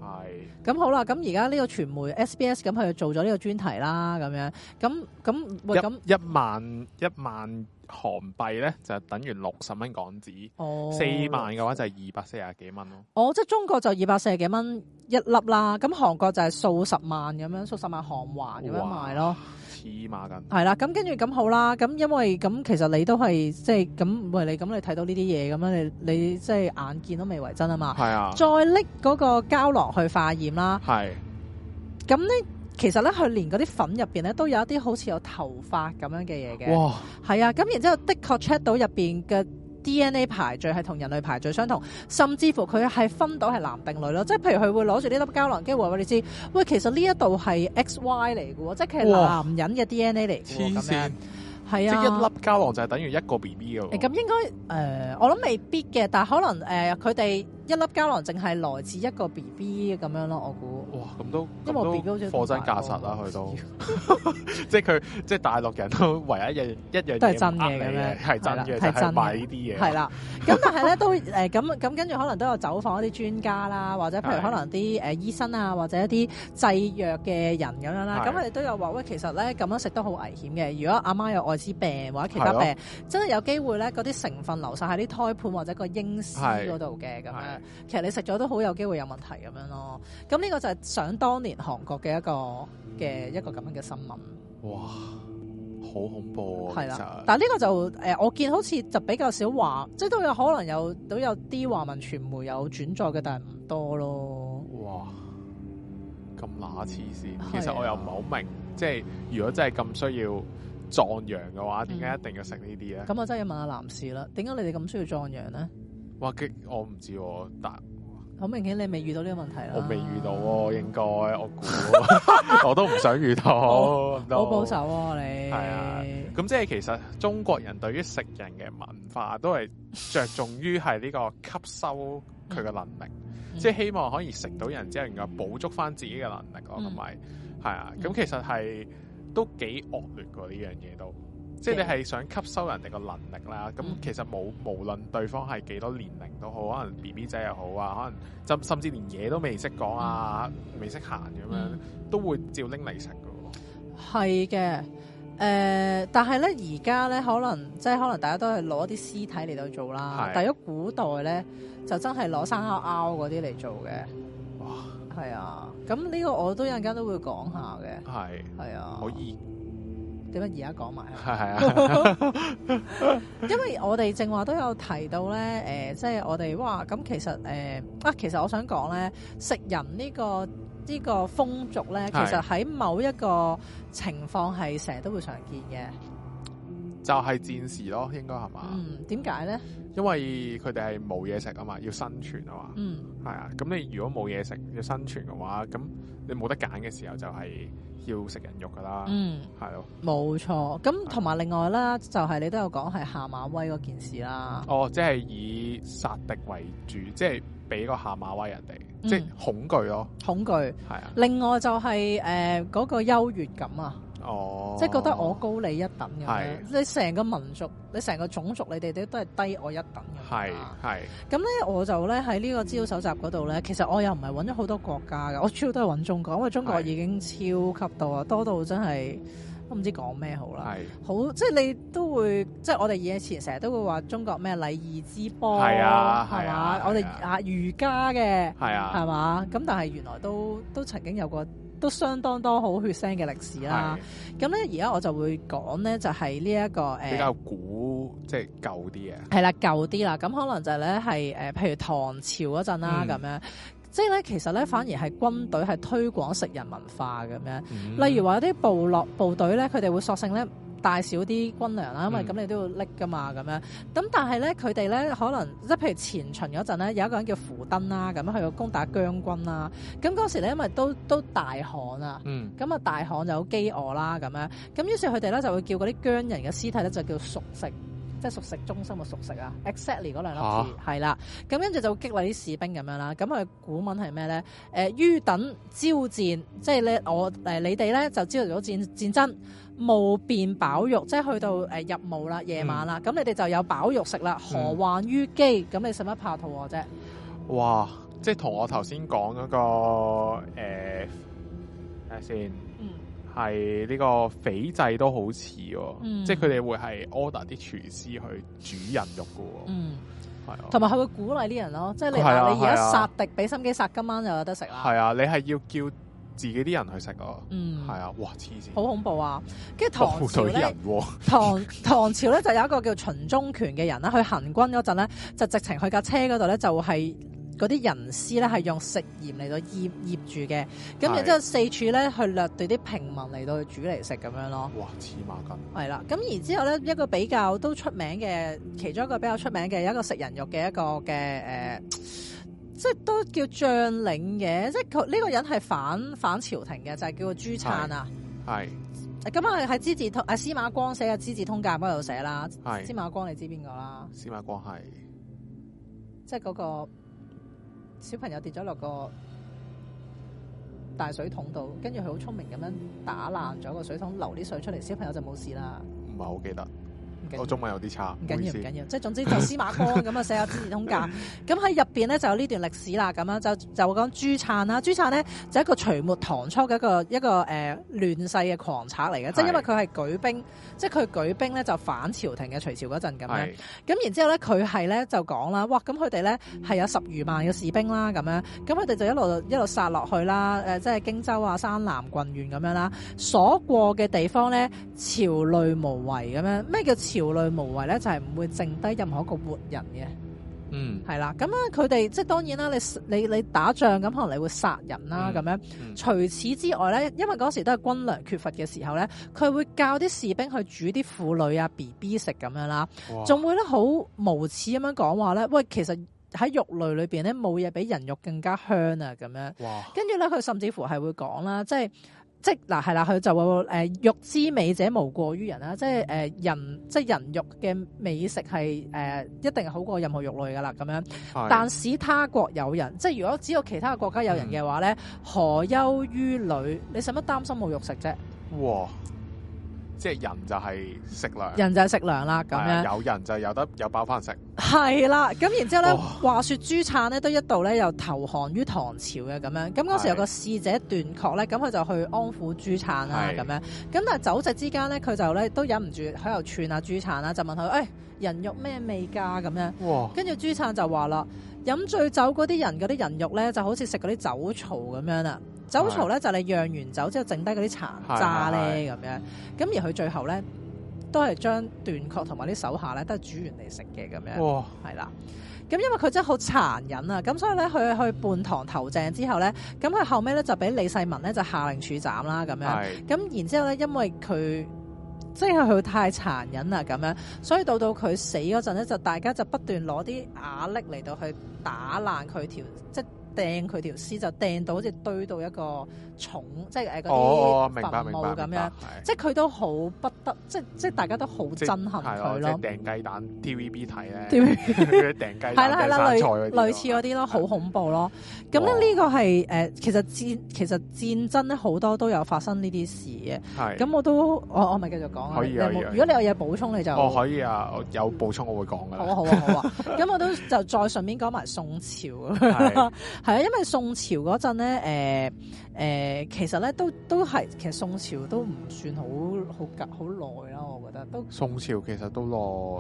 係，咁好啦，咁而家呢個傳媒 SBS，咁佢就做咗呢個專題啦，咁樣，咁咁，咁一,一萬一萬韓幣咧就等於六十蚊港紙，哦，四萬嘅話就係二百四廿幾蚊咯，哦，即係中國就二百四廿幾蚊一粒啦，咁韓國就係數十萬咁樣，數十萬韓環咁樣賣咯。似馬咁，係啦，咁跟住咁好啦，咁因為咁其實你都係即係咁，唔係你咁你睇到呢啲嘢咁樣，你你，你即係眼見都未為真啊嘛，係啊，再拎嗰個膠囊去化驗啦，係、啊，咁咧其實咧佢連嗰啲粉入邊咧都有一啲好似有頭髮咁樣嘅嘢嘅，哇，係啊，咁然之後的確 check 到入邊嘅。DNA 排序係同人類排序相同，甚至乎佢係分到係男定女咯。即係譬如佢會攞住呢粒膠囊機話俾你知，喂，其實呢一度係 X Y 嚟嘅喎，哇即係男人嘅 DNA 嚟嘅喎，咁樣，係啊，即一粒膠囊就係等於一個 B B 嘅喎。咁、欸、應該誒、呃，我諗未必嘅，但係可能誒佢哋。呃一粒膠囊淨係來自一個 B B 咁樣咯，我估。哇，咁都咁都貨真價實啦，佢都。即係佢，即係大陸人都唯一一一樣都真嘅咁樣，係真嘅，係真嘅呢啲嘢。係啦，咁但係咧都誒咁咁跟住可能都有走訪一啲專家啦，或者譬如可能啲誒醫生啊，或者一啲製藥嘅人咁樣啦，咁佢哋都有話喂，其實咧咁樣食都好危險嘅。如果阿媽有愛滋病或者其他病，真係有機會咧，嗰啲成分流曬喺啲胎盤或者個嬰屍嗰度嘅咁其實你食咗都好有機會有問題咁樣咯，咁呢個就係想當年韓國嘅一個嘅一個咁樣嘅新聞。哇，好恐怖，啊！係啦的，但係呢個就誒、呃，我見好似就比較少話，即、就、係、是、都有可能有都有啲華文傳媒有轉載嘅，但係唔多咯。哇，咁乸黐線！其實我又唔係好明，的即係如果真係咁需要壯陽嘅話，點解一定要食呢啲咧？咁、嗯、我真係要問下男士啦，點解你哋咁需要壯陽咧？哇，激我唔知，但好明顯你未遇到呢個問題啦。我未遇到，應該我估，我， [laughs] 我都唔想遇到。好、oh, No. 保守喎、啊、你。係啊，咁即係其實中國人對於食人嘅文化都係着重於係呢個吸收佢嘅能力， [laughs] 即係希望可以食到人之後能夠補足返自己嘅能力咯，同埋係啊。咁、 [laughs] 啊、其實係都幾惡劣喎呢樣嘢都。即係你係想吸收人哋個能力啦，咁其實冇，無論對方係幾多年齡都好，可能 BB 仔又好啊，可能就甚至連嘢都未識講啊，未識行咁樣，嗯、都會照拎嚟食噶係嘅，誒、呃，但係咧而家咧可能即係可能大家都係攞啲屍體嚟到做啦，的但係喺古代咧就真係攞生凹凹嗰啲嚟做嘅，嗯。哇，係啊，咁呢個我都有陣間都會講下嘅。係，係啊，可以。點解而家講埋啊？係係啊！ [laughs] [laughs] 因為我哋正話都有提到咧，誒、呃，即係我哋話咁，哇其實誒、呃、啊，其實我想講咧，食人呢、呢個呢、呢個風俗咧，的其實喺某一個情況係成日都會常見嘅，就係戰時咯，應該係嘛？嗯，點解咧？因為佢哋係冇嘢食啊嘛，要生存啊嘛。嗯，係啊。咁你如果冇嘢食要生存嘅話，咁你冇得揀嘅時候就係、是。要食人肉㗎啦，嗯，係咯的，冇錯。咁同埋另外啦，就係、是、你都有講係下馬威嗰件事啦。哦，即係以殺敵為主，即係俾個下馬威人哋，嗯、即係恐懼咯。恐懼係啊。的另外就係誒嗰個優越感啊。哦，即係覺得我高你一等咁樣，是你成個民族，你成個種族，你哋都都係低我一等咁啊！係，咁咧、嗯、我就咧喺呢個資料搜集嗰度咧，其實我又唔係揾咗好多國家嘅，我主要都係揾中國，因為中國已經超級多啊，多到真係都唔知講咩好啦。係是，好即係你都會，即係我哋以前成日都會話中國咩禮儀之邦係啊，係嘛？我哋啊儒家嘅係啊，係嘛吧？咁但係原來都都曾經有過。都相當多好血腥嘅歷史啦，咁咧而家我就會講咧，就係呢一個誒、呃、比較古即係、就是、舊啲嘅，係啦舊啲啦，咁可能就係咧係誒，譬如唐朝嗰陣啦咁、嗯、樣，即係咧其實咧反而係軍隊係推廣食人文化咁樣，嗯、例如話有啲部落部隊咧，佢哋會索性咧。帶少啲軍糧啦，因為咁你都要拎㗎嘛，咁樣咁。但係咧，佢哋咧可能即係譬如前秦嗰陣咧，有一個人叫苻登啦，咁佢要攻打羌軍啦。咁嗰時咧，因為都都大旱啊，咁啊、嗯、大旱就好飢餓啦，咁樣咁。於是佢哋咧就會叫嗰啲羌人嘅屍體咧就叫熟食，即係熟食中心嘅熟食啊，exactly 嗰兩粒字係啦。咁跟住就激勵啲士兵咁樣啦。咁佢古文係咩咧？誒、呃、於等朝戰，即係咧我誒你哋咧就招咗戰戰，戰，戰爭。冇變飽肉，即係去到誒入暮啦、夜晚啦，咁你哋就有飽肉食啦。何患於饑？咁你使乜怕肚餓啫？哇！即係同我頭先講嗰個誒睇下先，嗯，係呢個斐濟都好似喎，即係佢哋會係 order 啲廚師去煮人肉嘅喎，嗯，係啊，同埋佢會鼓勵啲人咯，即係你你而家殺敵俾心機殺，今晚就有得食啦。係啊，你係要叫。自己啲人去食啊！嗯，係啊，哇黐線，好恐怖啊！跟住唐朝咧、啊，唐唐朝咧就有一個叫秦中權嘅人啦， [laughs] 去行軍嗰陣咧，就直情去架車嗰度咧，就係嗰啲人屍咧，係用食鹽嚟到醃醃住嘅，咁是然之後四處咧去掠奪啲平民嚟到煮嚟食咁樣咯。哇，黐孖筋！係啦，咁然之後咧一個比較都出名嘅，其中一個比較出名嘅，有一個食人肉嘅一個嘅誒。即係都叫將領嘅，即係佢呢個人係反反朝廷嘅，就係、是、叫做朱燦啊。係，咁啊喺《資治通》啊司馬光寫嘅《資治通鑑》嗰度寫啦。司馬光你知邊個啦？是，司馬光係，你知司馬光即係嗰個小朋友跌咗落個大水桶度，跟住佢好聰明咁樣打爛咗個水桶，流啲水出嚟，小朋友就冇事啦。唔係好記得。我中文有啲差，唔緊要，唔緊要，即係總之就司馬光咁啊寫下《資治通鑑》，咁喺入邊咧就有呢段歷史啦。咁樣就就講朱粲啦，朱粲呢就係、一個隋末唐初嘅一個一個誒、呃、亂世嘅狂賊嚟嘅，即係是因為佢係舉兵，即係佢舉兵咧就反朝廷嘅隋朝嗰陣咁樣。咁是然之後咧佢係咧就講啦，哇！咁佢哋咧係有十餘萬嘅士兵啦，咁樣，咁佢哋就一路一路殺落去啦。誒、啊，即係荊州啊、山南郡縣咁樣啦，所過嘅地方咧朝類無遺咁樣。咩叫朝？條內無遺咧，就係唔會剩低任何一個活人嘅。嗯，係啦，咁啊，佢哋即係當然啦，你你你打仗咁可能你會殺人啦，咁、嗯、樣。除此之外咧，因為嗰時都係軍糧缺乏嘅時候咧，佢會教啲士兵去煮啲婦女啊 B B 食咁樣啦，仲會咧好無恥咁樣講話咧，喂，其實喺肉類裏邊咧冇嘢比人肉更加香啊，咁樣。哇！跟住咧，佢甚至乎係會講啦，即係。即嗱係、啊、啦，佢就誒、呃、肉之美者無過於人啦，即係誒、呃、人即係人肉嘅美食係誒、呃、一定好過任何肉類噶啦咁樣。是但使他國有人，即係如果只有其他嘅國家有人嘅話咧，嗯、何憂於女？你使乜擔心冇肉食啫？哇即係人就係食糧，人就係食糧啦，咁樣、嗯、有人就有得有飽翻食。係啦，咁然之後咧，哦、話說朱粲咧都一度咧又投降於唐朝嘅咁樣。咁嗰時有個侍者段確咧，咁佢就去安撫朱粲啊咁是樣。咁但係酒席之間咧，佢就咧都忍唔住，喺度串下朱粲啦、啊，就問佢：誒、哎、人肉咩味㗎？咁樣。跟住、哦、朱粲就話啦：飲醉酒嗰啲人嗰啲人，人肉咧，就好似食嗰啲酒槽咁樣啦。酒槽咧就你、是、釀完酒之後剩低嗰啲殘渣咧咁的樣，咁而佢最後咧都係將段確同埋啲手下咧都係煮完嚟食嘅咁樣，係啦哇，咁因為佢真係好殘忍啊，咁所以咧佢去叛唐投鄭之後咧，咁佢後尾咧就俾李世民咧就下令處斬啦咁樣，咁是的 然之後咧因為佢即係佢太殘忍啦咁樣，所以到到佢死嗰陣咧就大家就不斷攞啲瓦礫嚟到去打爛佢條即。掟佢條屍就掟到好似堆到一個重，即係誒嗰啲墳墓咁樣，即係佢都好不得，即係即係大家都好憎恨佢咯。掟雞蛋 TVB 睇咧，掟雞蛋掟生菜，類似嗰啲咯，好恐怖咯。咁咧呢個係誒，其實戰其實戰爭咧好多都有發生呢啲事嘅。係咁，我都我我咪繼續講啊。如果你有嘢補充，你就我可以啊。有補充我會講噶。好啊好啊好啊。咁我都就再順便講埋宋朝。係啊，因為宋朝嗰陣咧，誒、呃。誒、呃，其實咧都都係，其實宋朝都唔算好好好耐啦，我覺得都宋朝其實都耐，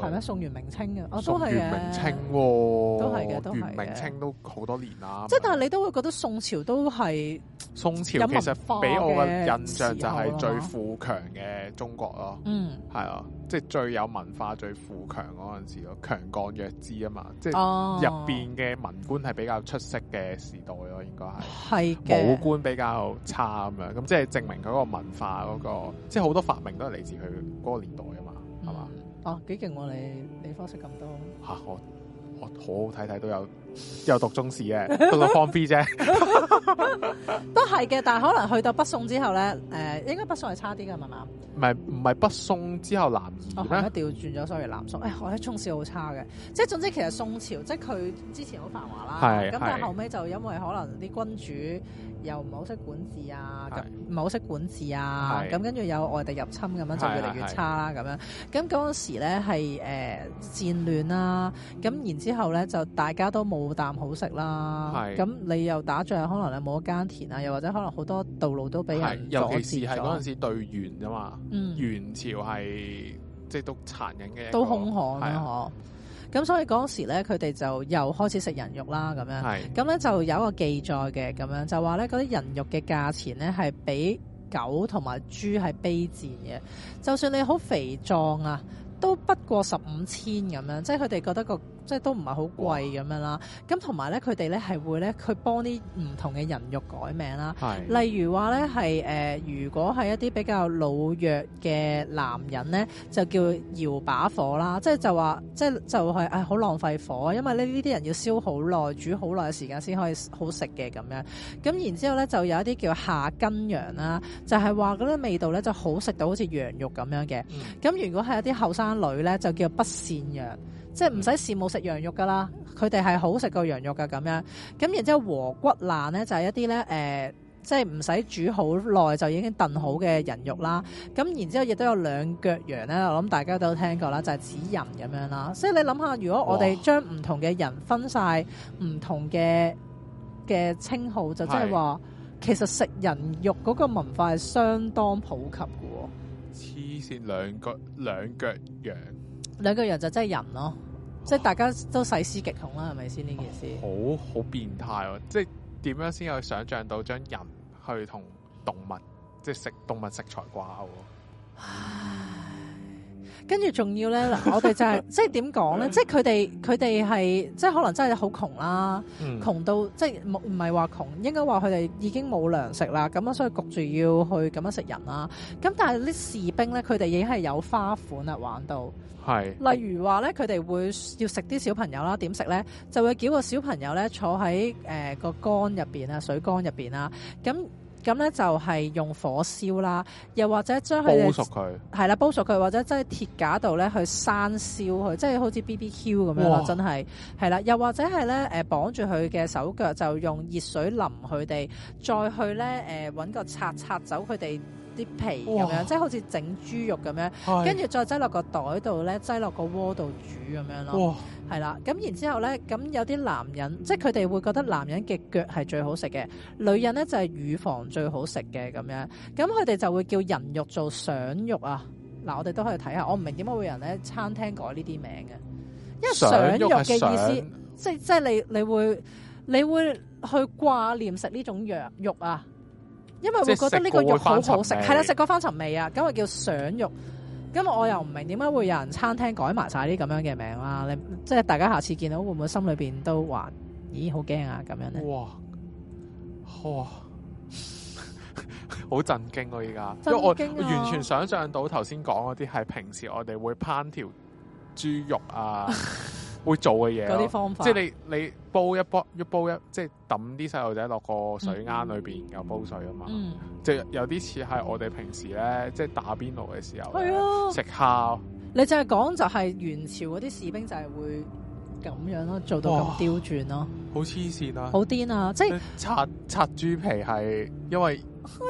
係咩？宋元明清嘅、哦啊，都係元明清都係嘅，都元明清都好多年啦。即係的的但係你都會覺得宋朝都係宋朝其實俾我嘅印象就係最富強嘅中國咯。嗯，係啊，即係最有文化、最富強嗰陣時咯，強幹弱枝啊嘛，即係入邊嘅文官係比較出色嘅時代咯，應該係。係嘅的，武官比較。又、啊、差咁樣，咁即係證明佢嗰個文化嗰、那個，即係好多發明都係嚟自佢嗰個年代啊嘛，係嘛、嗯？哦吧，幾勁喎！你你理科識咁多吓、啊，我我，我好好睇睇都有。又讀中史嘅，讀到 Form B 啫，都係嘅。但係可能去到北宋之後咧，誒，應該北宋係差啲噶係嘛？唔係唔係北宋之後南，唔係一定要轉咗，所以南宋。誒，我喺中史好差嘅，即係總之其實宋朝，即係佢之前好繁華啦。係，咁但係後尾就因為可能啲君主又唔好識管治啊，唔好識管治啊，咁跟住有外敵入侵，咁樣就越嚟越差啦，咁樣。咁嗰陣時咧係誒戰亂啦，咁然之後咧就大家都冇。冇啖好食啦，咁是你又打仗，可能你冇一耕田啊，又或者可能好多道路都俾人。尤其是係嗰陣時，對元啊嘛，元朝係即係都殘忍嘅，都凶悍啊嗬。咁所以嗰時咧，佢哋就又開始食人肉啦，咁樣。咁咧是就有一個記載嘅，咁樣就話咧嗰啲人肉嘅價錢咧，係比狗同埋豬係卑賤嘅。就算你好肥壯啊，都不過十五千咁樣，即係佢哋覺得個。即係都唔係好貴咁樣啦，咁哇同埋咧，佢哋咧係會咧，佢幫啲唔同嘅人肉改名啦。係的，例如話咧係誒，如果係一啲比較老弱嘅男人咧，就叫搖把火啦。即係就話、是，即係就係誒，好浪費火，因為咧呢啲人要燒好耐，煮好耐嘅時間先可以好食嘅咁樣。咁然之後咧，就有一啲叫下根羊啦，就係話嗰啲味道咧就好食到好似羊肉咁樣嘅。咁、嗯、如果係一啲後生女咧，就叫不善羊。即係唔使羨慕食羊肉噶啦，佢哋係好食過羊肉噶咁樣。咁然之後和骨爛咧就係、是、一啲咧誒，即係唔使煮好耐就已經燉好嘅人肉啦。咁然之後亦都有兩腳羊咧，我諗大家都聽過啦，就係、是、指人咁樣啦。所以你諗下，如果我哋將唔同嘅人分晒唔同嘅嘅稱號，就即係話是其實食人肉嗰個文化係相當普及嘅、哦。黐線兩腳兩腳羊。兩個人就真係人咯，即係大家都細思極恐啦，係咪先呢件事？好好、oh, oh, oh, 變態喎、啊！即係點樣先有想象到將人去同動物即係食動物食材掛鈎喎、啊？跟住仲要咧嗱，我哋就係、是、 [laughs] 即係點講咧？即係佢哋佢哋係即係可能真係好窮啦、啊，嗯、窮到即係唔係話窮，應該話佢哋已經冇糧食啦。咁啊，所以焗住要去咁樣食人啦、啊。咁但係啲士兵咧，佢哋已經係有花款啊，玩到。係，是例如話咧，佢哋會要食啲小朋友啦，點食咧？就會叫個小朋友咧坐喺誒、呃、個缸入邊啊，水缸入邊啊，咁咁咧就係用火燒啦，又或者將佢煲熟佢，係啦，煲熟佢，或者即係鐵架度咧去生燒佢，即係好似 B B Q 咁樣咯，哇真係係啦，又或者係咧誒綁住佢嘅手腳，就用熱水淋佢哋，再去咧誒搵個刷刷走佢哋。啲皮咁樣，哇即係好似整豬肉咁樣，跟住、哎、再擠落個袋度咧，擠落個鍋度煮咁樣咯，係啦哇。咁然之後咧，咁有啲男人，即係佢哋會覺得男人嘅腳係最好食嘅，女人咧就係乳房最好食嘅咁樣。咁佢哋就會叫人肉做想肉啊。嗱，我哋都可以睇下，我唔明點解會有人喺餐廳改呢啲名嘅，因為想肉嘅意思，即係即係你你會你會去掛念食呢種羊肉啊。因為會覺得呢個肉好好食，係啦，食、啊、過翻尋味啊？咁咪叫上肉，咁我又唔明點解會有人餐廳改埋晒啲咁樣嘅名啦、啊？你即係大家下次見到會唔會心裏邊都話：咦，好驚啊！咁樣咧，哇，好震驚啊！而家 [laughs] 因我、啊、我完全想象到頭先講嗰啲係平時我哋會烹調豬肉啊。 [laughs] 會做嘅嘢啲方法。即係你你煲一煲一煲一，即係抌啲細路仔落個水罌裏邊有、嗯、煲水啊嘛，即係、嗯、有啲似係我哋平時咧即係打邊爐嘅時候，啊，食烤蝦。你就係講就係元朝嗰啲士兵就係會咁樣咯，做到咁刁鑽咯、啊，好黐線啊，好癲啊，即、就、係、是、擦擦豬皮係因為。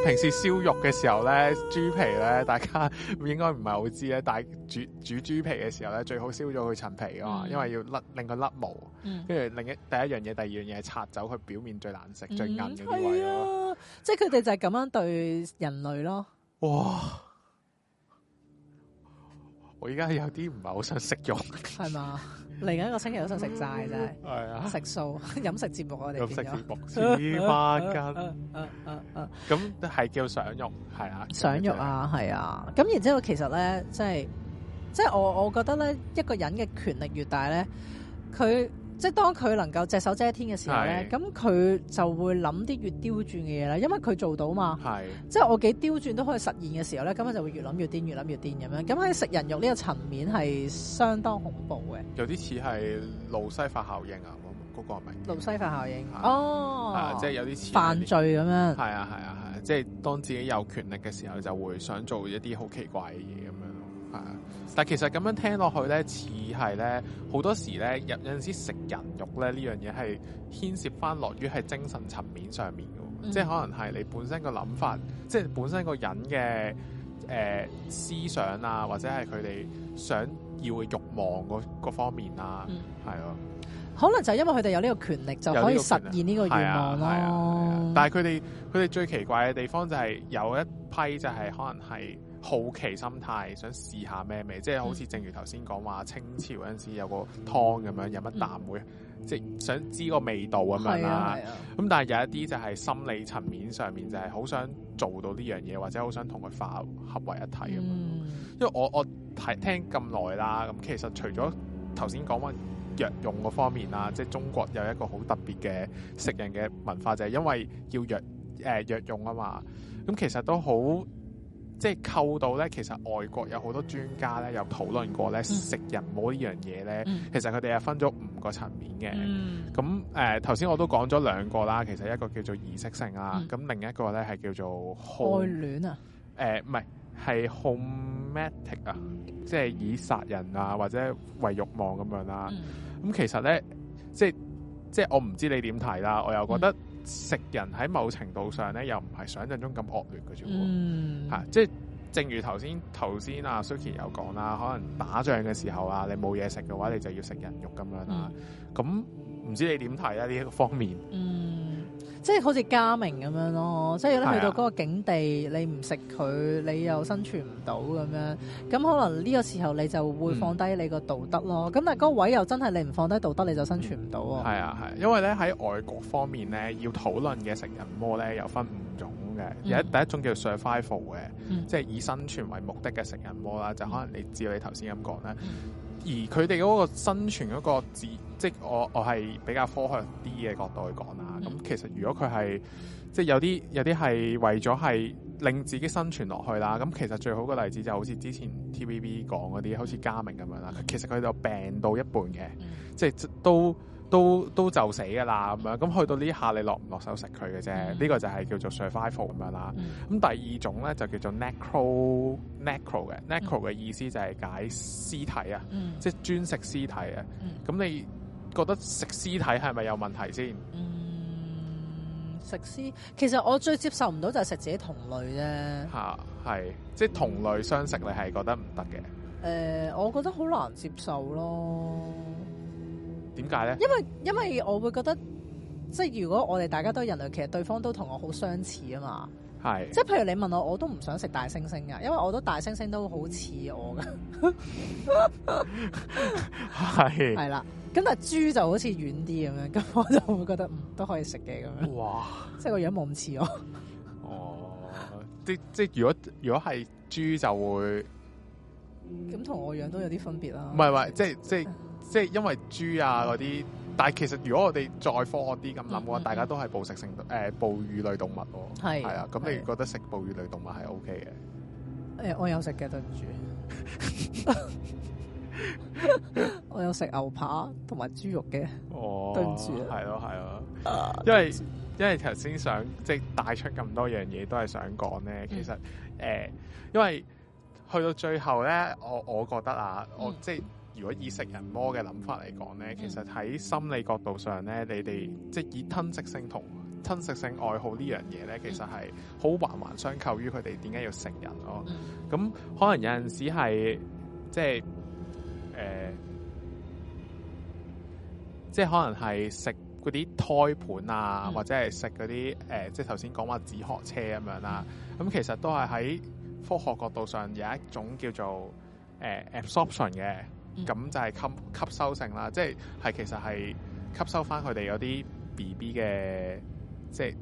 平時燒肉嘅時候咧，哎、呀 豬皮咧，大家應該唔係好知咧。但係煮煮豬皮嘅時候咧，最好燒咗佢層皮啊嘛，嗯、因為要甩令佢甩毛，跟住另一第一樣嘢，第二樣嘢係拆走佢表面最難食、嗯、最硬嘅部位咯。哎、呀 哇 即係佢哋就係咁樣對人類咯。哇！我而家有啲唔係好想食肉 [laughs] ，係嘛嚟緊一個星期都想食齋，嗯、真係的係啊食吃素飲 [laughs] 食節目我哋，飲食節目芝麻筋，嗯嗯咁係叫想肉係啊，想肉啊係啊，咁、啊、然之後其實咧，即係即係我我覺得咧，一個人嘅權力越大咧，佢。即係當佢能夠隻手遮天嘅時候咧，咁佢是就會諗啲越刁鑽嘅嘢啦。因為佢做到嘛，是即係我幾刁鑽都可以實現嘅時候咧，咁佢就會越諗越癲，越諗越癲咁樣。咁喺食人肉呢個層面係相當恐怖嘅。有啲似係路西法效應啊？嗰個係咪？路西法效應哦，即係有啲似犯罪咁樣。係啊係啊係，即係當自己有權力嘅時候，就會想做一啲好奇怪嘅嘢。但其實咁樣聽落去咧，似係咧，好多時咧，有有陣時食人肉咧呢樣嘢係牽涉翻落於係精神層面上面嘅，嗯、即係可能係你本身個諗法，即係本身個人嘅誒、呃、思想啊，或者係佢哋想要嘅欲望嗰方面啊，係咯、嗯。啊、可能就係因為佢哋有呢個權力，就可以實現呢個願望啊。啊啊啊但係佢哋佢哋最奇怪嘅地方就係有一批就係可能係。好奇心態想試下咩味，即係好似正如頭先講話清朝嗰陣時有個湯咁樣飲一啖，會、嗯、即係想知個味道咁樣啦。咁、啊啊、但係有一啲就係心理層面上面就係好想做到呢樣嘢，或者好想同佢化合為一體咁樣。嗯、因為我我睇聽咁耐啦，咁其實除咗頭先講話藥用嗰方面啦，即係中國有一個好特別嘅食人嘅文化，就係、是、因為要藥誒、呃、藥用啊嘛。咁其實都好。即係扣到咧，其實外國有好多專家咧，有討論過咧，嗯、食人魔呢樣嘢咧，嗯、其實佢哋係分咗五個層面嘅。咁誒頭先我都講咗兩個啦，其實一個叫做儀式性啊，咁、嗯、另一個咧係叫做愛戀啊。誒唔係、呃、係 homematic 啊，即係以殺人啊或者為欲望咁樣啦。咁、嗯、其實咧，即係即係我唔知你點睇啦，我又覺得。食人喺某程度上咧，又唔係想像中咁惡劣嘅啫喎，嚇、嗯啊！即係正如頭先頭先阿、啊、Suki 有講啦，可能打仗嘅時候啊，你冇嘢食嘅話，你就要食人肉咁樣啦。咁唔、嗯啊嗯、知你點睇咧呢一個方面？嗯即係好似家明咁樣咯，即係咧去到嗰個境地，啊、你唔食佢，你又生存唔到咁樣。咁可能呢個時候你就會放低你個道德咯。咁、嗯、但係嗰位又真係你唔放低道德，你就生存唔到啊。係啊係，因為咧喺外國方面咧，要討論嘅食人魔咧有分五種嘅，有一、嗯、第一種叫做 survival 嘅，嗯、即係以生存為目的嘅食人魔啦，就可能你知道你頭先咁講咧。嗯而佢哋嗰個生存嗰、嗰個自，即係我我係比較科學啲嘅角度去講啦。咁、mm hmm. 其實如果佢係即係有啲有啲係為咗係令自己生存落去啦。咁其實最好個例子就好、是、似之前 TVB 講嗰啲，好似嘉明咁樣啦。Mm hmm. 其實佢就病到一半嘅，mm hmm. 即係都。都都就死噶啦咁樣，咁去到呢下你落唔落手食佢嘅啫？呢、嗯、個就係叫做 survival 咁樣啦。咁、嗯嗯、第二種咧就叫做 necro necro 嘅 necro 嘅意思就係解屍體啊，嗯、即係專食屍體啊。咁、嗯嗯、你覺得食屍體係咪有問題先？嗯，食屍其實我最接受唔到就係食自己同類啫。吓、啊，係即係同類相食，你係覺得唔得嘅？誒、嗯，我覺得好難接受咯。點解咧？為呢因為因為我會覺得，即係如果我哋大家都係人類，其實對方都同我好相似啊嘛。係是。即係譬如你問我，我都唔想食大猩猩噶，因為我都大猩猩都好似我噶。係 [laughs] 是。係啦，咁但係豬就好似遠啲咁樣，咁我就會覺得嗯都可以食嘅咁樣。哇！即係個樣冇咁似我。 [laughs] 哦，即即係如果如果係豬就會，咁同我樣都有啲分別啦。唔係唔係，即係即係。即即即即係因為豬啊嗰啲，但係其實如果我哋再科學啲咁諗嘅話，嗯、大家都係捕食性誒、呃、哺乳類動物，係係啊，咁你覺得食哺乳類動物係 O K 嘅？誒，我有食嘅，對唔住， [laughs] [laughs] [laughs] 我有食牛扒同埋豬肉嘅，哦，對唔住、啊，係咯係咯，因為因為頭先想即係帶出咁多樣嘢都係想講咧，其實誒，因為去到最後咧，我我，我覺得啊，我即係。嗯嗯如果以食人魔嘅諗法嚟講咧，其實喺心理角度上咧，你哋即係以吞噬性同吞噬性愛好呢樣嘢咧，其實係好環環相扣。於佢哋點解要食人咯？咁可能有陣時係即係誒，即係、呃、可能係食嗰啲胎盤啊，嗯、或者係食嗰啲誒，即係頭先講話止殼車咁樣啦、啊。咁其實都係喺科學角度上有一種叫做誒、呃、absorption 嘅。咁、嗯、就係吸吸收性啦，即係係其實係吸收翻佢哋有啲 B B 嘅，即係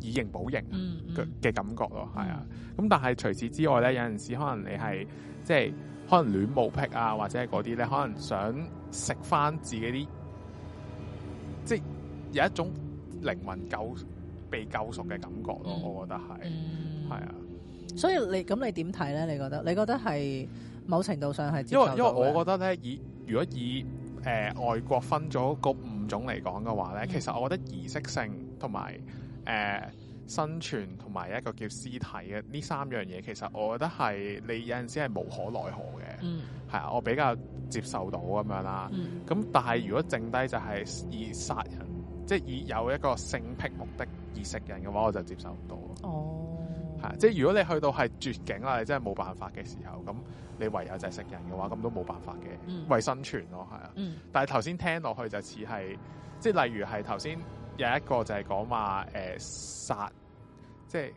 以形補形嘅嘅、嗯嗯、感覺咯，係啊。咁但係除此之外咧，有陣時可能你係即係可能戀慕癖啊，或者係嗰啲咧，可能想食翻自己啲，即係有一種靈魂救被救贖嘅感覺咯。我覺得係，係、嗯、啊。所以你咁你點睇咧？你覺得你覺得係？某程度上係，因為因為我覺得咧，以如果以誒、呃、外國分咗個五種嚟講嘅話咧、嗯呃，其實我覺得儀式性同埋誒生存同埋一個叫屍體嘅呢三樣嘢，其實我覺得係你有陣時係無可奈何嘅，嗯，係啊，我比較接受到咁樣啦。咁、嗯、但係如果剩低就係以殺人，即係以有一個性癖目的而食人嘅話，我就接受唔到咯。哦，係即係如果你去到係絕境啦，你真係冇辦法嘅時候咁，你唯有就係食人嘅話，咁都冇辦法嘅，嗯、為生存咯，係啊。嗯、但係頭先聽落去就似係，即係例如係頭先有一個就係講話誒、呃、殺，即係。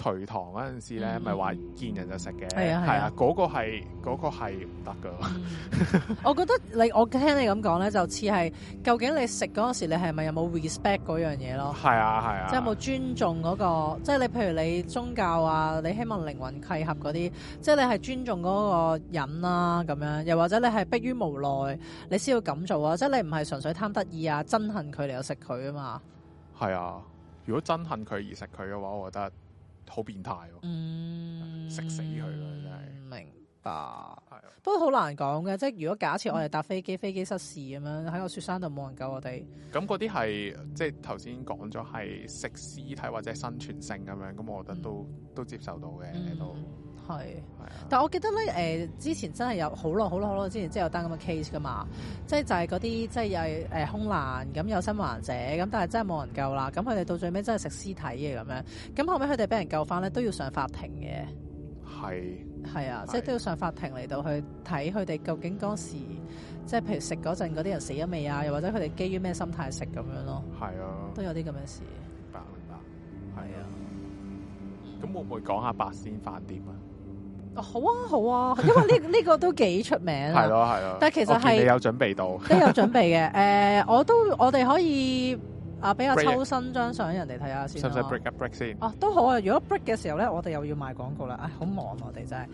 隋唐嗰陣時咧，咪話、嗯、見人就食嘅，係啊，嗰、啊啊嗰個係嗰、嗰個係唔得噶。 [laughs] 我覺得你我聽你咁講咧，就似係究竟你食嗰陣時，你係咪有冇 respect 嗰樣嘢咯？係啊，係啊，即係有冇尊重嗰、嗰個？即係你譬如你宗教啊，你希望靈魂契合嗰啲，即係你係尊重嗰個人啊咁樣又或者你係迫於無奈，你先要咁做啊？即係你唔係純粹貪得意啊，憎恨佢你有食佢啊嘛？係啊，如果憎恨佢而食佢嘅話，我覺得。好變態喎、啊！食、嗯、死佢咯、啊，真係。明白，係、啊，不過好難講嘅，即係如果假設我哋搭飛機，嗯、飛機失事咁樣喺個雪山度冇人救我哋，咁嗰啲係即係頭先講咗係食屍體或者生存性咁樣，咁我覺得都、嗯、都接受到嘅喺度。係，但係我記得咧，誒、欸、之前真係有好耐、好耐、好耐之前真，真係有單咁嘅 case 㗎嘛，即係就係嗰啲即係誒空難咁有生還者，咁但係真係冇人救啦，咁佢哋到最尾真係食屍體嘅咁樣，咁後尾佢哋俾人救翻咧，都要上法庭嘅，係係是啊，是即係都要上法庭嚟到去睇佢哋究竟當時即係譬如食嗰陣嗰啲人死咗未啊，又或者佢哋基於咩心態食咁樣咯，係啊，都有啲咁嘅事，明白，明白，係啊，咁會唔會講下八仙飯店啊？好啊好啊，因為呢、這、呢、個這個都幾出名啦。係咯係咯，但係其實係、okay, 你有準備到， [laughs] 都有準備嘅。誒、呃，我都我哋可以啊，畀個抽身張相人哋睇下先。使唔使 break up break 先？哦、啊，都好啊。如果 break 嘅時候咧，我哋又要賣廣告啦。唉、哎，好忙啊，我哋真係。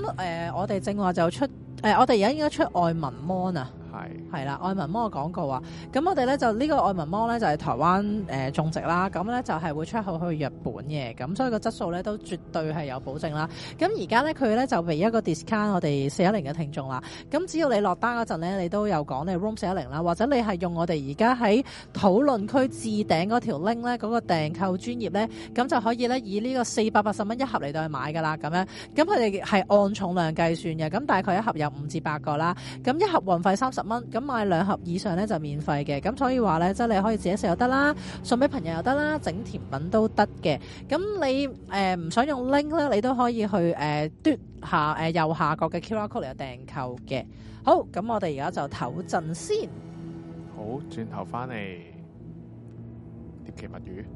咁誒，我哋正話就出。誒、呃，我哋而家應該出愛文芒啊，係係對啦，愛文芒嘅廣告啊，咁我哋咧、這個、就呢個愛文芒咧就係台灣誒、呃、種植啦，咁咧就係、是、會出口去日本嘅，咁所以個質素咧都絕對係有保證啦。咁而家咧佢咧就俾一個 discount 我哋四一零嘅聽眾啦，咁只要你落單嗰陣咧，你都有講你 room 四一零啦，或者你係用我哋而家喺討論區置頂嗰條 link 咧嗰個訂購專頁咧，咁就可以咧以呢個四百八十蚊一盒嚟到去買㗎啦，咁樣，咁佢哋係按重量計算嘅，咁大概一盒有，五至八個啦，咁一盒運費三十蚊，咁買兩盒以上咧就免費嘅，咁所以話咧，即、就、係、是、你可以自己食又得啦，送俾朋友又得啦，整甜品都得嘅。咁你誒唔、呃、想用 link 咧，你都可以去誒嘟、呃、下誒、呃、右下角嘅 QR code 嚟嘅訂購嘅。好，咁我哋而家就唞陣先。好，轉頭翻嚟，疊奇物語。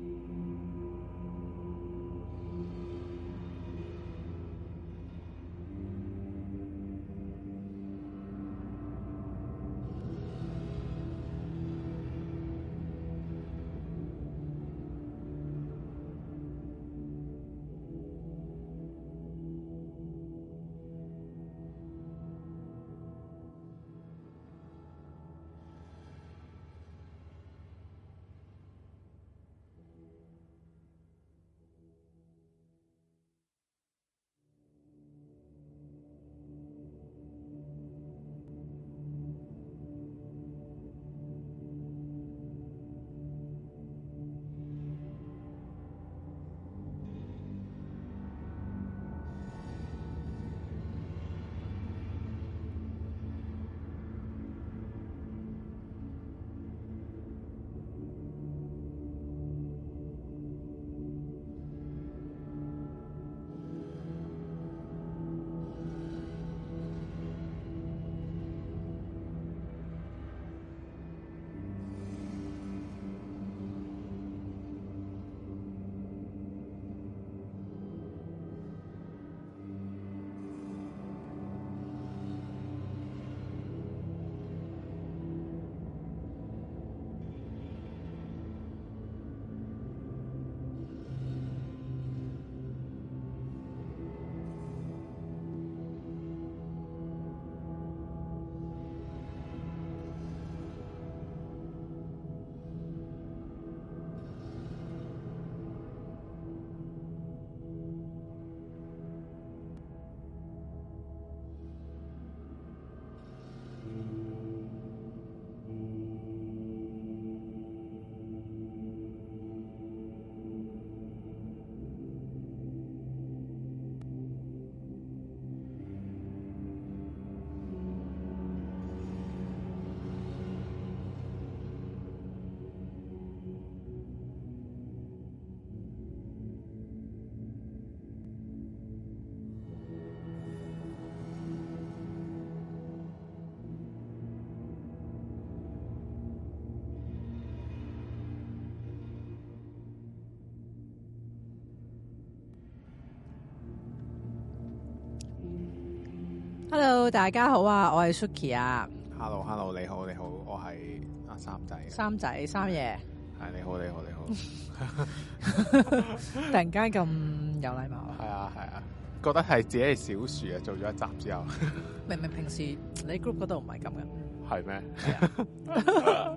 大家好啊！我係 Suki 啊。Hello，Hello，hello, 你好，你好，我係阿三,三仔。三仔，三爺。係你好，你好，你好。 [laughs] [laughs] 突然間咁有禮貌。係啊，係啊，覺得係自己係小樹啊，做咗一集之後， [laughs] 明明平時你 group 嗰度唔係咁嘅。係咩嗎？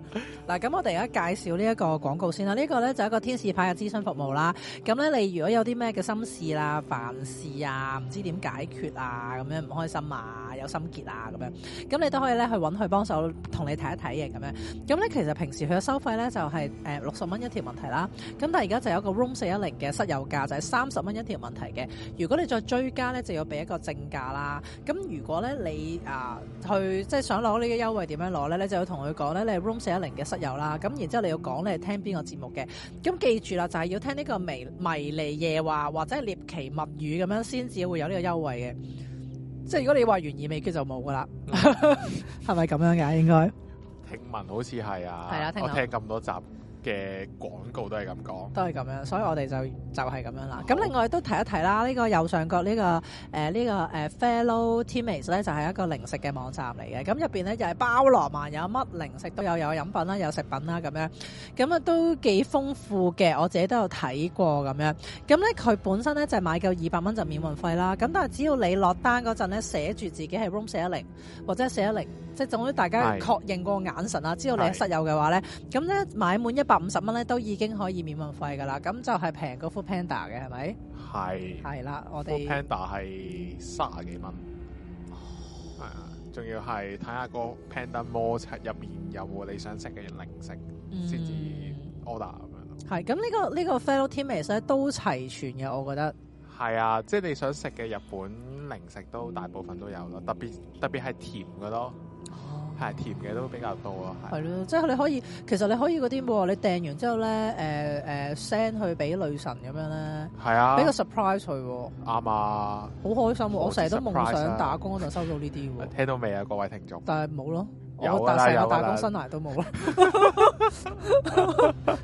嗱，咁我哋而家介紹呢一個廣告先啦。呢、這個咧就係一個天使派嘅諮詢服務啦。咁咧，你如果有啲咩嘅心事啦、凡事啊，唔知點解決啊，咁樣唔開心啊。心結啊，咁樣，咁你都可以咧去揾佢幫手同你睇一睇嘅咁樣。咁咧其實平時佢嘅收費咧就係誒六十蚊一條問題啦。咁但係而家就有一個 Room 四一零嘅室友價就係三十蚊一條問題嘅。如果你再追加咧，就要俾一個正價啦。咁如果咧你啊去即係想攞呢個優惠點樣攞咧，你就要同佢講咧，你係 Room 四一零嘅室友啦。咁然之後你要講你係聽邊個節目嘅。咁記住啦，就係要聽呢個迷迷離夜話或者係獵奇物語咁樣先至會有呢個優惠嘅。即係如果你話完以未佢就冇噶啦，係咪咁樣㗎？應該聽聞好似係啊，係啊，聽我聽咁多集。嘅廣告都係咁講，都係咁樣，所以我哋就就係、是、咁樣啦。咁好另外都提一提啦，呢、這個右上角、這個呃這個呃、呢個誒呢個誒 Fellow Teammates 咧，就係、是、一個零食嘅網站嚟嘅。咁入邊咧就係包羅萬有，乜零食都有，有飲品啦，有食品啦咁樣。咁啊都幾豐富嘅，我自己都有睇過咁樣。咁咧佢本身咧就係買夠二百蚊就免運費啦。咁但係只要你落單嗰陣咧寫住自己係 room 四一零或者四一零，即係總之大家確認個眼神啊，對知道你係室友嘅話咧，咁咧對買滿一百五十蚊咧都已經可以免運費噶啦，咁就係平過 Food Panda 嘅係咪？係係啦，我哋 Panda 係卅幾蚊，係啊，仲要係睇下個 Panda Mall 入面有冇你想食嘅零食先至 order 咁、嗯、樣。係，咁、這個這個、呢個呢個 Fellow Teammates 咧都齊全嘅，我覺得。係啊，即係你想食嘅日本零食都大部分都有咯，特別特別係甜嘅咯。係甜嘅都比較多啊，係。係咯，即係你可以，其實你可以嗰啲喎，你訂完之後咧，誒誒 send 去俾女神咁樣咧。係啊，俾個 surprise 佢喎。啱啊！好開心喎，我成日都夢想打工就收到呢啲喎。 [laughs] 聽到未啊，各位聽眾？但係冇咯。有啊，成個打工生涯都冇啦，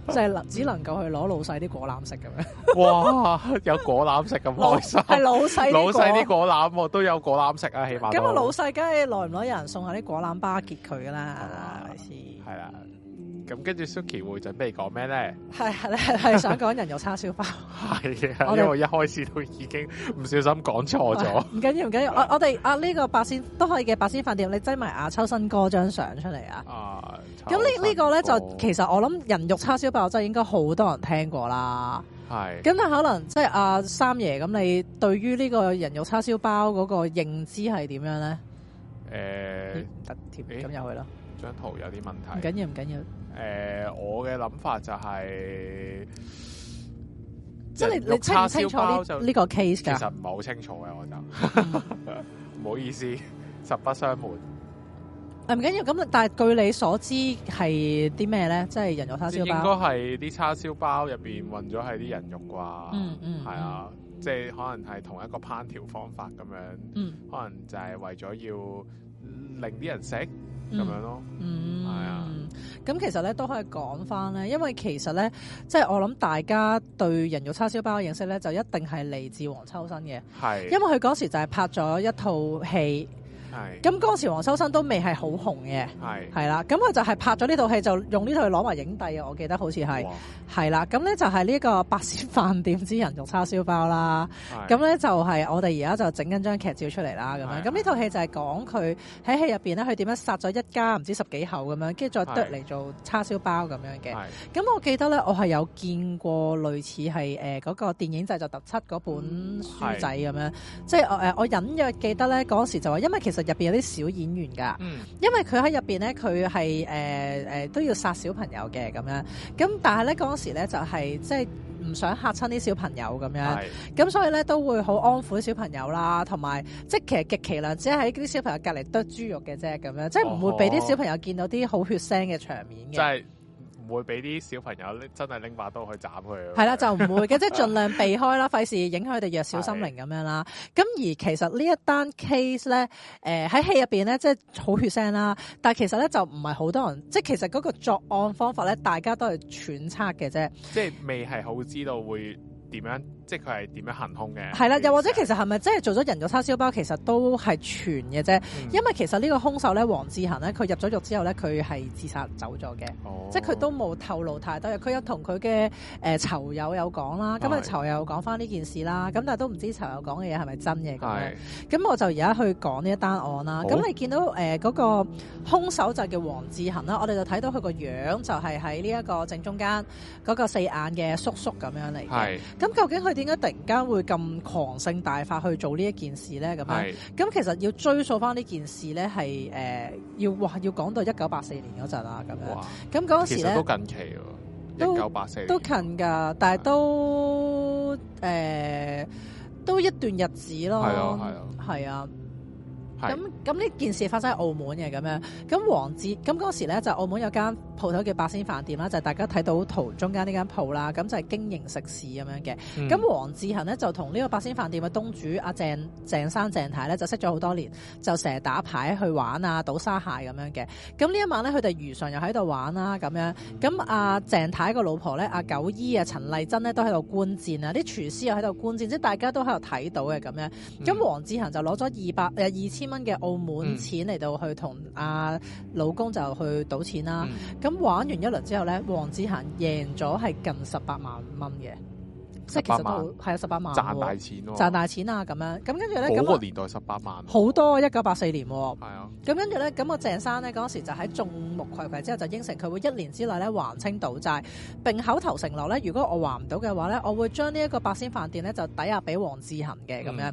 就係能只能夠去攞老細啲果籃食咁樣 [laughs] 哇，有果籃食咁開心！係老細老細，啲果籃，都有果籃食啊，起碼。咁啊，老細梗係耐唔耐有人送下啲果籃巴結佢㗎啦，係咪先？係啦似。咁跟住 Suki 會準備講咩咧？係係係想講人肉叉燒包，係嘅，因為我一開始都已經唔小心講錯咗。唔緊要，唔緊要，我我哋阿呢個八仙都可以嘅八仙飯店，你擠埋阿秋生哥張相出嚟啊！啊，咁呢呢個咧、這個、就其實我諗人肉叉燒包真係應該好多人聽過啦。係是，咁但可能即係、啊、阿三爺咁，你對於呢個人肉叉燒包嗰個認知係點樣咧？誒、欸，特甜咁入去咯。張圖有啲問題。唔緊要，唔緊要。誒，我嘅諗法就係，即係你你清唔清楚呢個 case 嘅？其實唔係好清楚嘅，我就唔好意思，實不相瞞。誒，唔緊要，咁但係據你所知係啲咩咧？即係人肉叉燒包，應該係啲叉燒包入邊混咗係啲人肉啩？嗯係啊，即係可能係同一個烹調方法咁樣。可能就係為咗要令啲人食。咁樣咯，嗯，係啊、哎呀，咁其實咧都可以講翻咧，因為其實咧，即係我諗大家對人肉叉燒包嘅認識咧，就一定係嚟自黃秋生嘅。係是，因為佢嗰時就係拍咗一套戲。咁嗰、嗯、時黃秋生都未係好紅嘅，係是，係啦，咁佢就係拍咗呢套戲，就用呢套嚟攞埋影帝啊！我記得好似係，係啦哇，咁咧就係呢個《八仙飯店之人肉叉燒包》啦，咁咧是、嗯、就係、是、我哋而家就整緊張劇照出嚟啦，咁樣，咁呢套戲就係講佢喺戲入邊咧，佢點樣殺咗一家唔知十幾口咁樣，跟住再剁嚟做叉燒包咁樣嘅，咁是我記得咧，我係有見過類似係誒嗰個電影製作特輯嗰本書仔咁樣，即係我隱約記得咧嗰時就話，因為其實。入邊有啲小演員噶，嗯、因為佢喺入邊咧，佢係誒誒都要殺小朋友嘅咁樣，咁但係咧嗰時咧就係、是、即係唔想吓親啲小朋友咁是 樣，咁所以咧都會好安撫小朋友啦，同埋即係其實極其量只係喺啲小朋友隔籬剁豬肉嘅啫，咁樣即係唔會俾啲小朋友見到啲好血腥嘅場面嘅。就是會俾啲小朋友拎真係拎把刀去斬佢咯，係啦就唔會嘅，即係盡量避開啦，費事影響佢哋弱小心靈咁樣啦。咁 [laughs] 而其實呢一單 case 咧，誒、呃、喺戲入邊咧，即係好血腥啦，但係其實咧就唔係好多人，即係其實嗰個作案方法咧，大家都係揣測嘅啫，即係未係好知道會點樣。即佢係點樣行凶嘅？係啦，又 [noise] [noise] 或者其實係咪真係做咗人肉叉燒包？其實都係傳嘅啫。嗯、因為其實呢個兇手咧，黃志恒咧，佢入咗獄之後咧，佢係自殺走咗嘅。哦、即即佢都冇透露太多。佢有同佢嘅誒囚友有講啦。咁、呃、啊，囚友講翻呢件事啦。咁但係都唔知囚友講嘅嘢係咪真嘢。咁、哎嗯、我就而家去講呢一單案啦。咁、哦、你見到誒嗰、呃那個兇手就叫黃志恒啦。我哋就睇到佢個樣就係喺呢一個正中間嗰、那個四眼嘅叔叔咁樣嚟嘅。咁、嗯嗯嗯嗯嗯、究竟佢？點解突然間會咁狂性大發去做呢一件事咧？咁啊是，咁其實要追溯翻呢件事咧，係誒、呃、要哇要講到一九八四年嗰陣啊，咁樣。咁嗰陣時其實都近期喎，一九八四年，都近㗎，但係都誒的、呃、都一段日子咯，係啊，係啊，係啊。咁咁呢件事發生喺澳門嘅咁樣，咁黃志咁嗰時咧就澳門有間鋪頭叫八仙飯店啦，就係、大家睇到圖中間呢間鋪啦，咁就係經營食肆咁樣嘅。咁黃、嗯、志恒呢，就同呢個八仙飯店嘅東主阿、啊、鄭鄭生鄭太咧就識咗好多年，就成日打牌去玩啊，賭沙蟹咁樣嘅。咁呢一晚咧佢哋如常又喺度玩啦，咁樣。咁阿、啊、鄭太個老婆咧阿、啊、九姨啊陳麗珍呢，都喺度觀戰啊，啲廚師又喺度觀戰，即、啊、係大家，大家都喺度睇到嘅咁樣。咁黃、嗯、志恒就攞咗二百誒二千。蚊嘅澳門錢嚟到去同阿、啊、老公就去賭錢啦，咁、嗯、玩完一輪之後咧，黃子涵贏咗係近十八萬蚊嘅。即係其實都係有十八萬，賺大錢咯，賺大錢啊咁、啊、樣。咁跟住咧，咁個年代十八萬好多，一九八四年喎。係啊。咁跟住咧，咁個鄭生咧嗰時就喺眾目睽睽之下就應承佢會一年之內咧還清賭債，並口頭承諾咧，如果我還唔到嘅話咧，我會將呢一個八仙飯店咧就抵押俾黃志恒嘅咁、嗯、樣。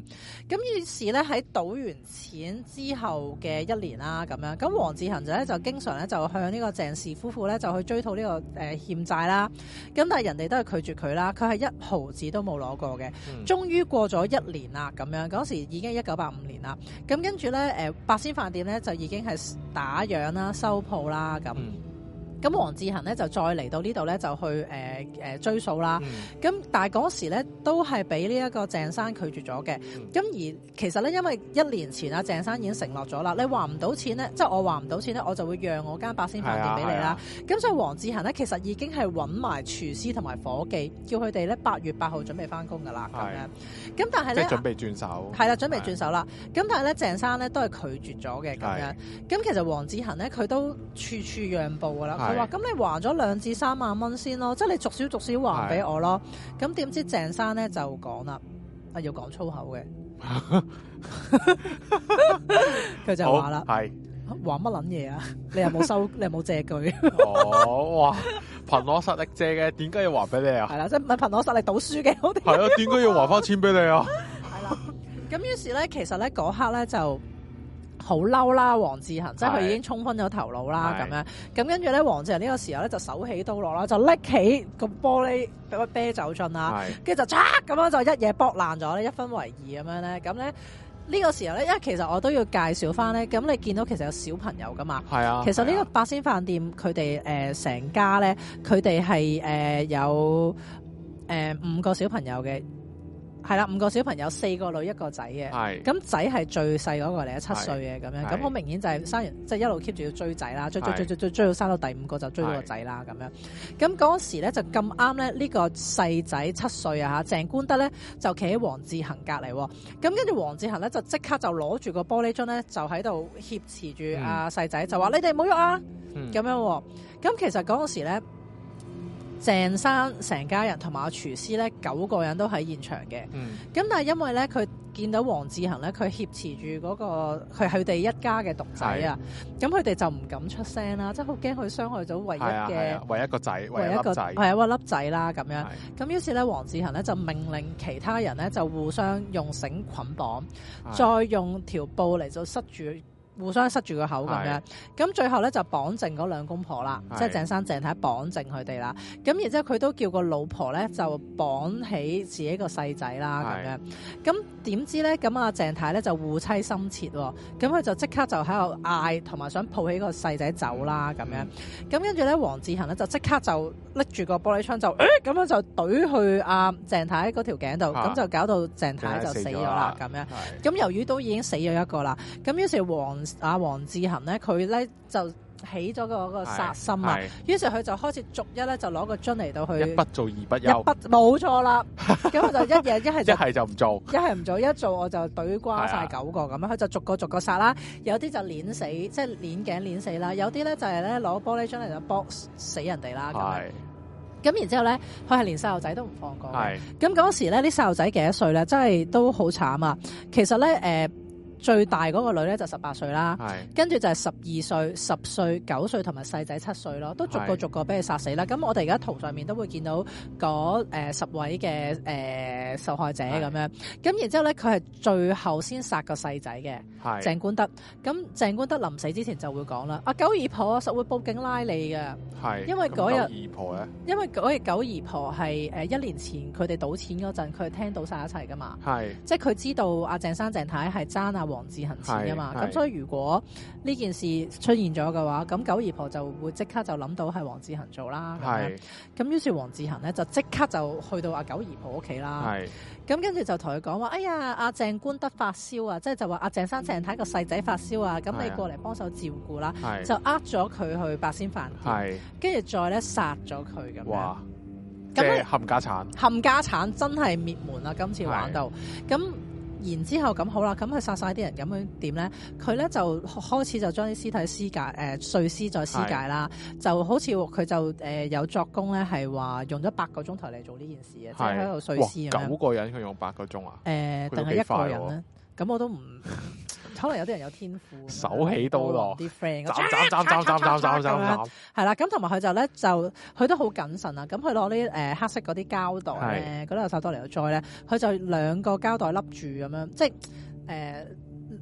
咁於是咧喺賭完錢之後嘅一年啦咁樣，咁黃志恒就咧就經常咧就向呢個鄭氏夫婦咧就去追討呢、這個誒欠債啦。咁、呃、但係人哋都係拒絕佢啦。佢係一毫。投都冇攞過嘅。終於過咗一年啦，咁樣嗰時已經一九八五年啦，咁跟住咧，誒八仙飯店咧就已經係打烊啦，收鋪啦咁。咁黃志恒咧就再嚟到呢度咧就去誒誒、呃呃、追數啦。咁、嗯、但係嗰時咧都係俾呢一個鄭生拒絕咗嘅。咁、嗯、而其實咧因為一年前啊，鄭生已經承諾咗啦，你還唔到錢咧，即係我還唔到錢咧，我就會讓我間八仙飯店俾你啦。咁是、啊、所以黃志恒咧其實已經係揾埋廚師同埋伙計，叫佢哋咧八月八號準備翻工噶啦。咁是、啊、樣。咁但係咧，即係準備轉手。係啦，準備轉手啦。咁是、啊、但係咧，鄭生咧都係拒絕咗嘅。咁樣。咁其實黃志恒咧，佢都處處讓步噶啦。哇！咁你還咗兩至三萬蚊先咯，即係你逐少逐少還俾我咯。咁點的知鄭生咧就講啦，啊要講粗口嘅，佢 [laughs] [laughs] 就話啦，係還乜撚嘢啊？你有冇收？你有冇借據？哦哇！憑我實力借嘅，點解要還俾你啊？係啦，即係唔係憑我實力賭輸嘅？好啲。係啦，點解要還翻錢俾你啊？係啦 [laughs] ，咁於是咧，其實咧嗰刻咧就。好嬲啦，黃志恒，即係佢已經衝昏咗頭腦啦，咁的樣。咁跟住咧，黃志恒呢個時候咧就手起刀落啦，就拎起個玻璃啤酒樽啦，跟住是的 就嚓咁樣就一嘢剝爛咗咧，一分為二咁樣咧。咁咧呢個時候咧，因為其實我都要介紹返咧，咁你見到其實有小朋友㗎嘛？係啊，其實呢個八仙飯店佢哋誒成家咧，佢哋係誒有誒、呃、五個小朋友嘅。係啦，五個小朋友，四個女一個仔嘅。係。咁仔係最細嗰個嚟，七歲嘅咁樣。咁好明顯就係生完，即係一路 keep 住要追仔啦，追追追追追到生到第五個就追到個仔啦咁樣。咁嗰時咧就咁啱咧，呢個細仔七歲啊嚇，鄭官德咧就企喺黃志恒隔離喎。咁跟住黃志恒咧就即刻就攞住個玻璃樽咧就喺度挾持住阿細仔，就話、啊嗯、你哋冇喐啊咁樣。咁、嗯、其實嗰時咧。鄭生成家人同埋個廚師咧，九個人都喺現場嘅。咁、嗯、但係因為咧，佢見到黃志恒，咧、嗰個，佢挾持住嗰個佢佢哋一家嘅獨仔啊，咁佢哋就唔敢出聲啦，即係好驚佢傷害咗唯一嘅唯一個仔，唯一個仔，啊，唯一粒仔啦咁樣。咁是的 於是咧，黃志恒咧就命令其他人咧就互相互用繩捆綁，綁，是的 的再用條布嚟就塞住。互相塞住個口咁樣，咁最後咧就綁正嗰兩公婆啦，即係鄭生鄭太綁正佢哋啦，咁然之後佢都叫個老婆咧就綁起自己個細仔啦咁樣，咁點知咧咁阿鄭太咧就護妻心切喎，咁佢就即刻就喺度嗌，同埋想抱起個細仔走啦咁樣，咁跟住咧黃志恒咧就即刻就拎住個玻璃窗就誒咁樣就懟去阿鄭太嗰條頸度，咁就搞到鄭太就死咗啦咁樣，咁由於都已經死咗一個啦，咁於是黃阿黃志恒咧，佢咧就起咗嗰個殺心啊，於是佢就開始逐一咧就攞個樽嚟到去一不做二不休，一不冇錯啦。咁就一嘢一係就一係就唔做，一係唔做一做我就懟瓜晒九個咁樣，佢就逐個逐個殺啦。有啲就碾死，即係碾頸碾死啦。有啲咧就係咧攞玻璃樽嚟就剝死人哋啦。咁咁然之後咧，佢係連細路仔都唔放過。咁嗰時咧，啲細路仔幾多歲咧？真係都好慘啊。其實咧，誒。最大嗰個女咧就十八歲啦，跟住就係十二歲十歲九歲同埋細仔七歲咯，都逐個逐個俾佢殺死啦。咁我哋而家圖上面都會見到嗰誒十位嘅誒、呃、受害者咁是 樣，咁然之後咧，佢係最後先殺個細仔嘅。係鄭官德，咁鄭官德臨死之前就會講啦：，阿、啊、九姨婆實會報警拉你嘅，係是 因為嗰日，因為嗰日九姨婆係誒一年前佢哋賭錢嗰陣，佢聽到晒一齊噶嘛，即係佢知道阿鄭生鄭太係爭啊。黃志恆錢啊嘛，咁是的、嗯、所以如果呢件事出現咗嘅話，咁九姨婆就會即刻就諗到係黃志恆做啦。係是的、嗯，咁於是黃志恆咧就即刻就去到阿、啊、九姨婆屋企啦。係是的、嗯，咁跟住就同佢講話：哎呀，阿、啊、鄭官德發燒啊，即係就話阿鄭生鄭太個細仔發燒啊，咁你過嚟幫手照顧啦。是的 就呃咗佢去八仙飯店，係是的，跟住再咧殺咗佢咁樣。哇即是 你！咁冚家產，冚家產真係滅門啦！今次玩到咁。對 然之後咁好啦，咁佢殺晒啲人咁樣點咧？佢咧就開始就將啲屍體屍解，誒、呃、碎屍再屍解啦，是就好似佢就誒、呃、有作功咧，係話用咗八個鐘頭嚟做呢件事啊，是即係喺度碎屍。哇！九個人佢用八個鐘、呃、啊？誒，定係一個人咧？咁、啊、我都唔。 [laughs] 可能有啲人有天賦，手起刀落，啲 friend，斬斬斬斬斬斬斬係啦。咁同埋佢就咧，就佢都好謹慎啊。咁佢攞呢啲誒黑色嗰啲膠袋咧，嗰度有手袋嚟攞咗咧，佢就兩個膠袋笠住咁樣，即係誒。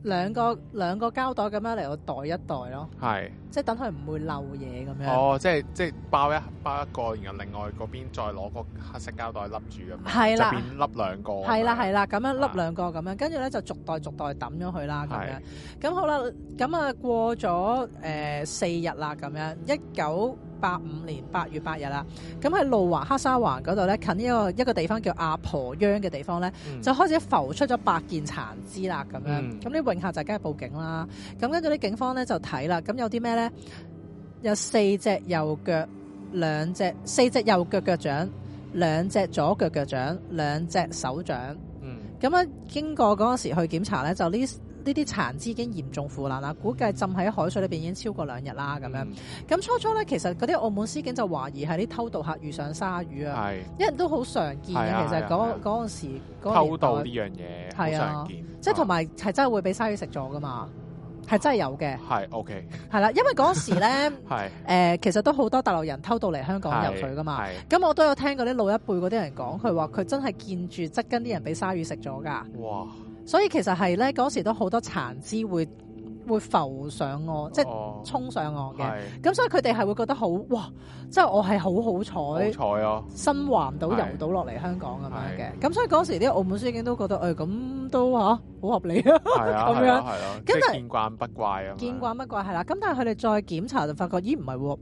兩個兩個膠袋咁樣嚟我袋一袋咯，係是，即係等佢唔會漏嘢咁樣。哦，即係即係包一包一個，然後另外嗰邊再攞個黑色膠袋笠住咁樣，係啦，邊笠兩個，係啦係啦，咁樣笠兩個咁樣，跟住咧就逐袋逐袋揼咗佢啦咁樣。咁是好啦，咁啊過咗誒四日啦咁樣，一九八五年八月八日啦，咁喺路環黑沙環嗰度呢，近一個一個地方叫阿婆央嘅地方呢，嗯、就開始浮出咗八件殘肢啦，咁樣，咁啲泳客就梗係報警啦，咁跟住啲警方呢就睇啦，咁有啲咩呢？有四隻右腳，兩隻四隻右腳腳掌，兩隻左腳腳掌，兩隻手掌，咁啊、嗯、經過嗰陣時去檢查呢，就呢。呢啲殘肢已經嚴重腐爛啦，估計浸喺海水裏邊已經超過兩日啦，咁樣。咁初初咧，其實嗰啲澳門司警就懷疑係啲偷渡客遇上鯊魚啊，因為都好常見其實嗰嗰陣時，偷渡呢樣嘢係啊，常見，即係同埋係真係會俾鯊魚食咗噶嘛，係真係有嘅。係 OK，係啦，因為嗰陣時咧，誒，其實都好多大陸人偷渡嚟香港游水噶嘛。咁我都有聽嗰啲老一輩嗰啲人講，佢話佢真係見住側近啲人俾鯊魚食咗㗎。哇！所以其實係咧，嗰時都好多殘肢會會浮上岸，即係沖上岸嘅。咁、oh, 所以佢哋係會覺得好哇，即係我係好好彩、哦，好彩啊！身橫到游到落嚟香港咁樣嘅。咁 [music] 所以嗰時啲澳門司警都覺得誒，咁、哎、都嚇好、啊、合理咯、啊，咁、啊、樣係咯。跟住見慣不怪，慣不怪啊，見慣不怪係啦。咁但係佢哋再檢查就發覺咦唔係喎。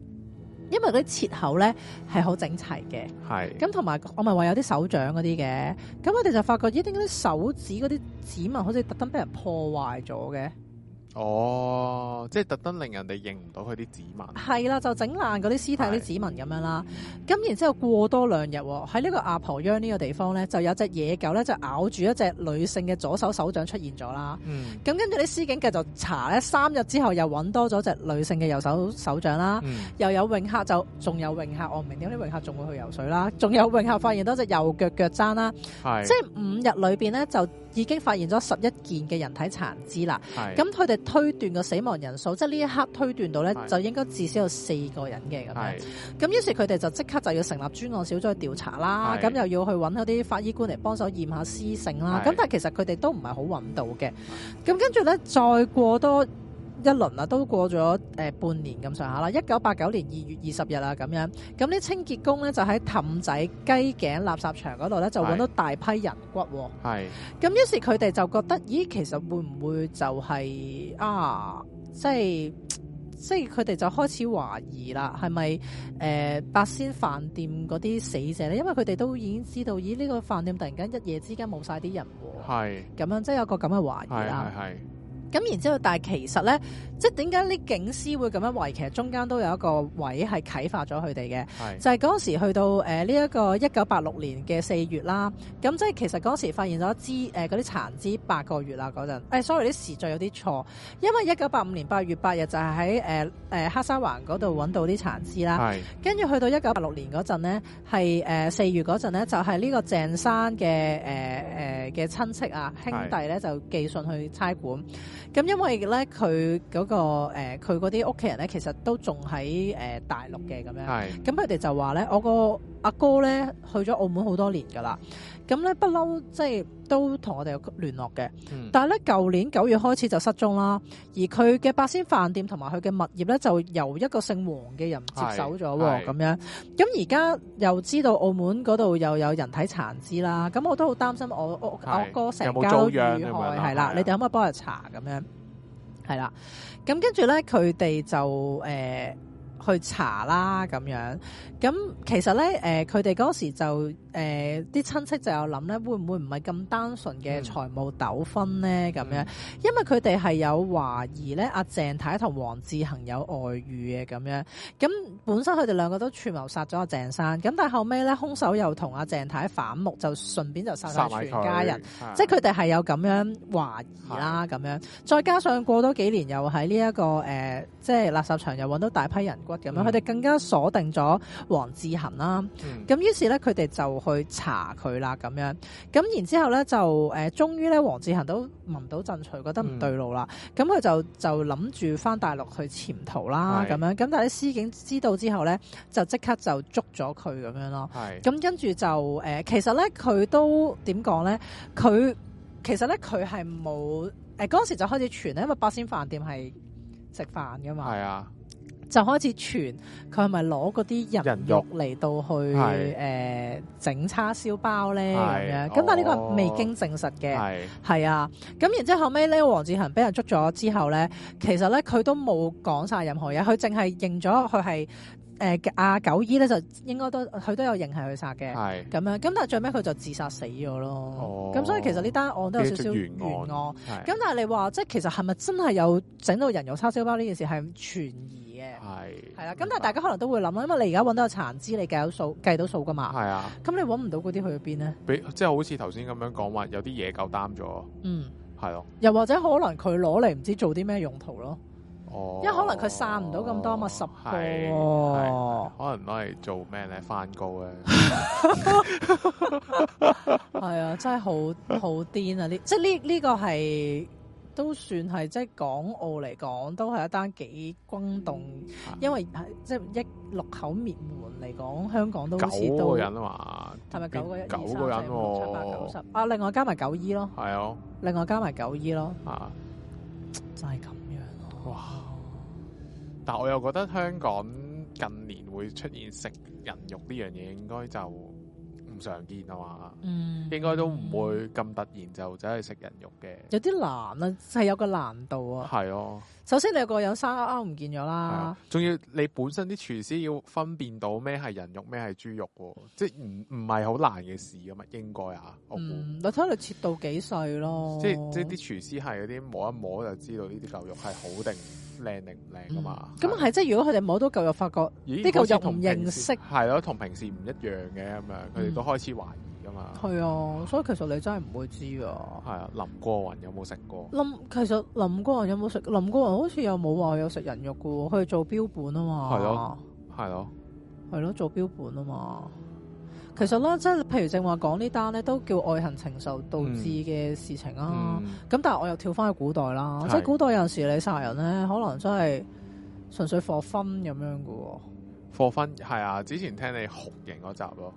因為嗰啲切口咧係好整齊嘅。係咁，同埋我咪話有啲手掌嗰啲嘅，咁我哋就發覺一啲嗰啲手指嗰啲指紋好似特登俾人破壞咗嘅。哦，oh, 即係特登令人哋認唔到佢啲指紋，係啦，就整爛嗰啲屍體啲指紋咁樣啦。咁是然之後過多兩日喺呢個阿婆央呢個地方咧，就有隻野狗咧就咬住一隻女性嘅左手手掌出現咗啦。嗯。咁跟住啲司警繼續查咧，三日之後又揾多咗隻女性嘅右手手掌啦。嗯、又有泳客就，仲有泳客，我唔明點解啲泳客仲會去游水啦？仲有泳客發現多隻右腳腳踭啦。係是。即係五日裏邊咧，就已經發現咗十一件嘅人體殘肢啦。係、嗯。咁佢哋。 [music] 推斷個死亡人數，即係呢一刻推斷到呢，是就應該至少有四個人嘅咁樣。咁是於是佢哋就即刻就要成立專案小組調查啦，咁是又要去揾嗰啲法醫官嚟幫手驗下屍性啦。咁是但係其實佢哋都唔係好揾到嘅。咁跟住呢，再過多一輪啦、啊，都過咗誒、呃、半年咁上下啦。一九八九年二月二十日啊，咁樣咁啲清潔工咧就喺氹仔雞頸垃圾場嗰度咧就搵到大批人骨喔。係。咁於是佢哋就覺得，咦，其實會唔會就係，是，啊，即係即係佢哋就開始懷疑啦，係咪誒八仙飯店嗰啲死者咧？因為佢哋都已經知道，咦，呢，這個飯店突然間一夜之間冇晒啲人喎。係是的。咁樣即係有個咁嘅懷疑啦。係係。嗯咁然之後，但係其實咧，即係點解啲警司會咁樣圍？其實中間都有一個位係啟發咗佢哋嘅，是就係嗰時去到誒呢一個一九八六年嘅四月啦。咁、嗯、即係其實嗰時發現咗肢誒嗰啲殘肢八個月啦嗰陣。哎、sorry 啲時序有啲錯，因為一九八五年八月八日就係喺誒誒黑沙環嗰度揾到啲殘肢啦。跟住是去到一九八六年嗰陣咧，係四、呃、月嗰陣咧，就係、是、呢個鄭山嘅誒誒嘅親戚啊兄弟呢，就寄信去差館是。咁因為咧，佢嗰個誒，佢嗰啲屋企人咧，其實都仲喺誒大陸嘅咁樣。係。咁佢哋就話咧，我個阿哥咧去咗澳門好多年㗎啦。咁咧不嬲，即係都同我哋有聯絡嘅。嗯、但係咧，舊年九月開始就失蹤啦，而佢嘅八仙飯店同埋佢嘅物業咧，就由一個姓黃嘅人接手咗喎，咁樣。咁而家又知道澳門嗰度又有人體殘肢啦，咁我都好擔心我屋是我，我哥成家都遇害，係啦，了對你哋可唔可以幫佢查咁樣？係啦，咁跟住咧，佢哋就誒。呃去查啦咁樣，咁其實咧誒，佢哋嗰時就誒啲、呃、親戚就有諗咧，會唔會唔係咁單純嘅財務糾紛咧咁樣？因為佢哋係有懷疑咧，阿鄭太同黃志恒有外遇嘅咁樣。咁本身佢哋兩個都串謀殺咗阿鄭生，咁但係後尾咧，兇手又同阿鄭太反目，就順便就殺曬全家人，即係佢哋係有咁樣懷疑啦咁、啊、樣。再加上過多幾年又、這個，又喺呢一個誒，即係垃圾場又揾到大批人。咁樣，佢哋、嗯、更加鎖定咗黃志恒啦。咁、嗯、於是咧，佢哋就去查佢啦。咁樣，咁然之後咧，就誒、呃，終於咧，黃志恒都聞到陣除，覺得唔對路啦。咁佢、嗯、就就諗住返大陸去潛逃啦。咁是 樣，咁但係啲司警知道之後咧，就即刻就捉咗佢咁樣咯。係是，咁跟住就誒，其實咧，佢都點講咧？佢其實咧，佢係冇誒。嗰、呃、時就開始傳咧，因為八仙飯店係食飯㗎嘛。係啊。就開始傳佢係咪攞嗰啲人肉嚟肉到去誒整是、呃、叉燒包咧，咁樣，咁是但係呢個未經證實嘅，係是啊，咁然後後尾呢，黃志恒俾人捉咗之後咧，其實咧佢都冇講晒任何嘢，佢淨係認咗佢係。誒阿、呃啊、九姨咧，就應該都佢都有認係佢殺嘅，咁是的 樣。咁但係最尾佢就自殺死咗咯。咁所以其實呢單案都有少少懸案。咁但係你話，即係其實係咪真係有整到人肉叉燒包呢件事係存疑嘅？係係啦。咁的但係大家可能都會諗，因為你而家揾到個殘肢，你計到數計到數噶嘛。係啊是的。咁你揾唔到嗰啲去咗邊咧？比即係好似頭先咁樣講話，有啲野狗擔咗。嗯的，係咯、嗯。又或者可能佢攞嚟唔知做啲咩用途咯？因為可能佢散唔到咁多嘛，十個，可能都係做咩咧翻高咧，係啊，真係好好癲啊！呢，即係呢呢個係都算係即係港澳嚟講，都係一單幾轟動，因為即係一六口滅門嚟講，香港都九多人啊嘛，係咪九個人九個人，七百九十啊！另外加埋九姨咯，係啊，另外加埋九姨咯，吓就係咁。但我又覺得香港近年會出現食人肉呢樣嘢，應該就唔常見啊嘛，嗯、應該都唔會咁突然就走去食人肉嘅。有啲難啊，係有個難度啊。係哦、啊。首先你個有生啱啱唔見咗啦，仲要、嗯、你本身啲廚師要分辨到咩係人肉咩係豬肉喎，即係唔唔係好難嘅事㗎嘛，應該啊，我估嗯，我睇你切到幾細咯，即係即係啲廚師係嗰啲摸一摸就知道呢啲嚿肉係好定靚定唔靚㗎嘛，咁啊係，即係是如果佢哋摸到嚿肉，發覺啲嚿咦嚿肉唔認識，係咯，同平時唔一樣嘅咁樣，佢哋都開始懷疑。係啊，所以其實你真係唔會知啊。係啊，林過雲有冇食過？林其實林過雲有冇食？林過雲好似又冇話有食人肉噶，佢做標本啊嘛。係咯，係咯，係咯，做標本啊嘛。其實咧，即係譬如正話講呢單咧，都叫愛恨情仇導致嘅事情啊。咁、嗯嗯、但係我又跳翻去古代啦，是即係古代有陣時你殺人咧，可能真係純粹 for fun 咁樣噶。For fun 係啊，之前聽你紅型嗰集咯。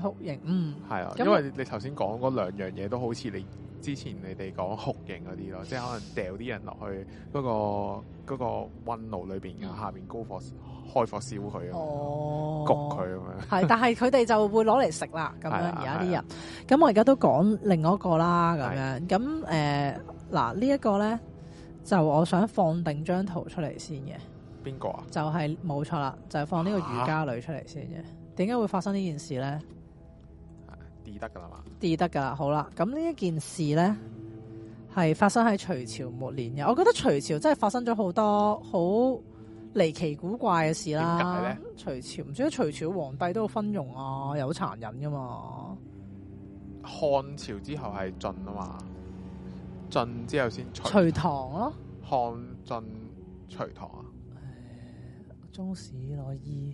酷刑，嗯，係啊，嗯、因為你頭先講嗰兩樣嘢都好似你之前你哋講酷刑嗰啲咯，即係可能掉啲人落去嗰、嗰個嗰、嗰個溫爐裏邊嘅下邊高火開火燒佢、哦、啊，焗佢咁樣，係，但係佢哋就會攞嚟食啦，咁樣而家啲人。咁我而家都講另一個啦，咁樣，咁誒嗱呢一個咧，就我想放定張圖出嚟先嘅。邊個啊？就係冇錯啦，就係、是、放呢個瑜伽女出嚟先嘅。點解、啊、會發生呢件事咧？得噶啦嘛？啲得噶啦，好啦。咁呢一件事咧，係發生喺隋朝末年嘅。我覺得隋朝真係發生咗好多好離奇古怪嘅事啦。點解呢？隋朝唔知，隋朝皇帝都有昏庸啊，有殘忍噶嘛？漢朝之後係晉啊嘛，晉之後先隋唐咯。漢晉隋唐啊？中史內議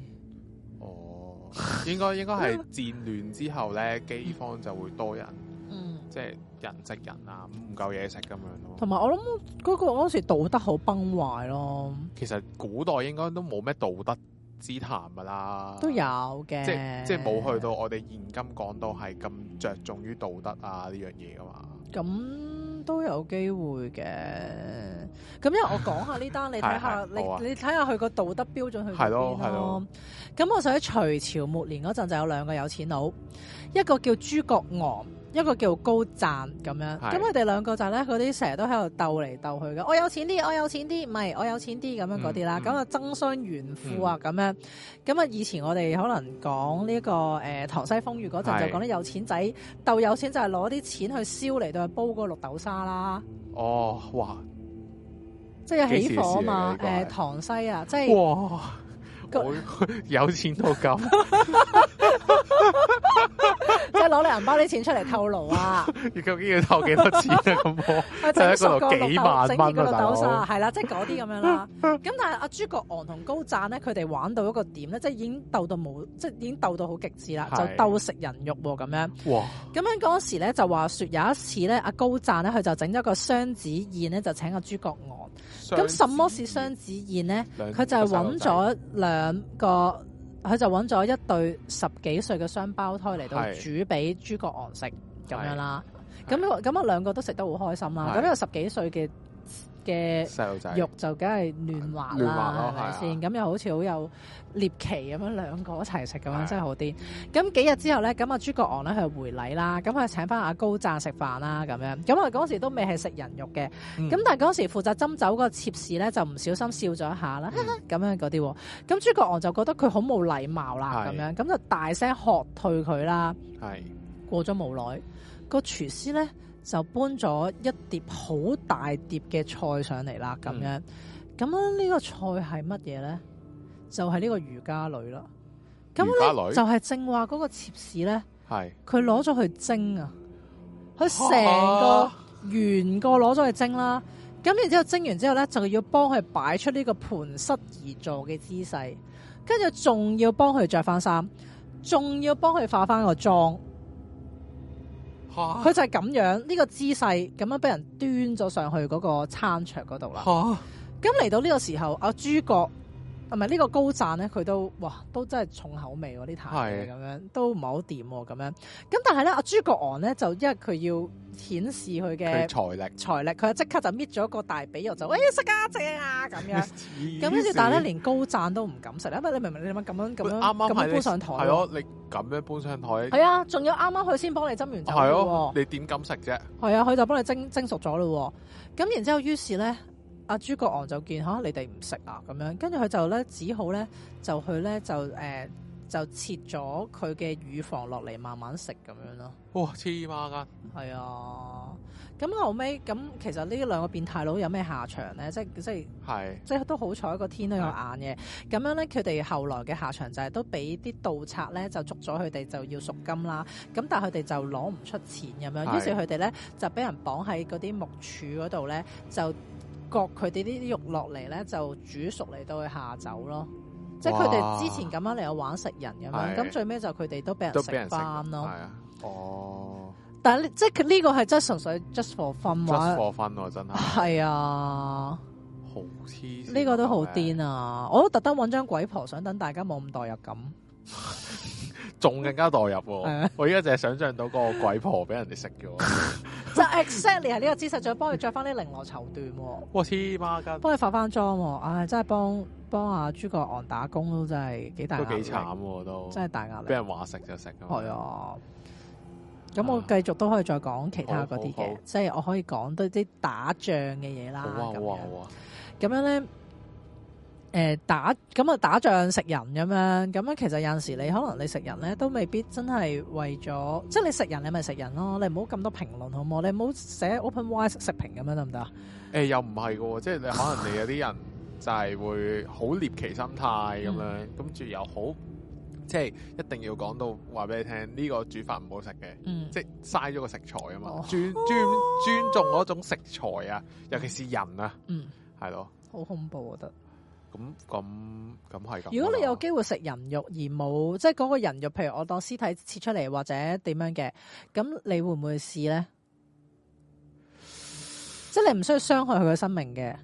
哦。 [laughs] 應該應該係戰亂之後咧，飢荒就會多人，嗯，即係人食人啊，唔夠嘢食咁樣咯。同埋我諗嗰個時道德好崩壞咯。其實古代應該都冇咩道德之談噶啦，都有嘅，即係即係冇去到我哋現今講到係咁着重於道德啊呢樣嘢噶嘛。咁、嗯都有機會嘅，咁因為我講下呢單，你睇下，你你睇下佢個道德標準去邊咯、啊。咁、嗯、我想喺隋朝末年嗰陣就有兩個有錢佬，一個叫諸葛昂。一個叫高讚咁樣，咁佢哋兩個就咧，嗰啲成日都喺度鬥嚟鬥去嘅。我有錢啲，我有錢啲，唔係我有錢啲咁樣嗰啲啦。咁啊、嗯、爭相炫富啊咁、嗯、樣。咁啊以前我哋可能講呢、這個誒、呃《唐西風雨》嗰陣是就講啲有錢仔鬥有錢就係攞啲錢去燒嚟到去煲嗰個綠豆沙啦。哦，哇！即係起火啊嘛誒、呃、唐西啊，即係哇，那有錢到咁。 [laughs] [laughs] [laughs] [laughs] 即係攞你銀包啲錢出嚟透露啊！ [laughs] 究竟要透幾多錢啊？即係一個六幾萬蚊啊！鬥，係啦，即係嗰啲咁樣咯。咁但係阿諸葛昂同高讚咧，佢哋玩到一個點咧，即係已經鬥到冇，即係已經鬥到好極致啦，是就鬥食人肉咁、哦、樣。哇！咁樣嗰時咧就話說，有一次咧，阿、啊、高讚咧佢就整咗個雙子宴咧，就請阿、啊、諸葛昂。咁什麼雙是雙子宴咧？佢就係揾咗兩個。佢就揾咗一對十幾歲嘅雙胞胎嚟到煮俾諸葛昂食咁樣啦，咁咁啊兩個都食得好開心啦，咁呢個十幾歲嘅。嘅細路仔肉就梗係嫩滑啦，係咪先？咁 [noise] 又好似好有獵奇咁樣，兩個一齊食咁樣真係好啲。咁是的 幾日之後咧，咁阿朱國昂咧去回禮啦，咁佢請翻阿高讚食飯啦咁樣。咁啊嗰時都未係食人肉嘅，咁、嗯、但係嗰時負責斟酒嗰個廚師咧就唔小心笑咗一下啦，咁、嗯、樣嗰啲。咁朱國昂就覺得佢好冇禮貌啦，咁是的 樣咁就大聲喝退佢啦。係過咗無耐，個廚師咧，就搬咗一碟好大碟嘅菜上嚟啦，咁、嗯、樣咁樣，呢個菜係乜嘢呢？就係、是、呢個瑜伽女啦。瑜伽女就係正話嗰個妾侍呢，係佢攞咗去蒸，個個去蒸啊，佢成個圓個攞咗去蒸啦。咁然之後蒸完之後呢，就要幫佢擺出呢個盤膝而坐嘅姿勢，跟住仲要幫佢着翻衫，仲要幫佢化翻個妝。佢就係咁樣，呢、呢個姿勢咁樣俾人端咗上去嗰個餐桌嗰度啦。咁嚟 [laughs] 到呢個時候，阿、啊、諸葛。係咪呢個高讚咧，佢都哇，都真係重口味喎！啲糖咁樣都唔係好掂喎，咁樣咁但係咧，阿朱國昂咧就因為佢要顯示佢嘅財力，財力佢就即刻就搣咗個大髀肉就，哎食啊正啊咁樣，咁跟住但係咧，連高讚都唔敢食因為你明唔明你點樣咁樣咁樣咁搬上台？係咯，你咁樣搬上台？係啊，仲要啱啱佢先幫你斟完，係咯，你點敢食啫？係啊，佢就幫你蒸蒸熟咗咯。咁然之後，於是咧。阿諸葛昂就見吓你哋唔食啊，咁、啊、樣跟住佢就咧，只好咧就去咧就誒、呃、就切咗佢嘅乳房落嚟慢慢食咁樣咯。哇！黐孖筋。係啊，咁、啊、後尾咁其實呢兩個變態佬有咩下場咧？即即係，係是即係都好彩個天都有眼嘅。咁是樣咧，佢哋後來嘅下場就係都俾啲盜賊咧就捉咗佢哋就要贖金啦。咁但係佢哋就攞唔出錢咁樣，於是佢哋咧就俾人綁喺嗰啲木柱嗰度咧就。就就就就就就割佢哋呢啲肉落嚟咧，就煮熟嚟到去下酒咯。即係佢哋之前咁樣嚟有玩食人咁樣，咁哇最尾就佢哋都俾人食翻咯。係啊，哦。但係即係呢個係真係純粹 just for fun 玩，just for fun 者真係的。係啊，好黐。呢個都好癲啊！的我都特登揾張鬼婆，想等大家冇咁代入感。 [laughs] 仲更加代入喎，我而家淨係想象到個鬼婆俾人哋食咗，就 exactly 係呢個姿勢，再幫佢着翻啲綾羅綢緞，哇天嘛，幫佢化翻妝，唉，真係幫幫阿諸葛亮打工都真係幾大都幾慘喎，都真係大壓力，俾人話食就食，係啊，咁我繼續都可以再講其他嗰啲嘅，即係我可以講多啲打仗嘅嘢啦，好啊，好啊，好啊。咁樣咧。誒打咁啊，打仗食人咁樣，咁樣其實有陣時你可能你食人咧，都未必真係為咗，即係你食人你咪食人咯。你唔好咁多評論好唔好？你唔好寫 OpenRice 食評咁樣得唔得啊？誒又唔係嘅喎，即係你可能你有啲人就係會好獵奇心態咁樣，咁住又好，即係一定要講到話俾你聽，呢個煮法唔好食嘅，嗯、即係嘥咗個食材啊嘛，哦、尊尊，尊重嗰種食材啊，尤其是人啊，嗯，係咯，好咯恐怖我覺得。咁咁咁係咁。如果你有機會食人肉而冇，即係嗰個人肉，譬如我當屍體切出嚟或者點樣嘅，咁你會唔會試咧？即係你唔需要傷害佢嘅生命嘅。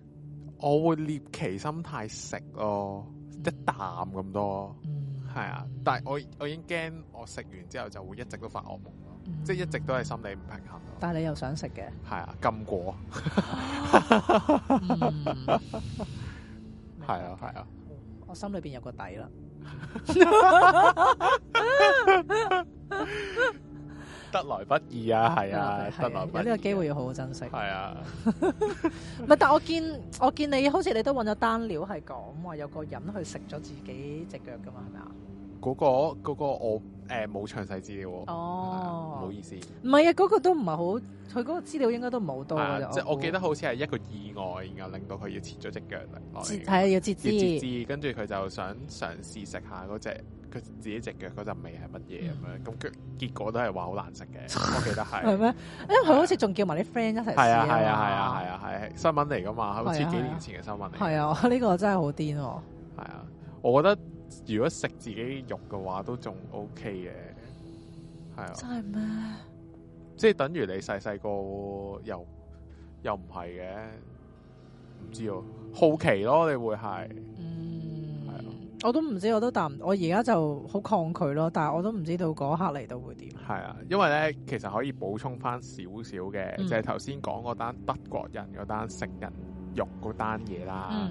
我會獵奇心態食咯，一啖咁多。嗯，係啊，但係我我已經驚，我食完之後就會一直都發噩夢咯，嗯、即係一直都係心理唔平衡。但係你又想食嘅？係啊，禁果。係 [noise] 啊，係啊，我心裏邊有個底啦，啊啊、得來不易 [noise] 啊，係啊，得來不易，呢個機會要好好珍惜，係啊。唔係，但係我見我見你好似你都揾咗單料係講話有個人去食咗自己隻腳噶嘛，係咪啊？嗰、嗰個嗰、嗰個我。誒冇詳細資料，哦，唔好意思，唔係啊，嗰個都唔係好，佢嗰個資料應該都唔係好多，即係我記得好似係一個意外，然後令到佢要切咗隻腳嚟。係啊，要截肢。跟住佢就想嘗試食下嗰隻佢自己隻腳嗰陣，味係乜嘢咁樣，咁結結果都係話好難食嘅，我記得係。係咩？因為佢好似仲叫埋啲 friend 一齊。係啊，係啊，係啊，係啊，係新聞嚟㗎嘛？好似幾年前嘅新聞嚟。係啊，呢個真係好癲喎。係啊，我覺得。如果食自己肉嘅話，都仲 OK 嘅，係啊。真係咩？即係等於你細細個又又唔係嘅，唔知哦。好奇咯，你會係，嗯，係啊。我都唔知，我都答唔。我而家就好抗拒咯，但係我都唔知道嗰刻嚟到會點。係啊，因為咧，其實可以補充翻少少嘅，嗯、就係頭先講嗰單德國人嗰單食人肉嗰單嘢啦，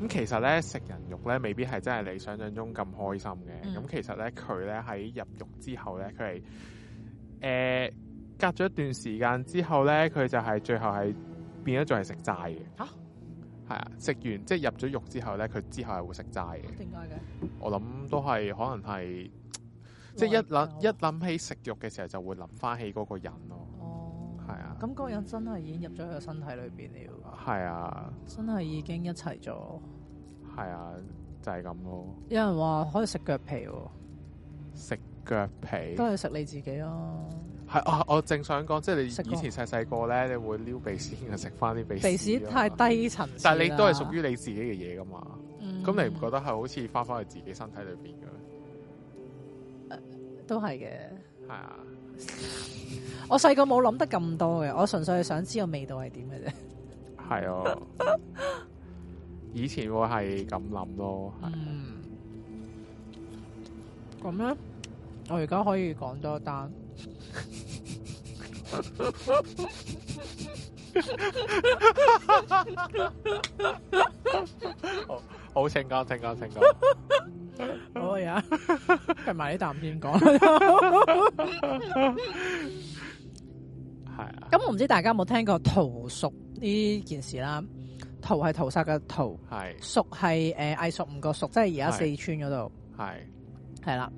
咁、嗯、其實咧食人肉咧，未必係真係你想象中咁開心嘅。咁、嗯、其實咧佢咧喺入獄之後咧，佢係誒隔咗一段時間之後咧，佢就係最後係變咗仲係食齋嘅。吓係啊，啊，食完即係、就是、入咗獄之後咧，佢之後係會食齋嘅。點解嘅？我諗都係可能係即係一諗一諗起食肉嘅時候，就會諗翻起嗰個人咯。係啊，咁個人真係已經入咗佢身體裏邊了。係啊，真係已經一齊咗。係啊，就係咁咯。有人話可以食腳皮、哦、皮，食腳皮都係食你自己咯，哦。係啊，我正想講，即係你以前細細個咧，你會撩鼻屎嘅，食翻啲鼻屎。鼻屎太低層，但係你都係屬於你自己嘅嘢噶嘛。咁、嗯、你唔覺得係好似翻翻去自己身體裏邊嘅咩？都係嘅。係是啊。 [laughs] 我細個冇諗得咁多嘅，我純粹係想知道味道係點嘅啫。係啊，以前我係咁諗咯。嗯，咁咧，我而家可以講多單 [laughs] 好，請講，請講，請 [laughs] 講。好呀，跟埋呢啖先講。 [laughs] [laughs] 係啊，咁我唔知大家有冇聽過屠蜀，呢件事啦？屠係屠殺嘅屠，蜀係誒魏蜀吳嘅蜀，即係而家四川嗰度。係係啦，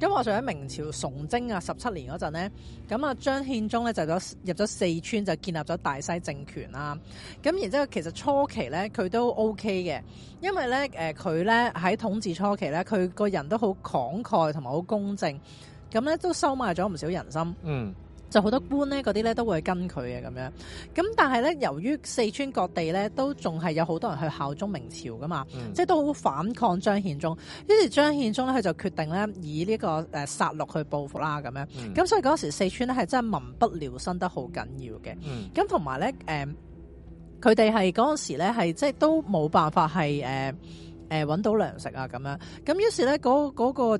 咁我上喺明朝崇禎啊十七年嗰陣咧，咁啊張獻忠咧就咗入咗四川就建立咗大西政權啦。咁然之後其實初期咧佢都 O K 嘅，因為咧誒佢咧喺統治初期咧佢個人都好慷慨，同埋好公正，咁咧都收買咗唔少人心。嗯。就好多官咧，嗰啲咧都會跟佢嘅咁樣。咁但係咧，由於四川各地咧都仲係有好多人去效忠明朝噶嘛，即係都好反抗張獻忠。於是張獻忠咧，佢就決定咧以呢個誒殺戮去報復啦咁樣。咁所以嗰時四川咧係真係民不聊生得好緊要嘅。咁同埋咧誒，佢哋係嗰陣時咧係即係都冇辦法係誒誒揾到糧食啊咁樣。咁於是咧嗰嗰個誒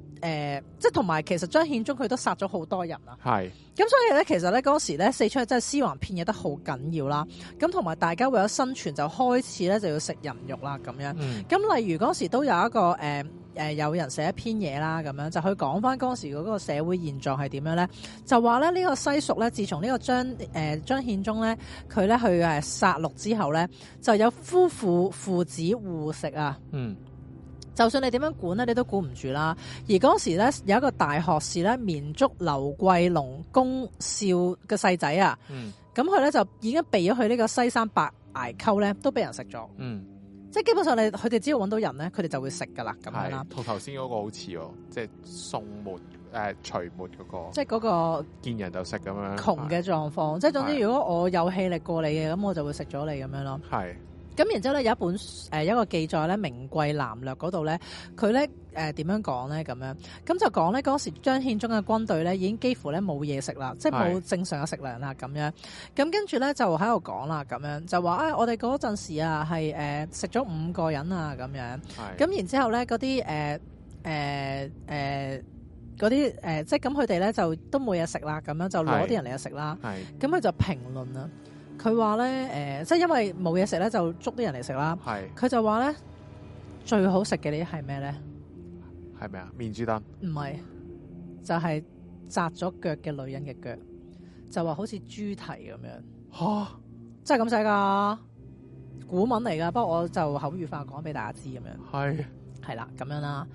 即係同埋其實張獻忠佢都殺咗好多人啊，係。咁所以咧，嗯、其實咧嗰時咧四出真係屍橫遍野得好緊要啦。咁同埋大家為咗生存，就開始咧就要食人肉啦咁樣。咁例如嗰時都有一個誒誒、呃呃、有人寫一篇嘢啦，咁樣就去講翻嗰時嗰個社會現狀係點樣咧？就話咧呢個西蜀咧，自從呢個張誒、呃、張獻忠咧，佢咧去誒殺戮之後咧，就有夫婦父子互食啊。嗯。就算你點樣管咧，你都管唔住啦。而嗰時咧，有一個大學士咧，綿竹劉貴龍公少嘅細仔啊，咁佢咧就已經避咗去呢個西山白崖溝咧，都俾人食咗。嗯，即係基本上你佢哋只要揾到人咧，佢哋就會食噶啦，咁樣啦。頭先嗰個好似哦，即係宋末誒，隋末嗰個，即係、那、嗰個見人就食咁樣窮嘅狀況。狀況是即係總之，如果我有氣力過你嘅，咁我就會食咗你咁樣咯。係是。是咁然之後咧有一本誒、呃、一個記載咧《名貴南略》呢嗰度咧，佢咧誒點樣講咧咁樣？咁就講咧嗰時張獻忠嘅軍隊咧已經幾乎咧冇嘢食啦，即係冇正常嘅食糧啦咁樣。咁跟住咧就喺度講啦咁樣，就話啊、哎、我哋嗰陣時啊係誒食咗五個人啊咁樣。咁是然之後咧嗰啲誒誒誒嗰啲誒即係咁佢哋咧就都冇嘢食啦，咁樣就攞啲人嚟食啦。咁佢就評論啊。佢話咧，誒、呃，即係因為冇嘢食咧，就捉啲人嚟食啦。係。佢就話咧，最好食嘅咧係咩咧？係咪啊？面珠墩？唔係，就係紮咗腳嘅女人嘅腳，就話好似豬蹄咁樣。吓！真係咁寫噶？古文嚟噶，不過我就口語化講俾大家知咁樣。係。係啦，咁樣啦，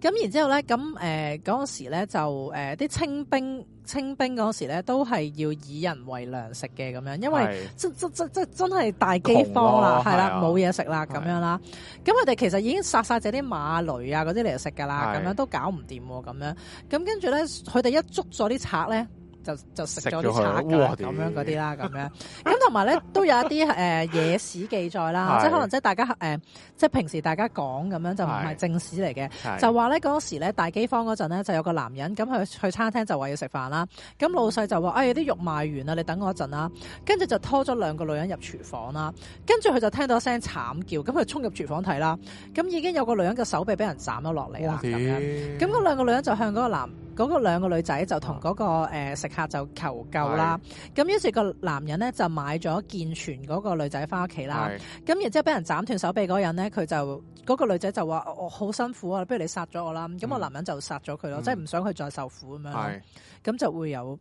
咁然之後咧，咁誒嗰時咧就誒啲、呃、清兵清兵嗰時咧都係要以人為糧食嘅咁樣，因為是真真真真真係大饑荒啦，係啦，冇嘢食啦咁樣啦，咁佢哋其實已經殺晒隻啲馬驢啊嗰啲嚟食噶啦，咁、啊、樣都搞唔掂咁樣，咁跟住咧佢哋一捉咗啲賊咧。就就食咗啲茶㗎咁樣嗰啲啦，咁樣咁同埋咧都有一啲誒、呃、野史記載啦， [laughs] 即係可能即係大家誒、呃、即係平時大家講咁樣就唔係正史嚟嘅， [laughs] 就話咧嗰時咧大饑荒嗰陣咧就有個男人咁去去餐廳就話要食飯啦，咁老細就話誒，啲肉賣完啦，你等我一陣啦，跟住就拖咗兩個女人入廚房啦，跟住佢就聽到一聲慘叫，咁佢衝入廚房睇啦，咁已經有個女人嘅手臂俾人斬咗落嚟啦，咁樣，咁嗰兩個女人就向嗰個男。嗰個兩個女仔就同嗰個誒食客就求救啦，咁是的 於是個男人咧就買咗健全嗰個女仔翻屋企啦，咁是的 然之後俾人斬斷手臂嗰人咧，佢就嗰、那個女仔就話：我、哦、好辛苦啊，不如你殺咗我啦！咁、嗯、個男人就殺咗佢咯，即係唔想佢再受苦咁、嗯、樣咯，咁是的 就會有。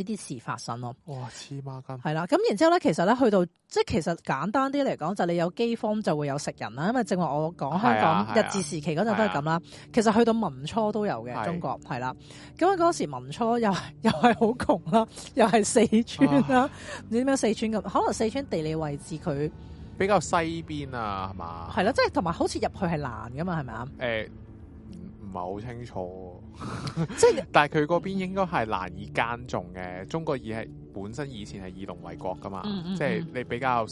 呢啲事發生咯，哇黐孖筋，係啦，咁然之後咧，其實咧去到即係其實簡單啲嚟講，就你有饑荒就會有食人啦，因為正話我講的香港日治時期嗰陣都係咁啦。的其實去到民初都有嘅，的中國係啦。咁啊嗰時民初又又係好窮啦，又係四川啦，唉唔知點解四川咁？可能四川地理位置佢比較西邊啊，係嘛？係啦，即係同埋好似入去係難噶嘛，係咪啊？誒、嗯。唔係好清楚，即係，但係佢嗰邊應該係難以耕種嘅。中國以係本身以前係以農為國㗎嘛，即係你比較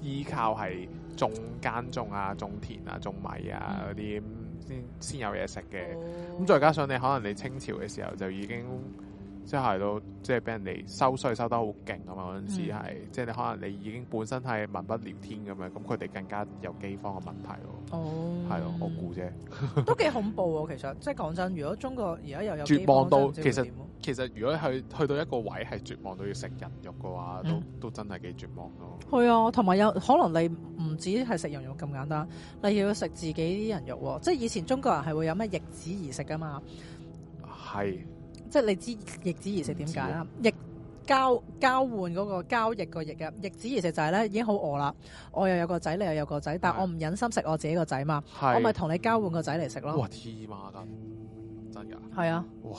依靠係種耕種，種啊、種田啊、種米啊嗰啲先先有嘢食嘅。咁再加上你可能你清朝嘅時候就已經。即係到，即係俾人哋收稅收得好勁啊嘛！嗰陣時係，即係你可能你已經本身係民不聊天咁樣，咁佢哋更加有饑荒嘅問題咯。哦，係咯，我估啫， [laughs] 都幾恐怖喎！其實，即係講真，如果中國而家又有絕望到，其實其實,其實如果去去到一個位係絕望到要食人肉嘅話，都、嗯、都真係幾絕望咯。係啊，同埋有,有可能你唔止係食人肉咁簡單，你要食自己啲人肉喎。即係以前中國人係會有咩易子而食㗎嘛？係。即係你知易子而食點解啦？易，交交換嗰個交易個易啊！易子而食就係咧已經好餓啦，我又有個仔，你又有個仔，但我唔忍心食我自己個仔嘛，是我咪同你交換個仔嚟食咯。哇！天麻咁真噶？係啊！哇！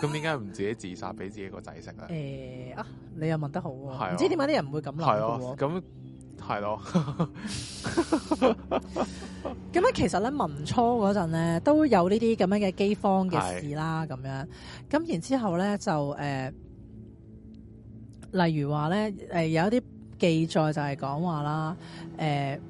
咁點解唔自己自殺俾自己個仔食啊？誒 [laughs] 、欸、啊！你又問得好啊！唔知點解啲人唔會咁諗嘅咁。係咯，咁樣 [laughs] [laughs] 其實咧，民初嗰陣咧都有呢啲咁樣嘅饑荒嘅事啦，咁是的 樣，咁然之後咧就誒、呃，例如話咧，誒、呃、有一啲記載就係講話啦，誒、呃。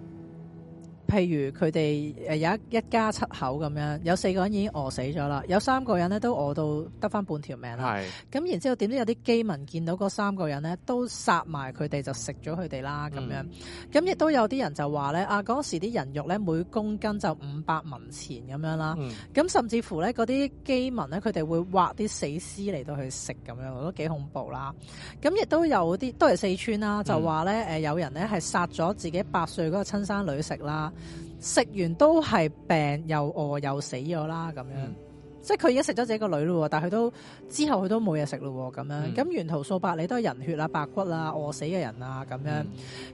譬如佢哋誒有一一家七口咁樣，有四個人已經餓死咗啦，有三個人咧都餓到得翻半條命啦。係是。咁然之後點知有啲饑民見到嗰三個人咧，都殺埋佢哋就食咗佢哋啦咁樣。咁亦都有啲人就話咧，啊嗰時啲人肉咧每公斤就五百文錢咁樣啦。嗯。咁甚至乎咧嗰啲饑民咧，佢哋會挖啲死屍嚟到去食咁樣，我覺得幾恐怖啦。咁亦都有啲都係四川啦，就話咧誒有人咧係殺咗自己八歲嗰個親生女食啦。食完都係病，又餓又死咗啦，咁樣，嗯、即係佢已經食咗自己個女咯，但係佢都之後佢都冇嘢食咯，咁樣，咁、嗯、沿途數百里都係人血啊、白骨啊、餓死嘅人啊，咁樣，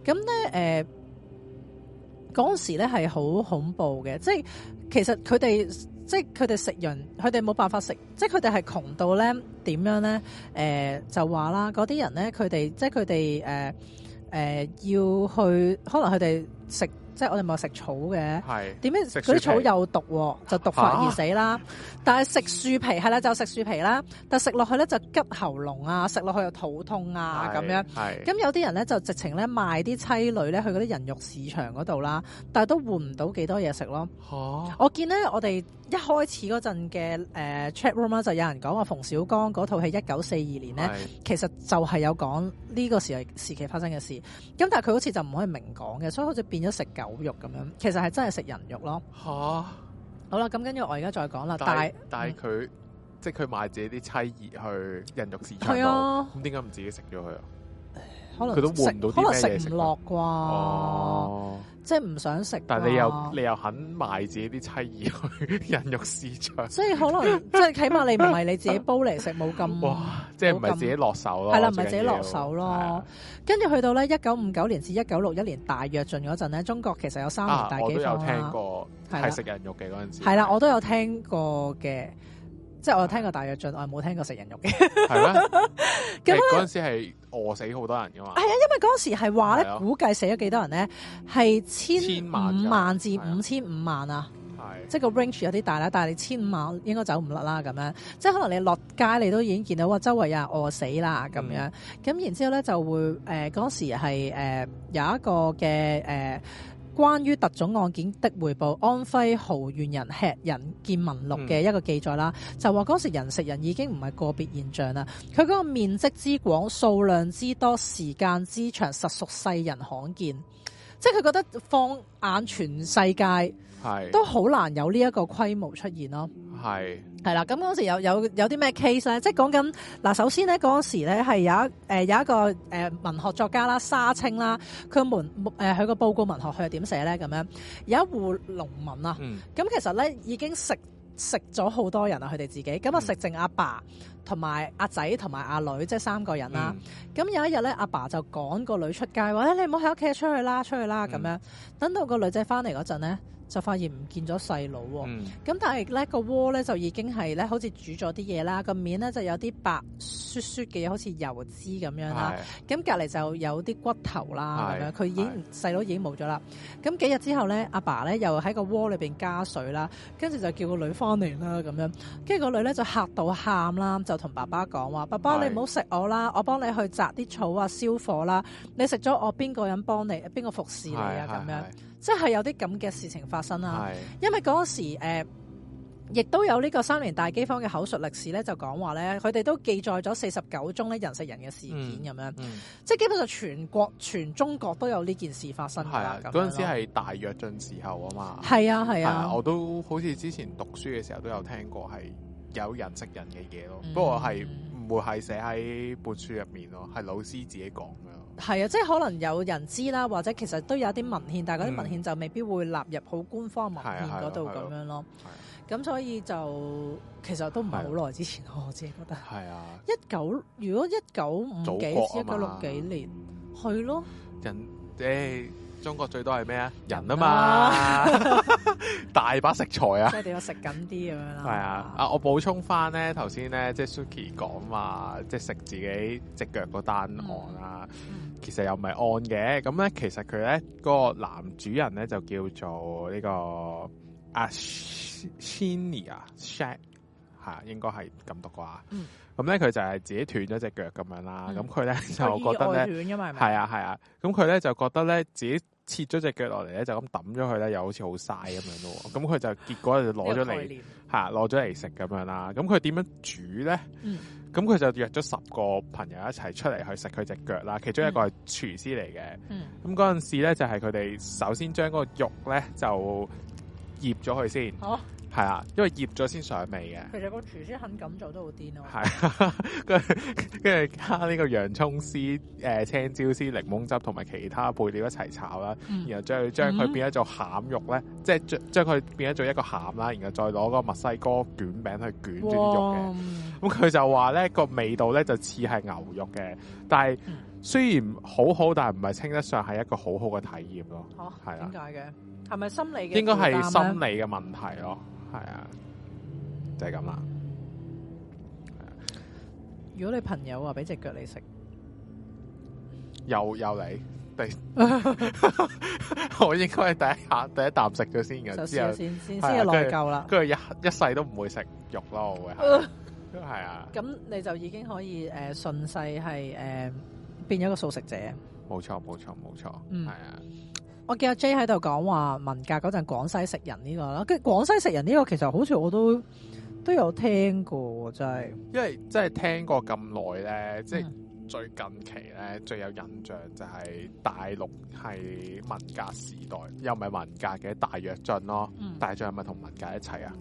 咁咧、嗯，誒，嗰、呃、時咧係好恐怖嘅，即係其實佢哋即係佢哋食人，佢哋冇辦法食，即係佢哋係窮到咧點樣咧？誒、呃，就話啦，嗰啲人咧，佢哋即係佢哋，誒，誒、呃，要去，可能佢哋食。即係我哋咪是樣食草嘅，點樣食嗰啲草有毒喎、喔，就毒發而死啦。啊、但係食樹皮係啦，就食樹皮啦。但食落去咧就急喉嚨啊，食落去又肚痛啊咁是樣。咁是、嗯、有啲人咧就直情咧賣啲妻女咧去嗰啲人肉市場嗰度啦，但係都換唔到幾多嘢食咯。啊、我見咧我哋。一開始嗰陣嘅誒 chat room 啊，就有人講話馮小剛嗰套戲一九四二年咧，是其實就係有講呢個時時期發生嘅事。咁但係佢好似就唔可以明講嘅，所以好似變咗食狗肉咁樣。其實係真係食人肉咯。嚇、啊！好啦，咁跟住我而家再講啦。但係但係是佢、嗯、即係佢賣自己啲妻兒去人肉市場。係啊，咁點解唔自己食咗佢啊？可能佢都換唔到啲咩嘢食落啩？即係唔想食，但係你又、啊、你又肯賣自己啲妻兒去人肉市場，所以可能即係 [laughs] 起碼你唔係你自己煲嚟食，冇咁，哇，即係唔係自己落手咯？係啦的，唔係自己落手咯。跟住、啊、去到咧，一九五九年至一九六一年大躍進嗰陣咧，中國其實有三年大饑荒，我都有聽過係食人肉嘅嗰陣時，係啦，我都有聽過嘅。的的即係我聽過大躍進，我冇聽過食人肉嘅 [laughs] 係咁嗰陣時係餓死好多人噶嘛。係啊，因為嗰陣時係話咧，估計死咗幾多人咧，係千五萬至五千五萬啊。係， [laughs] 即係個 range 有啲大啦，但係你千五萬應該走唔甩啦。咁樣，即係可能你落街，你都已經見到哇，周圍有人餓死啦咁樣。咁 [laughs] 然之後咧就會，誒、呃，嗰陣時係，誒、呃，有一個嘅，誒、呃。關於特種案件的回報，安徽亳縣人吃人見聞錄嘅一個記載啦，嗯、就話嗰時人食人已經唔係個別現象啦，佢嗰個面積之廣、數量之多、時間之長，實屬世人罕見，即係佢覺得放眼全世界是都好難有呢一個規模出現咯。係啦，咁嗰時有有有啲咩 case 咧？即係講緊嗱，首先咧嗰時咧係有誒、呃、有一個誒文學作家啦，沙青啦，佢門誒佢個報告文學佢係點寫咧咁樣？樣有一戶農民啊，咁、嗯、其實咧已經食食咗好多人啊，佢哋自己咁啊食剩阿爸同埋阿仔同埋阿女，即係三個人啦。咁、嗯、有一日咧，阿爸，爸就趕個女出街，話咧你唔好喺屋企，出去啦，出去啦。咁樣、嗯、等到個女仔翻嚟嗰陣咧，就發現唔見咗細佬喎，咁但係咧個鍋咧就已經係咧好似煮咗啲嘢啦，個面咧就有啲白雪雪嘅嘢，好似油脂咁樣啦。咁隔離就有啲骨頭啦咁樣，佢已經細佬已經冇咗啦。咁幾日之後咧，阿爸咧又喺個鍋裏邊加水啦，跟住就叫個女返嚟啦咁樣，跟住個女咧就嚇到喊啦，就同爸爸講話：爸爸你唔好食我啦，我幫你去摘啲草啊，燒火啦，你食咗我邊個人幫你，邊個服侍你啊咁樣。即係有啲咁嘅事情發生啦，是的 因為嗰時誒、呃，亦都有呢個三年大機荒嘅口述歷史咧，就講話咧，佢哋都記載咗四十九宗咧人食人嘅事件咁樣，嗯嗯、即係基本上全國全中國都有呢件事發生啦。嗰陣的樣時係大躍進時候啊嘛，係啊係啊，我都好似之前讀書嘅時候都有聽過，係有人食人嘅嘢咯。嗯、不過係唔會係寫喺本書入面咯，係老師自己講嘅。係啊，即係 [music] 可能有人知啦，或者其實都有啲文獻，但係嗰啲文獻就未必會納入好官方文獻嗰度咁樣咯。咁所以就其實都唔係好耐之前的我自己覺得。係祖國 啊。一九如果一九五幾至一九六幾年，去咯。人誒、欸，中國最多係咩啊？人啊嘛， [laughs] [laughs] [laughs] 大把食材啊。即係我食緊啲咁樣啦。係啊。啊，我補充翻咧，頭先咧，即係 Suki 講話，即係食自己隻腳嗰單案啊。其實又唔係按嘅，咁、嗯、咧其實佢咧嗰個男主人咧就叫做呢個阿 Shania Shack 吓，應該係咁讀啩。咁咧佢就係自己斷咗隻腳咁樣啦。咁佢咧就我覺得咧，係啊，係啊。咁佢咧就覺得咧、啊啊啊、自己切咗隻腳落嚟咧，就咁抌咗佢咧又好似好嘥咁樣咯。咁佢 [laughs] 就結果就攞咗嚟吓攞咗嚟食咁樣啦。咁佢點樣煮咧？嗯咁佢就約咗十個朋友一齊出嚟去食佢隻腳啦，其中一個係廚師嚟嘅。嗯。咁嗰陣時咧，就係佢哋首先將嗰個肉咧就醃咗佢先。好係啊，因為醃咗先上味嘅。其實個廚師肯咁做都、啊，都好癲咯。係， [laughs] 跟住跟住加呢個洋蔥絲、誒、呃、青椒絲、檸檬汁同埋其他配料一齊炒啦，然後再將佢變咗做餡肉咧，即係將佢變咗做一個餡啦，然後再攞個墨西哥卷餅去捲啲肉嘅。咁佢哇、嗯、就話咧、這個味道咧就似係牛肉嘅，但係雖然好好，但係唔係稱得上係一個好好嘅體驗咯。好、啊，係點解嘅？係咪心理嘅？ [laughs] 應該係心理嘅問題咯。係啊，就係咁啦。如果你朋友話俾隻腳你食，又又嚟，第、anyway, 我應該係第一下第一啖食咗先嘅、like，先先先有內疚啦。跟住一一世都唔會食肉咯，會係啊。咁你就已經可以誒順勢係誒變咗個素食者。冇錯，冇錯，冇錯，係啊。我見阿 J 喺度講話文革嗰陣廣西食人呢、呢個啦，跟廣西食人呢個其實好似我都都有聽過，真、就、係、係嗯。因為真係聽過咁耐咧，嗯、即係最近期咧最有印象就係大陸係文革時代，又唔係文革嘅大躍進咯。大躍進係咪同文革一齊啊？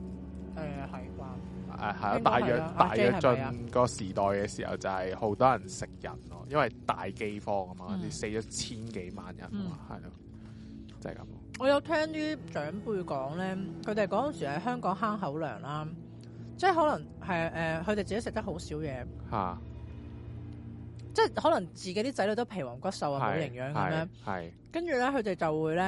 誒係啩？誒係啊！大躍大躍進個時代嘅時候就係好多人食人咯，因為大饑荒啊嘛，你、嗯、死咗千幾萬人啊嘛，係咯。嗯我有聽啲長輩講咧，佢哋嗰陣時喺香港慳口糧啦，即係可能係誒，佢哋自己食得好少嘢，吓哈，即係可能自己啲仔女都皮黃骨瘦啊，冇營養咁樣，係，跟住咧佢哋就會咧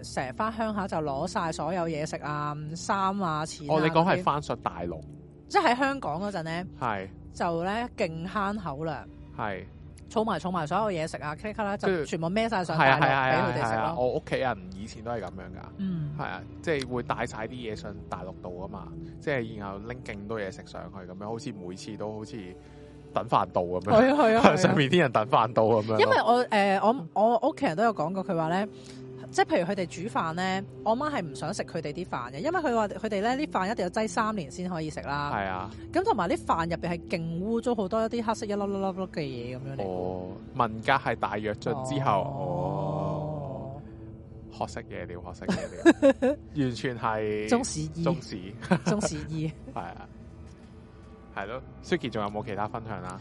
誒，成日翻鄉下就攞晒所有嘢食啊，衫啊，錢啊，哦，你講係翻上大陸，即係喺香港嗰陣咧，係是就咧勁慳口糧，係是。儲埋儲埋所有嘢食啊，即啦著就全部孭晒上嚟俾佢哋食。我屋企人以前都係咁樣噶，係、嗯、啊，即係會帶晒啲嘢上大陸度啊嘛，即係然後拎勁多嘢食上去咁樣，好似每次都好似等飯到咁樣，係啊係啊， [laughs] 上面啲人等飯到咁樣。啊啊、因為我誒、呃、我我屋企人都有講過，佢話咧。即係譬如佢哋煮飯咧，我媽係唔想食佢哋啲飯嘅，因為佢話佢哋咧啲飯一定要擠三年先可以食啦。係啊，咁同埋啲飯入邊係勁污糟，好多一啲黑色一粒一粒一粒嘅嘢咁樣。哦，文革係大躍進之後學識嘅，啲學識嘅，哦、 [laughs] 完全係中史二，中史，中史二，係啊， [laughs] 係咯。 [laughs] Suki 仲有冇其他分享啊？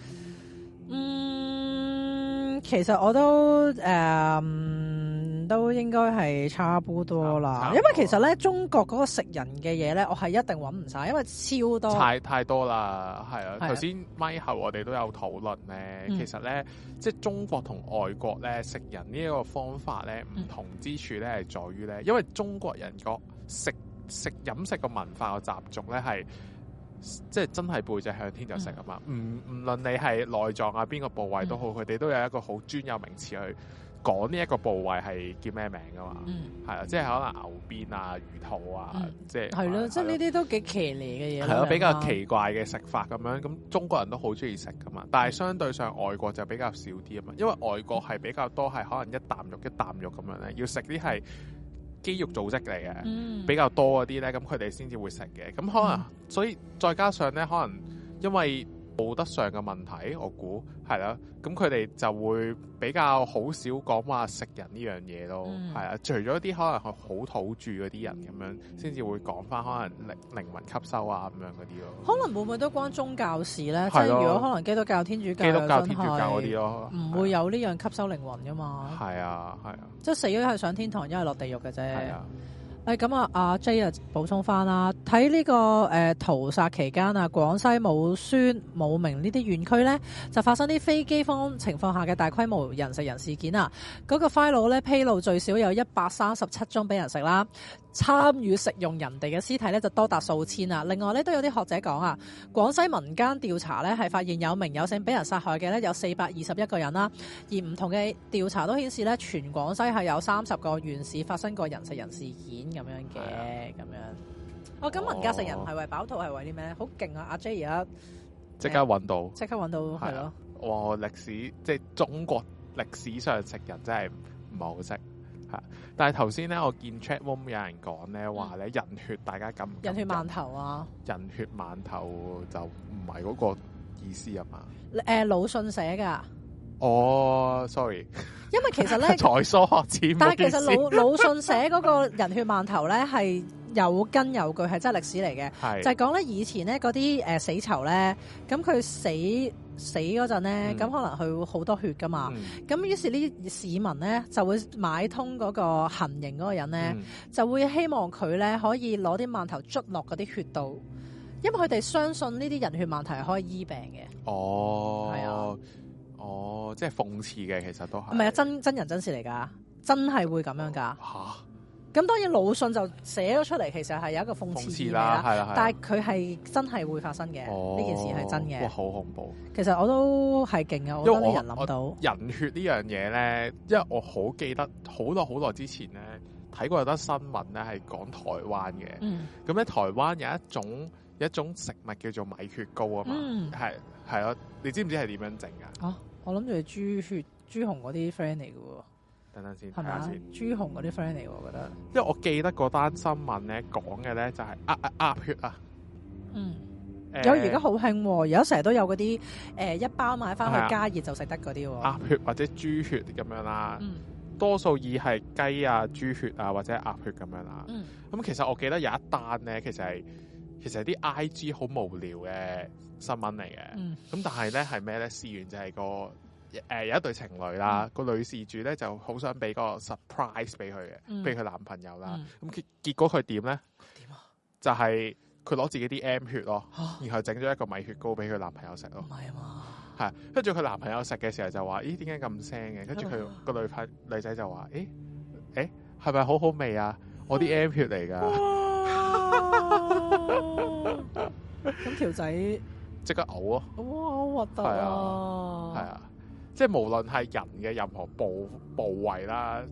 嗯，其實我都誒。嗯嗯都應該係差不多啦，啊、因為其實咧，啊、中國嗰個食人嘅嘢咧，我係一定揾唔晒，因為超多太太多啦，係啊！頭先咪後我哋都有討論咧，嗯、其實咧，即係中國同外國咧食人呢一個方法咧唔同之處咧係在於咧，因為中國人個食食飲食嘅文化嘅習俗咧係即係真係背脊向天就食啊嘛，唔唔、嗯、論你係內臟啊邊個部位都好，佢哋都有一個好專有名詞去。講呢一個部位係叫咩名噶嘛？係啊、嗯，即係可能牛鞭啊、魚肚啊，嗯、即係係咯，的即係呢啲都幾騎呢嘅嘢。係咯，比較奇怪嘅食法咁樣。咁中國人都好中意食噶嘛，但係相對上外國就比較少啲啊嘛。因為外國係比較多係可能一啖肉一啖肉咁樣咧，要食啲係肌肉組織嚟嘅，嗯、比較多嗰啲咧，咁佢哋先至會食嘅。咁可能、嗯、所以再加上咧，可能因為。道德上嘅問題，我估係啦，咁佢哋就會比較好少講話食人呢樣嘢咯，係啊、嗯，除咗啲可能係好土著嗰啲人咁、嗯、樣，先至會講翻可能靈靈魂吸收啊咁樣嗰啲咯。可能會唔會都關宗教事咧？係啊，即係如果可能基督教、天主教、基督教、天主教嗰啲咯，唔會有呢樣吸收靈魂噶嘛？係啊，係啊，即係死咗一係上天堂，一係落地獄嘅啫。誒咁、哎、啊！阿 J 啊，補充翻啦，睇呢、這個誒、呃、屠殺期間啊，廣西武宣、武鳴呢啲縣區呢，就發生啲非饑荒情況下嘅大規模人食人事件啊！嗰、那個 file 咧披露最少有一百三十七宗俾人食啦。參與食用人哋嘅屍體咧，就多達數千啊！另外咧，都有啲學者講啊，廣西民間調查咧，係發現有名有姓俾人殺害嘅咧，有四百二十一個人啦。而唔同嘅調查都顯示咧，全廣西係有三十個縣市發生過人食人事件咁樣嘅，咁、啊、樣。哦，咁民間食人係為飽肚，係為啲咩咧？好勁啊！阿 J 而家即刻揾到，即、哎、刻揾到，係咯、啊。我、啊哦、歷史即係中國歷史上食人真係唔係好識。但係頭先咧，我見 Chatroom 有人講咧，話咧人血，大家敢，敢，敢，敢人血饅頭啊？人血饅頭就唔係嗰個意思啊嘛。誒、呃，魯迅寫噶？哦，sorry，因為其實咧，才疏 [laughs] 學淺， [laughs] 但係其實魯魯迅寫嗰個人血饅頭咧係。 [laughs] 有根有據係真係歷史嚟嘅，係就係講咧以前咧嗰啲誒死囚咧，咁佢死死嗰陣咧，咁、嗯、可能佢會好多血㗎嘛，咁、嗯、於是呢啲市民咧就會買通嗰個行刑嗰個人咧，嗯、就會希望佢咧可以攞啲饅頭捽落嗰啲血度，因為佢哋相信呢啲人血饅頭係可以醫病嘅。哦，係啊哦，哦，即係諷刺嘅其實都係，唔係啊，真真人真事嚟㗎，真係會咁樣㗎吓。咁當然魯迅就寫咗出嚟，其實係有一個諷刺，刺啦，啊啊、但係佢係真係會發生嘅，呢、哦、件事係真嘅。哇，好恐怖！其實我都係勁嘅，我，我覺得啲人諗到人血呢樣嘢咧，因為我好記得好耐好耐之前咧睇過有得新聞咧係講台灣嘅，咁咧、嗯、台灣有一種一種食物叫做米血糕啊嘛，係係咯，你知唔知係點樣整噶？哦、啊，我諗住係豬血豬紅嗰啲 friend 嚟嘅喎。等等先，睇下先。豬紅嗰啲 friend 嚟，我覺得。因為我記得嗰單新聞咧，講嘅咧就係鴨鴨血啊。嗯。誒、啊，因為而家好興，而家成日都有嗰啲誒一包買翻去加熱就食得嗰啲。鴨、啊、血或者豬血咁樣啦。多數以係雞啊、豬、嗯啊、血啊或者鴨血咁樣啦、啊。嗯。咁、嗯嗯、其實我記得有一單咧，其實係其實係啲 I G 好無聊嘅新聞嚟嘅。嗯。咁、嗯、但係咧係咩咧？事源就係個。誒，有一對情侶啦，個女事主咧就好想俾個 surprise 俾佢嘅，俾佢男朋友啦。咁結結果佢點咧？點啊？就係佢攞自己啲 M 血咯，然後整咗一個米血糕俾佢男朋友食咯。唔係啊嘛，係。跟住佢男朋友食嘅時候就話：，咦，點解咁腥嘅？跟住佢個女女仔就話：，誒，誒，係咪好好味啊？我啲 M 血嚟噶。咁條仔即刻嘔咯！哇，好核突啊！係啊。即係無論係人嘅任何部部位啦，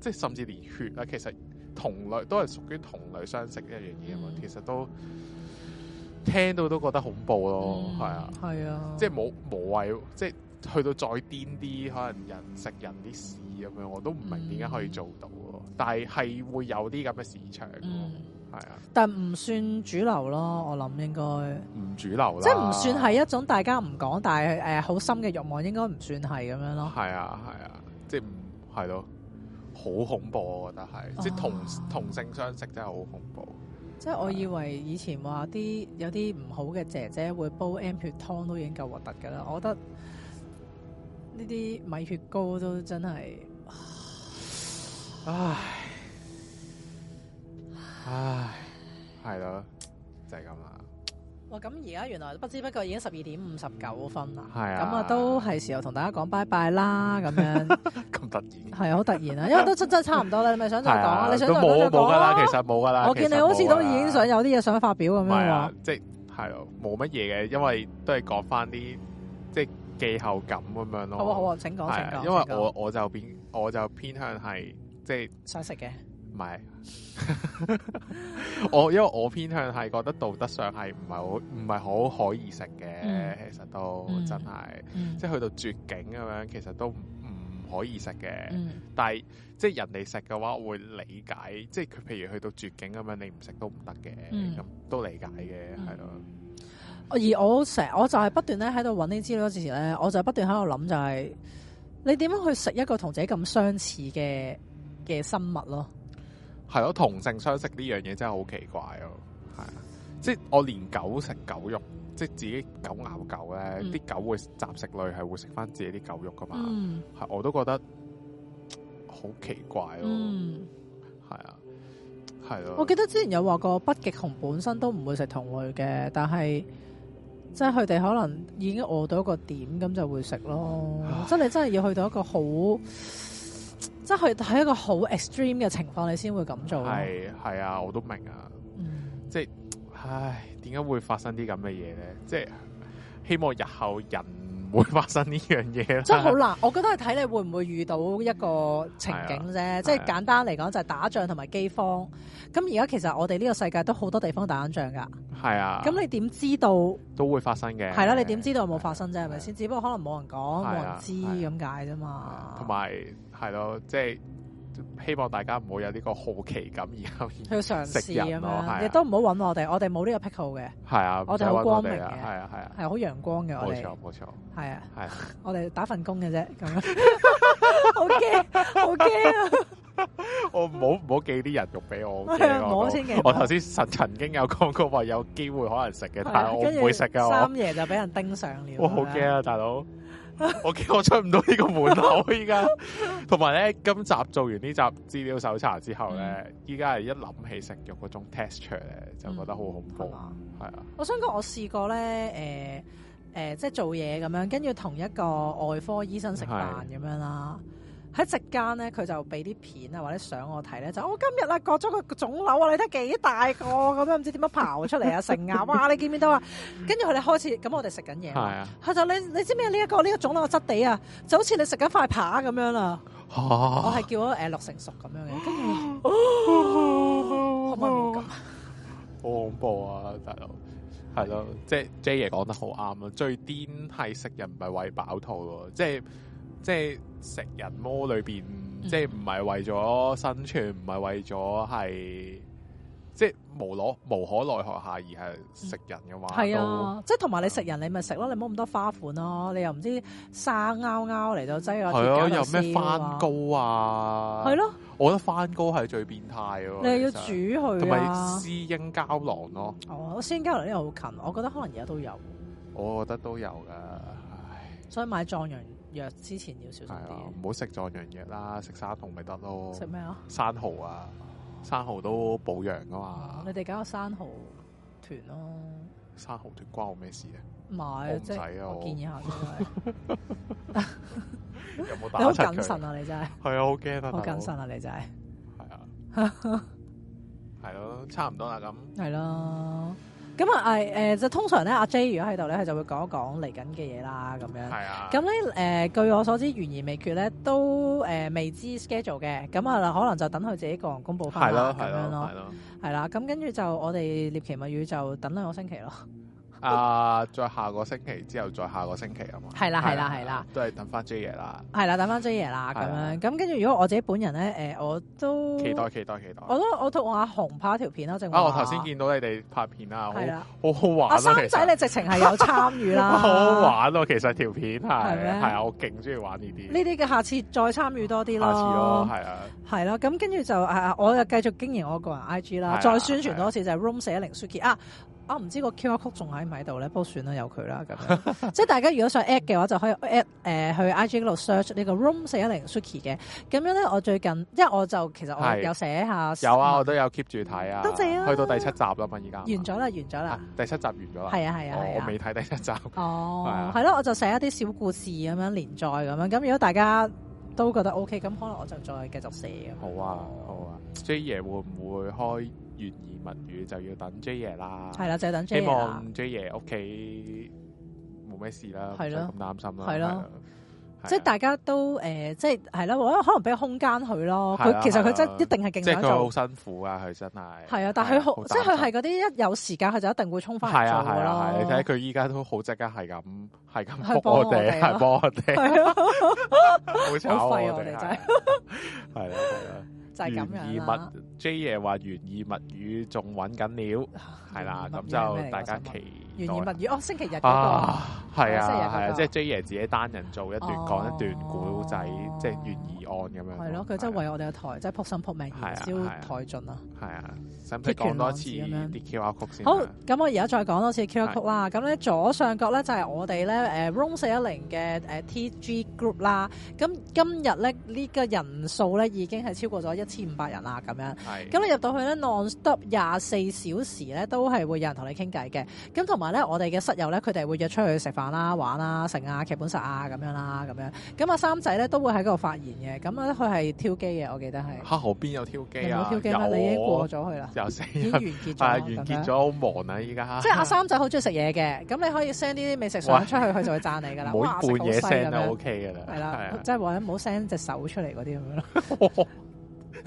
即係甚至連血啊，其實同類都係屬於同類相食一樣嘢啊嘛。嗯、其實都聽到都覺得恐怖咯，係、嗯、啊，係啊。即係冇無謂，即係去到再癲啲，可能人食人啲屎咁樣，我都唔明點解可以做到咯，嗯、但係係會有啲咁嘅市場。嗯係啊，但唔算主流咯，我諗應該唔主流啦。即係唔算係一種大家唔講，但係誒好深嘅欲望，應該唔算係咁樣咯。係啊係啊，啊，即係唔係咯，好恐怖啊！但係即係同同性相食真係好恐怖。啊啊、即係我以為以前話啲有啲唔好嘅姐姐會煲 M 血湯都已經夠核突噶啦，我覺得呢啲米血糕都真係，唉。唉唉，係咯，就係咁啦。哇，咁而家原來不知不覺已經十二點五十九分啦。係啊，咁啊都係時候同大家講拜拜啦，咁樣。咁突然？係啊，好突然啊，因為都真真差唔多啦。你咪想再講？你想再講就講啦。其實冇噶啦。我見你好似都已經想有啲嘢想發表咁樣。唔係啊，即係係咯，冇乜嘢嘅，因為都係講翻啲即係記後感咁樣咯。好啊好啊，請講請講。因為我我就偏我就偏向係即係想食嘅。唔係， [laughs] 我因為我偏向係覺得道德上係唔係好唔係好可以食嘅，嗯、其實都、嗯、真係，嗯、即係去到絕境咁樣，其實都唔可以食嘅。嗯、但係即係人哋食嘅話，我會理解，即係佢譬如去到絕境咁樣，你唔食都唔得嘅，咁、嗯、都理解嘅，係咯、嗯。的而我成日我就係不斷咧喺度搵呢啲資料嗰時咧，我就不斷喺度諗，就係、就是、你點樣去食一個同自己咁相似嘅嘅生物咯。係咯，同性相食呢樣嘢真係好奇怪咯，係啊，即係我連狗食狗肉，即係自己狗咬狗咧，啲、嗯、狗會雜食類係會食翻自己啲狗肉噶嘛，係、嗯、我都覺得好奇怪咯，係啊，係咯、嗯。我記得之前有話過北極熊本身都唔會食同類嘅，但係即係佢哋可能已經餓到一個點，咁就會食咯。唉真係真係要去到一個好。即係喺一個好 extreme 嘅情況，你先會咁做咯。係係啊，我都明啊。嗯、即係，唉，點解會發生啲咁嘅嘢咧？即係希望日後人唔會發生呢樣嘢咯。真係好難，我覺得係睇你會唔會遇到一個情景啫。啊啊、即係簡單嚟講，就係打仗同埋饑荒。咁而家其實我哋呢個世界都好多地方打緊仗噶。係啊。咁你點知道？都會發生嘅。係啦、啊，你點知道有冇發生啫？係咪先？只不過可能冇人講，冇人知咁解啫嘛。同埋、啊。係咯，即係希望大家唔好有呢個好奇感，然後去嘗試咁樣，亦都唔好揾我哋，我哋冇呢個癖好嘅。係啊，我哋好光明嘅，係啊，係啊，係好陽光嘅。我哋冇錯，冇錯，係啊，係啊，我哋打份工嘅啫，咁樣好驚，好驚啊！我唔好唔好寄啲人肉俾我，我先我頭先曾曾經有講過話有機會可能食嘅，但係我唔會食噶。三爺就俾人盯上了，我好驚啊，大佬！我驚、 [laughs] okay, 我出唔到呢個門口依家， [laughs] 同埋咧今集做完呢集資料搜查之後咧，依家係一諗起食肉嗰種 texture 咧，就覺得好恐怖，係、嗯、啊！我想講我試過咧，誒、呃、誒、呃，即係做嘢，咁樣，跟住同一個外科醫生食飯咁樣啦。喺席間咧，佢就俾啲片啊或者相我睇咧，就我、哦、今日啊割咗個腫瘤啊，你睇幾大個咁樣，唔知點樣刨出嚟啊成牙，哇！你見唔見到啊？跟住佢哋開始咁，我哋食緊嘢。係啊。佢就你你知唔知呢一個呢、呢個腫瘤嘅質地啊？就好似你食緊塊扒咁樣啦。啊、我係叫誒、呃、六成熟咁樣嘅。跟住。好恐怖啊！大佬，係咯，即係 J 爺講得好啱啊！最癲係食人唔係餵飽肚喎，即係。即係食人魔裏邊，嗯、即係唔係為咗生存，唔係、嗯、為咗係，即係無落無可奈何下而係食人嘅話，係啊、嗯，都即係同埋你食人你食，你咪食咯，你冇咁多花款咯，你又唔知沙凹凹嚟到擠啊，係咯，有咩番糕啊，係咯、啊，啊、我覺得番糕係最變態，你又要煮佢，同埋私英膠囊咯、啊，哦、啊，私英膠囊呢度好近，我覺得可能而家都有，我覺得都有噶，所以買壯陽。藥之前要小心，唔好食壯陽藥啦，食生蠔咪得咯。食咩啊？生蠔啊，生蠔都補陽噶嘛。你哋搞個生蠔團咯。生蠔團關我咩事啊？唔係，即係啊，我建議下你。有冇打？你好謹慎啊，你真係。係啊，好驚啊。好謹慎啊，你真係。係啊。係咯，差唔多啦，咁。係咯。咁啊誒誒，就、嗯、通常咧，阿 J 如果喺度咧，佢就會講一講嚟緊嘅嘢啦，咁樣。係是啊。咁咧誒，據我所知，懸而未決咧，都誒未知 schedule 嘅。咁啊，可能就等佢自己個人公佈翻啦，咁、啊啊啊啊、樣咯。係咯，係咯。係啦。咁跟住就我哋獵奇物語就等兩個星期咯。啊！再下個星期之後，再下個星期啊嘛，係啦係啦係啦，都係等翻 J 爺啦，係啦，等翻 J 爺啦咁樣。咁跟住如果我自己本人咧，誒我都期待期待期待。我都，我同我阿雄拍條片啦，正話。啊！我頭先見到你哋拍片啦，係啦，好好玩。阿生仔你直情係有參與啦，好好玩咯。其實條片係係啊，我勁中意玩呢啲。呢啲嘅，下次再參與多啲咯。下次咯，係啊。係咯，咁跟住就啊，我又繼續經營我個人 IG 啦，再宣傳多次就 Room 四一零 Suki 啊。我唔、啊、知個 QR code 仲喺唔喺度咧，不過算啦，有佢啦。咁， [laughs] 即係大家如果想 at 嘅話，就可以 at 誒、呃、去 IG 嗰度 search 呢個 room 四一零 Suki 嘅。咁樣咧，我最近因為我就其實我有寫下，有啊，我都有 keep 住睇啊。多謝，謝啊！去到第七集啦嘛，而家完咗啦，完咗啦、啊。第七集完咗啦。係啊，係啊，啊哦、我未睇第一集。哦，係咯、啊啊，我就寫一啲小故事咁樣連載咁樣。咁如果大家都覺得 OK，咁可能我就再繼續寫啊。好啊，好啊。J 爺、啊啊啊、會唔會開？言言文語就要等 J 爺啦，係啦就等希望 J 爺屋企冇咩事啦，唔使咁擔心啦。係咯，即係大家都誒，即係係咯，我可能俾個空間佢咯。佢其實佢真一定係勁，即係佢好辛苦啊，佢真係。係啊，但係佢好，即係係嗰啲一有時間佢就一定會衝翻嚟做咯。係啊係啊係，睇佢依家都好即刻係咁係咁，我哋，幫我哋。好費我哋係，係係啦。原意物，J 爺話原意物語仲揾緊料，係啦，咁就大家期。奇 [laughs] 懸疑物語哦，星期日嗰個係啊，係啊，即係 J 爺自己單人做一段講一段古仔，即係《懸疑案》咁樣。係咯，佢真係為我哋個台即係撲心撲命燃燒殆盡啊！係啊，使唔使講多次咁樣啲 QR Code 先？好，咁我而家再講多次 QR Code 啦。咁咧左上角咧就係我哋咧誒 Room 四一零嘅誒 TG Group 啦。咁今日咧呢個人數咧已經係超過咗一千五百人啦。咁樣係咁，你入到去咧，Non Stop 廿四小時咧都係會有人同你傾偈嘅。咁同埋。我哋嘅室友咧，佢哋會約出去食飯啦、玩啦、成啊劇本殺啊咁樣啦、咁樣。咁阿三仔咧都會喺嗰度發言嘅。咁咧佢係挑機嘅，我記得係。嚇！後邊有挑機啊！有。完結咗。係啊，完結咗，好忙啊！依家。即係阿三仔好中意食嘢嘅，咁你可以 send 啲啲美食出去，佢就會贊你噶啦。唔好半夜 send 都 OK 噶啦。係啦，即係或者唔好 send 隻手出嚟嗰啲咁樣咯。 [laughs]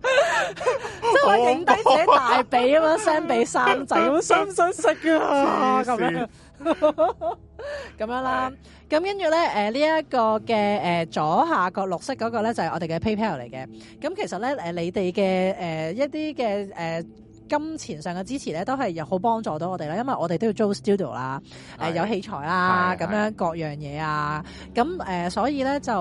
即係我影低自己大髀咁樣 send 俾三仔，好想唔想食啊？咁 [laughs] 樣咁樣啦，咁跟住咧，誒呢一、呃這個嘅誒、呃、左下角綠色嗰個咧就係、是、我哋嘅 PayPal 嚟嘅，咁、嗯、其實咧誒、呃、你哋嘅誒一啲嘅誒。呃金錢上嘅支持咧，都係又好幫助到我哋啦，因為我哋都要做 studio 啦，誒的、呃、有器材啦，咁是的 樣各樣嘢啊，咁、嗯、誒、呃、所以咧就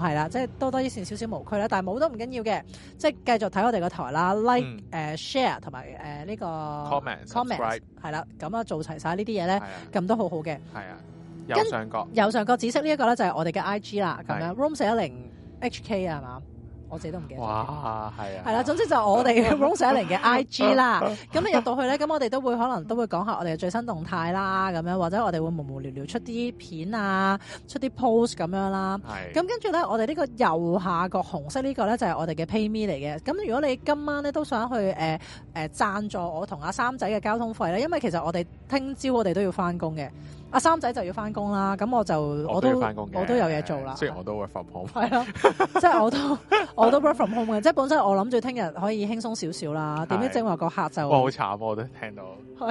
係啦，即係多多益善少少無拘啦，但係冇都唔緊要嘅，即、就、係、是、繼續睇我哋個台啦，like 誒、嗯呃、share 同埋誒呢個 comment，comment 係啦，咁啊言閱、嗯、做齊曬呢啲嘢咧，咁的都好好嘅，係啊，右上角右上角紫色呢一個咧就係我哋嘅 IG 啦，咁樣 room 四一零 HK 啊嘛。的我自己都唔記得。哇，係啊，係啦，總之就係我哋 r o s e n g 嘅 I G 啦。咁你入到去咧，咁我哋都會可能都會講下我哋嘅最新動態啦。咁樣或者我哋會無無聊聊出啲片啊，出啲 post 咁樣啦。咁跟住咧，我哋呢個右下角紅色個呢個咧就係、是、我哋嘅 Pay Me 嚟嘅。咁如果你今晚咧都想去誒誒、呃呃、讚助我同阿三仔嘅交通費咧，因為其實我哋聽朝我哋都要翻工嘅。阿三仔就要翻工啦，咁我就我都翻工，我都有嘢做啦，雖然我都會 from home 係咯，即係我都我都 work from home 嘅，即係本身我諗住聽日可以輕鬆少少啦。點知正話個客就哇，好慘，我都聽到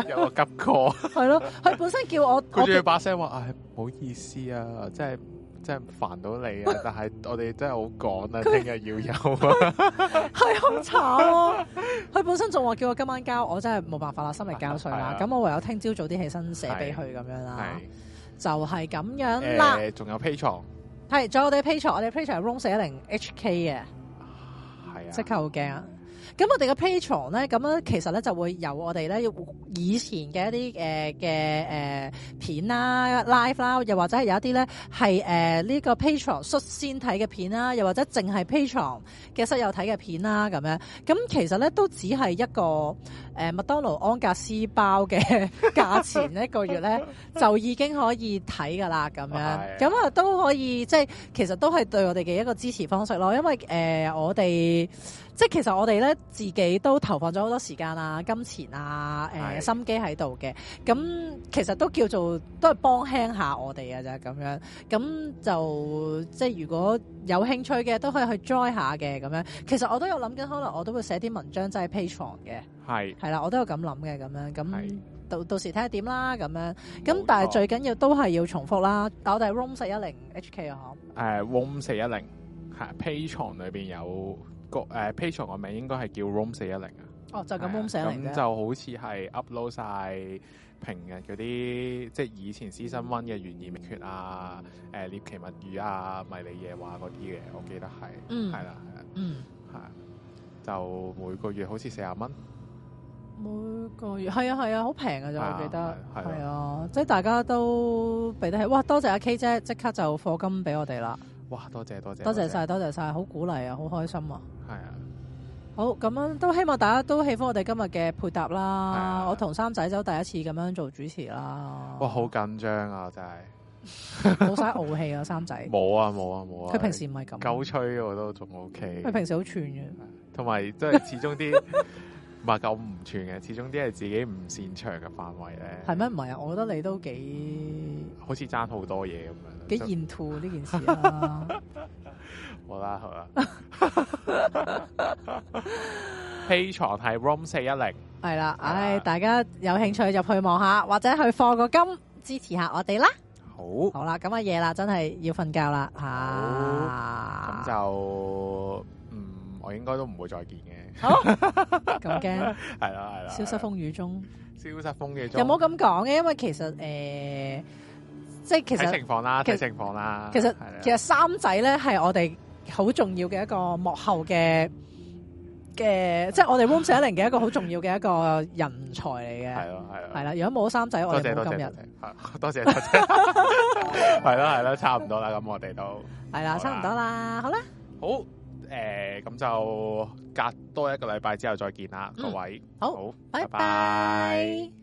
有個急 call。係咯，佢本身叫我，佢仲要把聲話，唉，唔好意思啊，即係。真係煩到你啊！但係我哋真係好趕啊，聽日要有啊， [laughs] 係好慘啊！佢本身仲話叫我今晚交，我真係冇辦法啦，心力交瘁啦。咁、啊啊、我唯有聽朝早啲起身寫俾佢咁樣、呃、啦。係就係咁樣啦。仲有 P 床，係仲 [laughs] 有我哋 P 床，我哋 P 床係 room 四一零 HK 嘅，係啊，即刻好驚啊！咁我哋嘅 Patreon 咧，咁樣其實咧就會有我哋咧以前嘅一啲誒嘅誒片啦、啊、live 啦、啊，又或者係有一啲咧係誒呢、呃這個 Patreon 率先睇嘅片啦、啊，又或者淨係 Patreon 嘅室友睇嘅片啦、啊，咁樣咁其實咧都只係一個誒麥、呃、當勞安格斯包嘅 [laughs] 價錢一個月咧， [laughs] 就已經可以睇噶啦，咁樣咁啊、oh, is. 都可以即係其實都係對我哋嘅一個支持方式咯，因為誒、呃、我哋。呃呃我 [laughs] 即係其實我哋咧自己都投放咗好多時間啊、金錢啊、誒、呃、是心機喺度嘅。咁、嗯、其實都叫做都係幫輕下我哋啊，就咁樣。咁就即係如果有興趣嘅，都可以去 join 下嘅咁樣。其實我都有諗緊，可能我都會寫啲文章真係 p 床嘅。係係是啦，我都有咁諗嘅咁樣。咁到到時睇下點啦。咁樣咁，但係錯最緊要都係要重複啦。我哋 room 四一零 H K 啊、嗯、嗬、uh,。誒 room 四一零嚇，page 裏邊有。 [music] 個誒，Patreon 我名應該係叫 Room 四一零啊。哦、嗯，就咁 room 上嚟啫。咁就好似係 upload 晒平日嗰啲，即係、嗯、以前私生温嘅懸疑名劇啊，誒、啊，獵奇物語啊，迷你夜話嗰啲嘅，我記得係，係啦，係啦，嗯，係，就每個月好似四十蚊。每個月係啊係啊，好平啊就我記得，係啊，啊啊啊啊即係大家都俾得起，哇！多謝阿 K 姐，即刻就課金俾我哋啦。哇！多謝多謝，多謝晒多謝晒，好鼓勵啊，好開心啊，係啊，好咁樣都希望大家都喜歡我哋今日嘅配搭啦，啊、我同三仔就第一次咁樣做主持啦，哇，好緊張啊，真係冇晒傲氣啊，三仔，冇啊冇啊冇啊，佢、啊、平時唔係咁，狗吹我都仲 OK，佢平時好串嘅，同埋都係始終啲。唔係咁唔全嘅，始終啲係自己唔擅長嘅範圍咧。係咩？唔係啊！我覺得你都幾、嗯、好似爭好多嘢咁樣。幾延攤呢件事啊！好啦，好啦。Patreon 係 room 四一零。係啦，唉，大家有興趣入去望下，或者去放個金支持下我哋啦。好。好啦，咁啊夜啦，真係要瞓覺啦吓，咁、啊、好 [laughs] 就。我應該都唔會再見嘅。好咁驚，係啦係啦。消失風雨中，消失風雨中。有冇咁講嘅，因為其實誒，即係其實睇情況啦，睇情況啦。其實其實三仔咧係我哋好重要嘅一個幕後嘅嘅，即係我哋 room 嘅一個好重要嘅一個人才嚟嘅。係咯係咯，係啦。如果冇三仔，我哋冇今日。多謝多謝，係啦係啦，差唔多啦。咁我哋都係啦，差唔多啦。好啦，好。誒咁、欸、就隔多一個禮拜之後再見啦，嗯、各位，好，拜拜。Bye bye。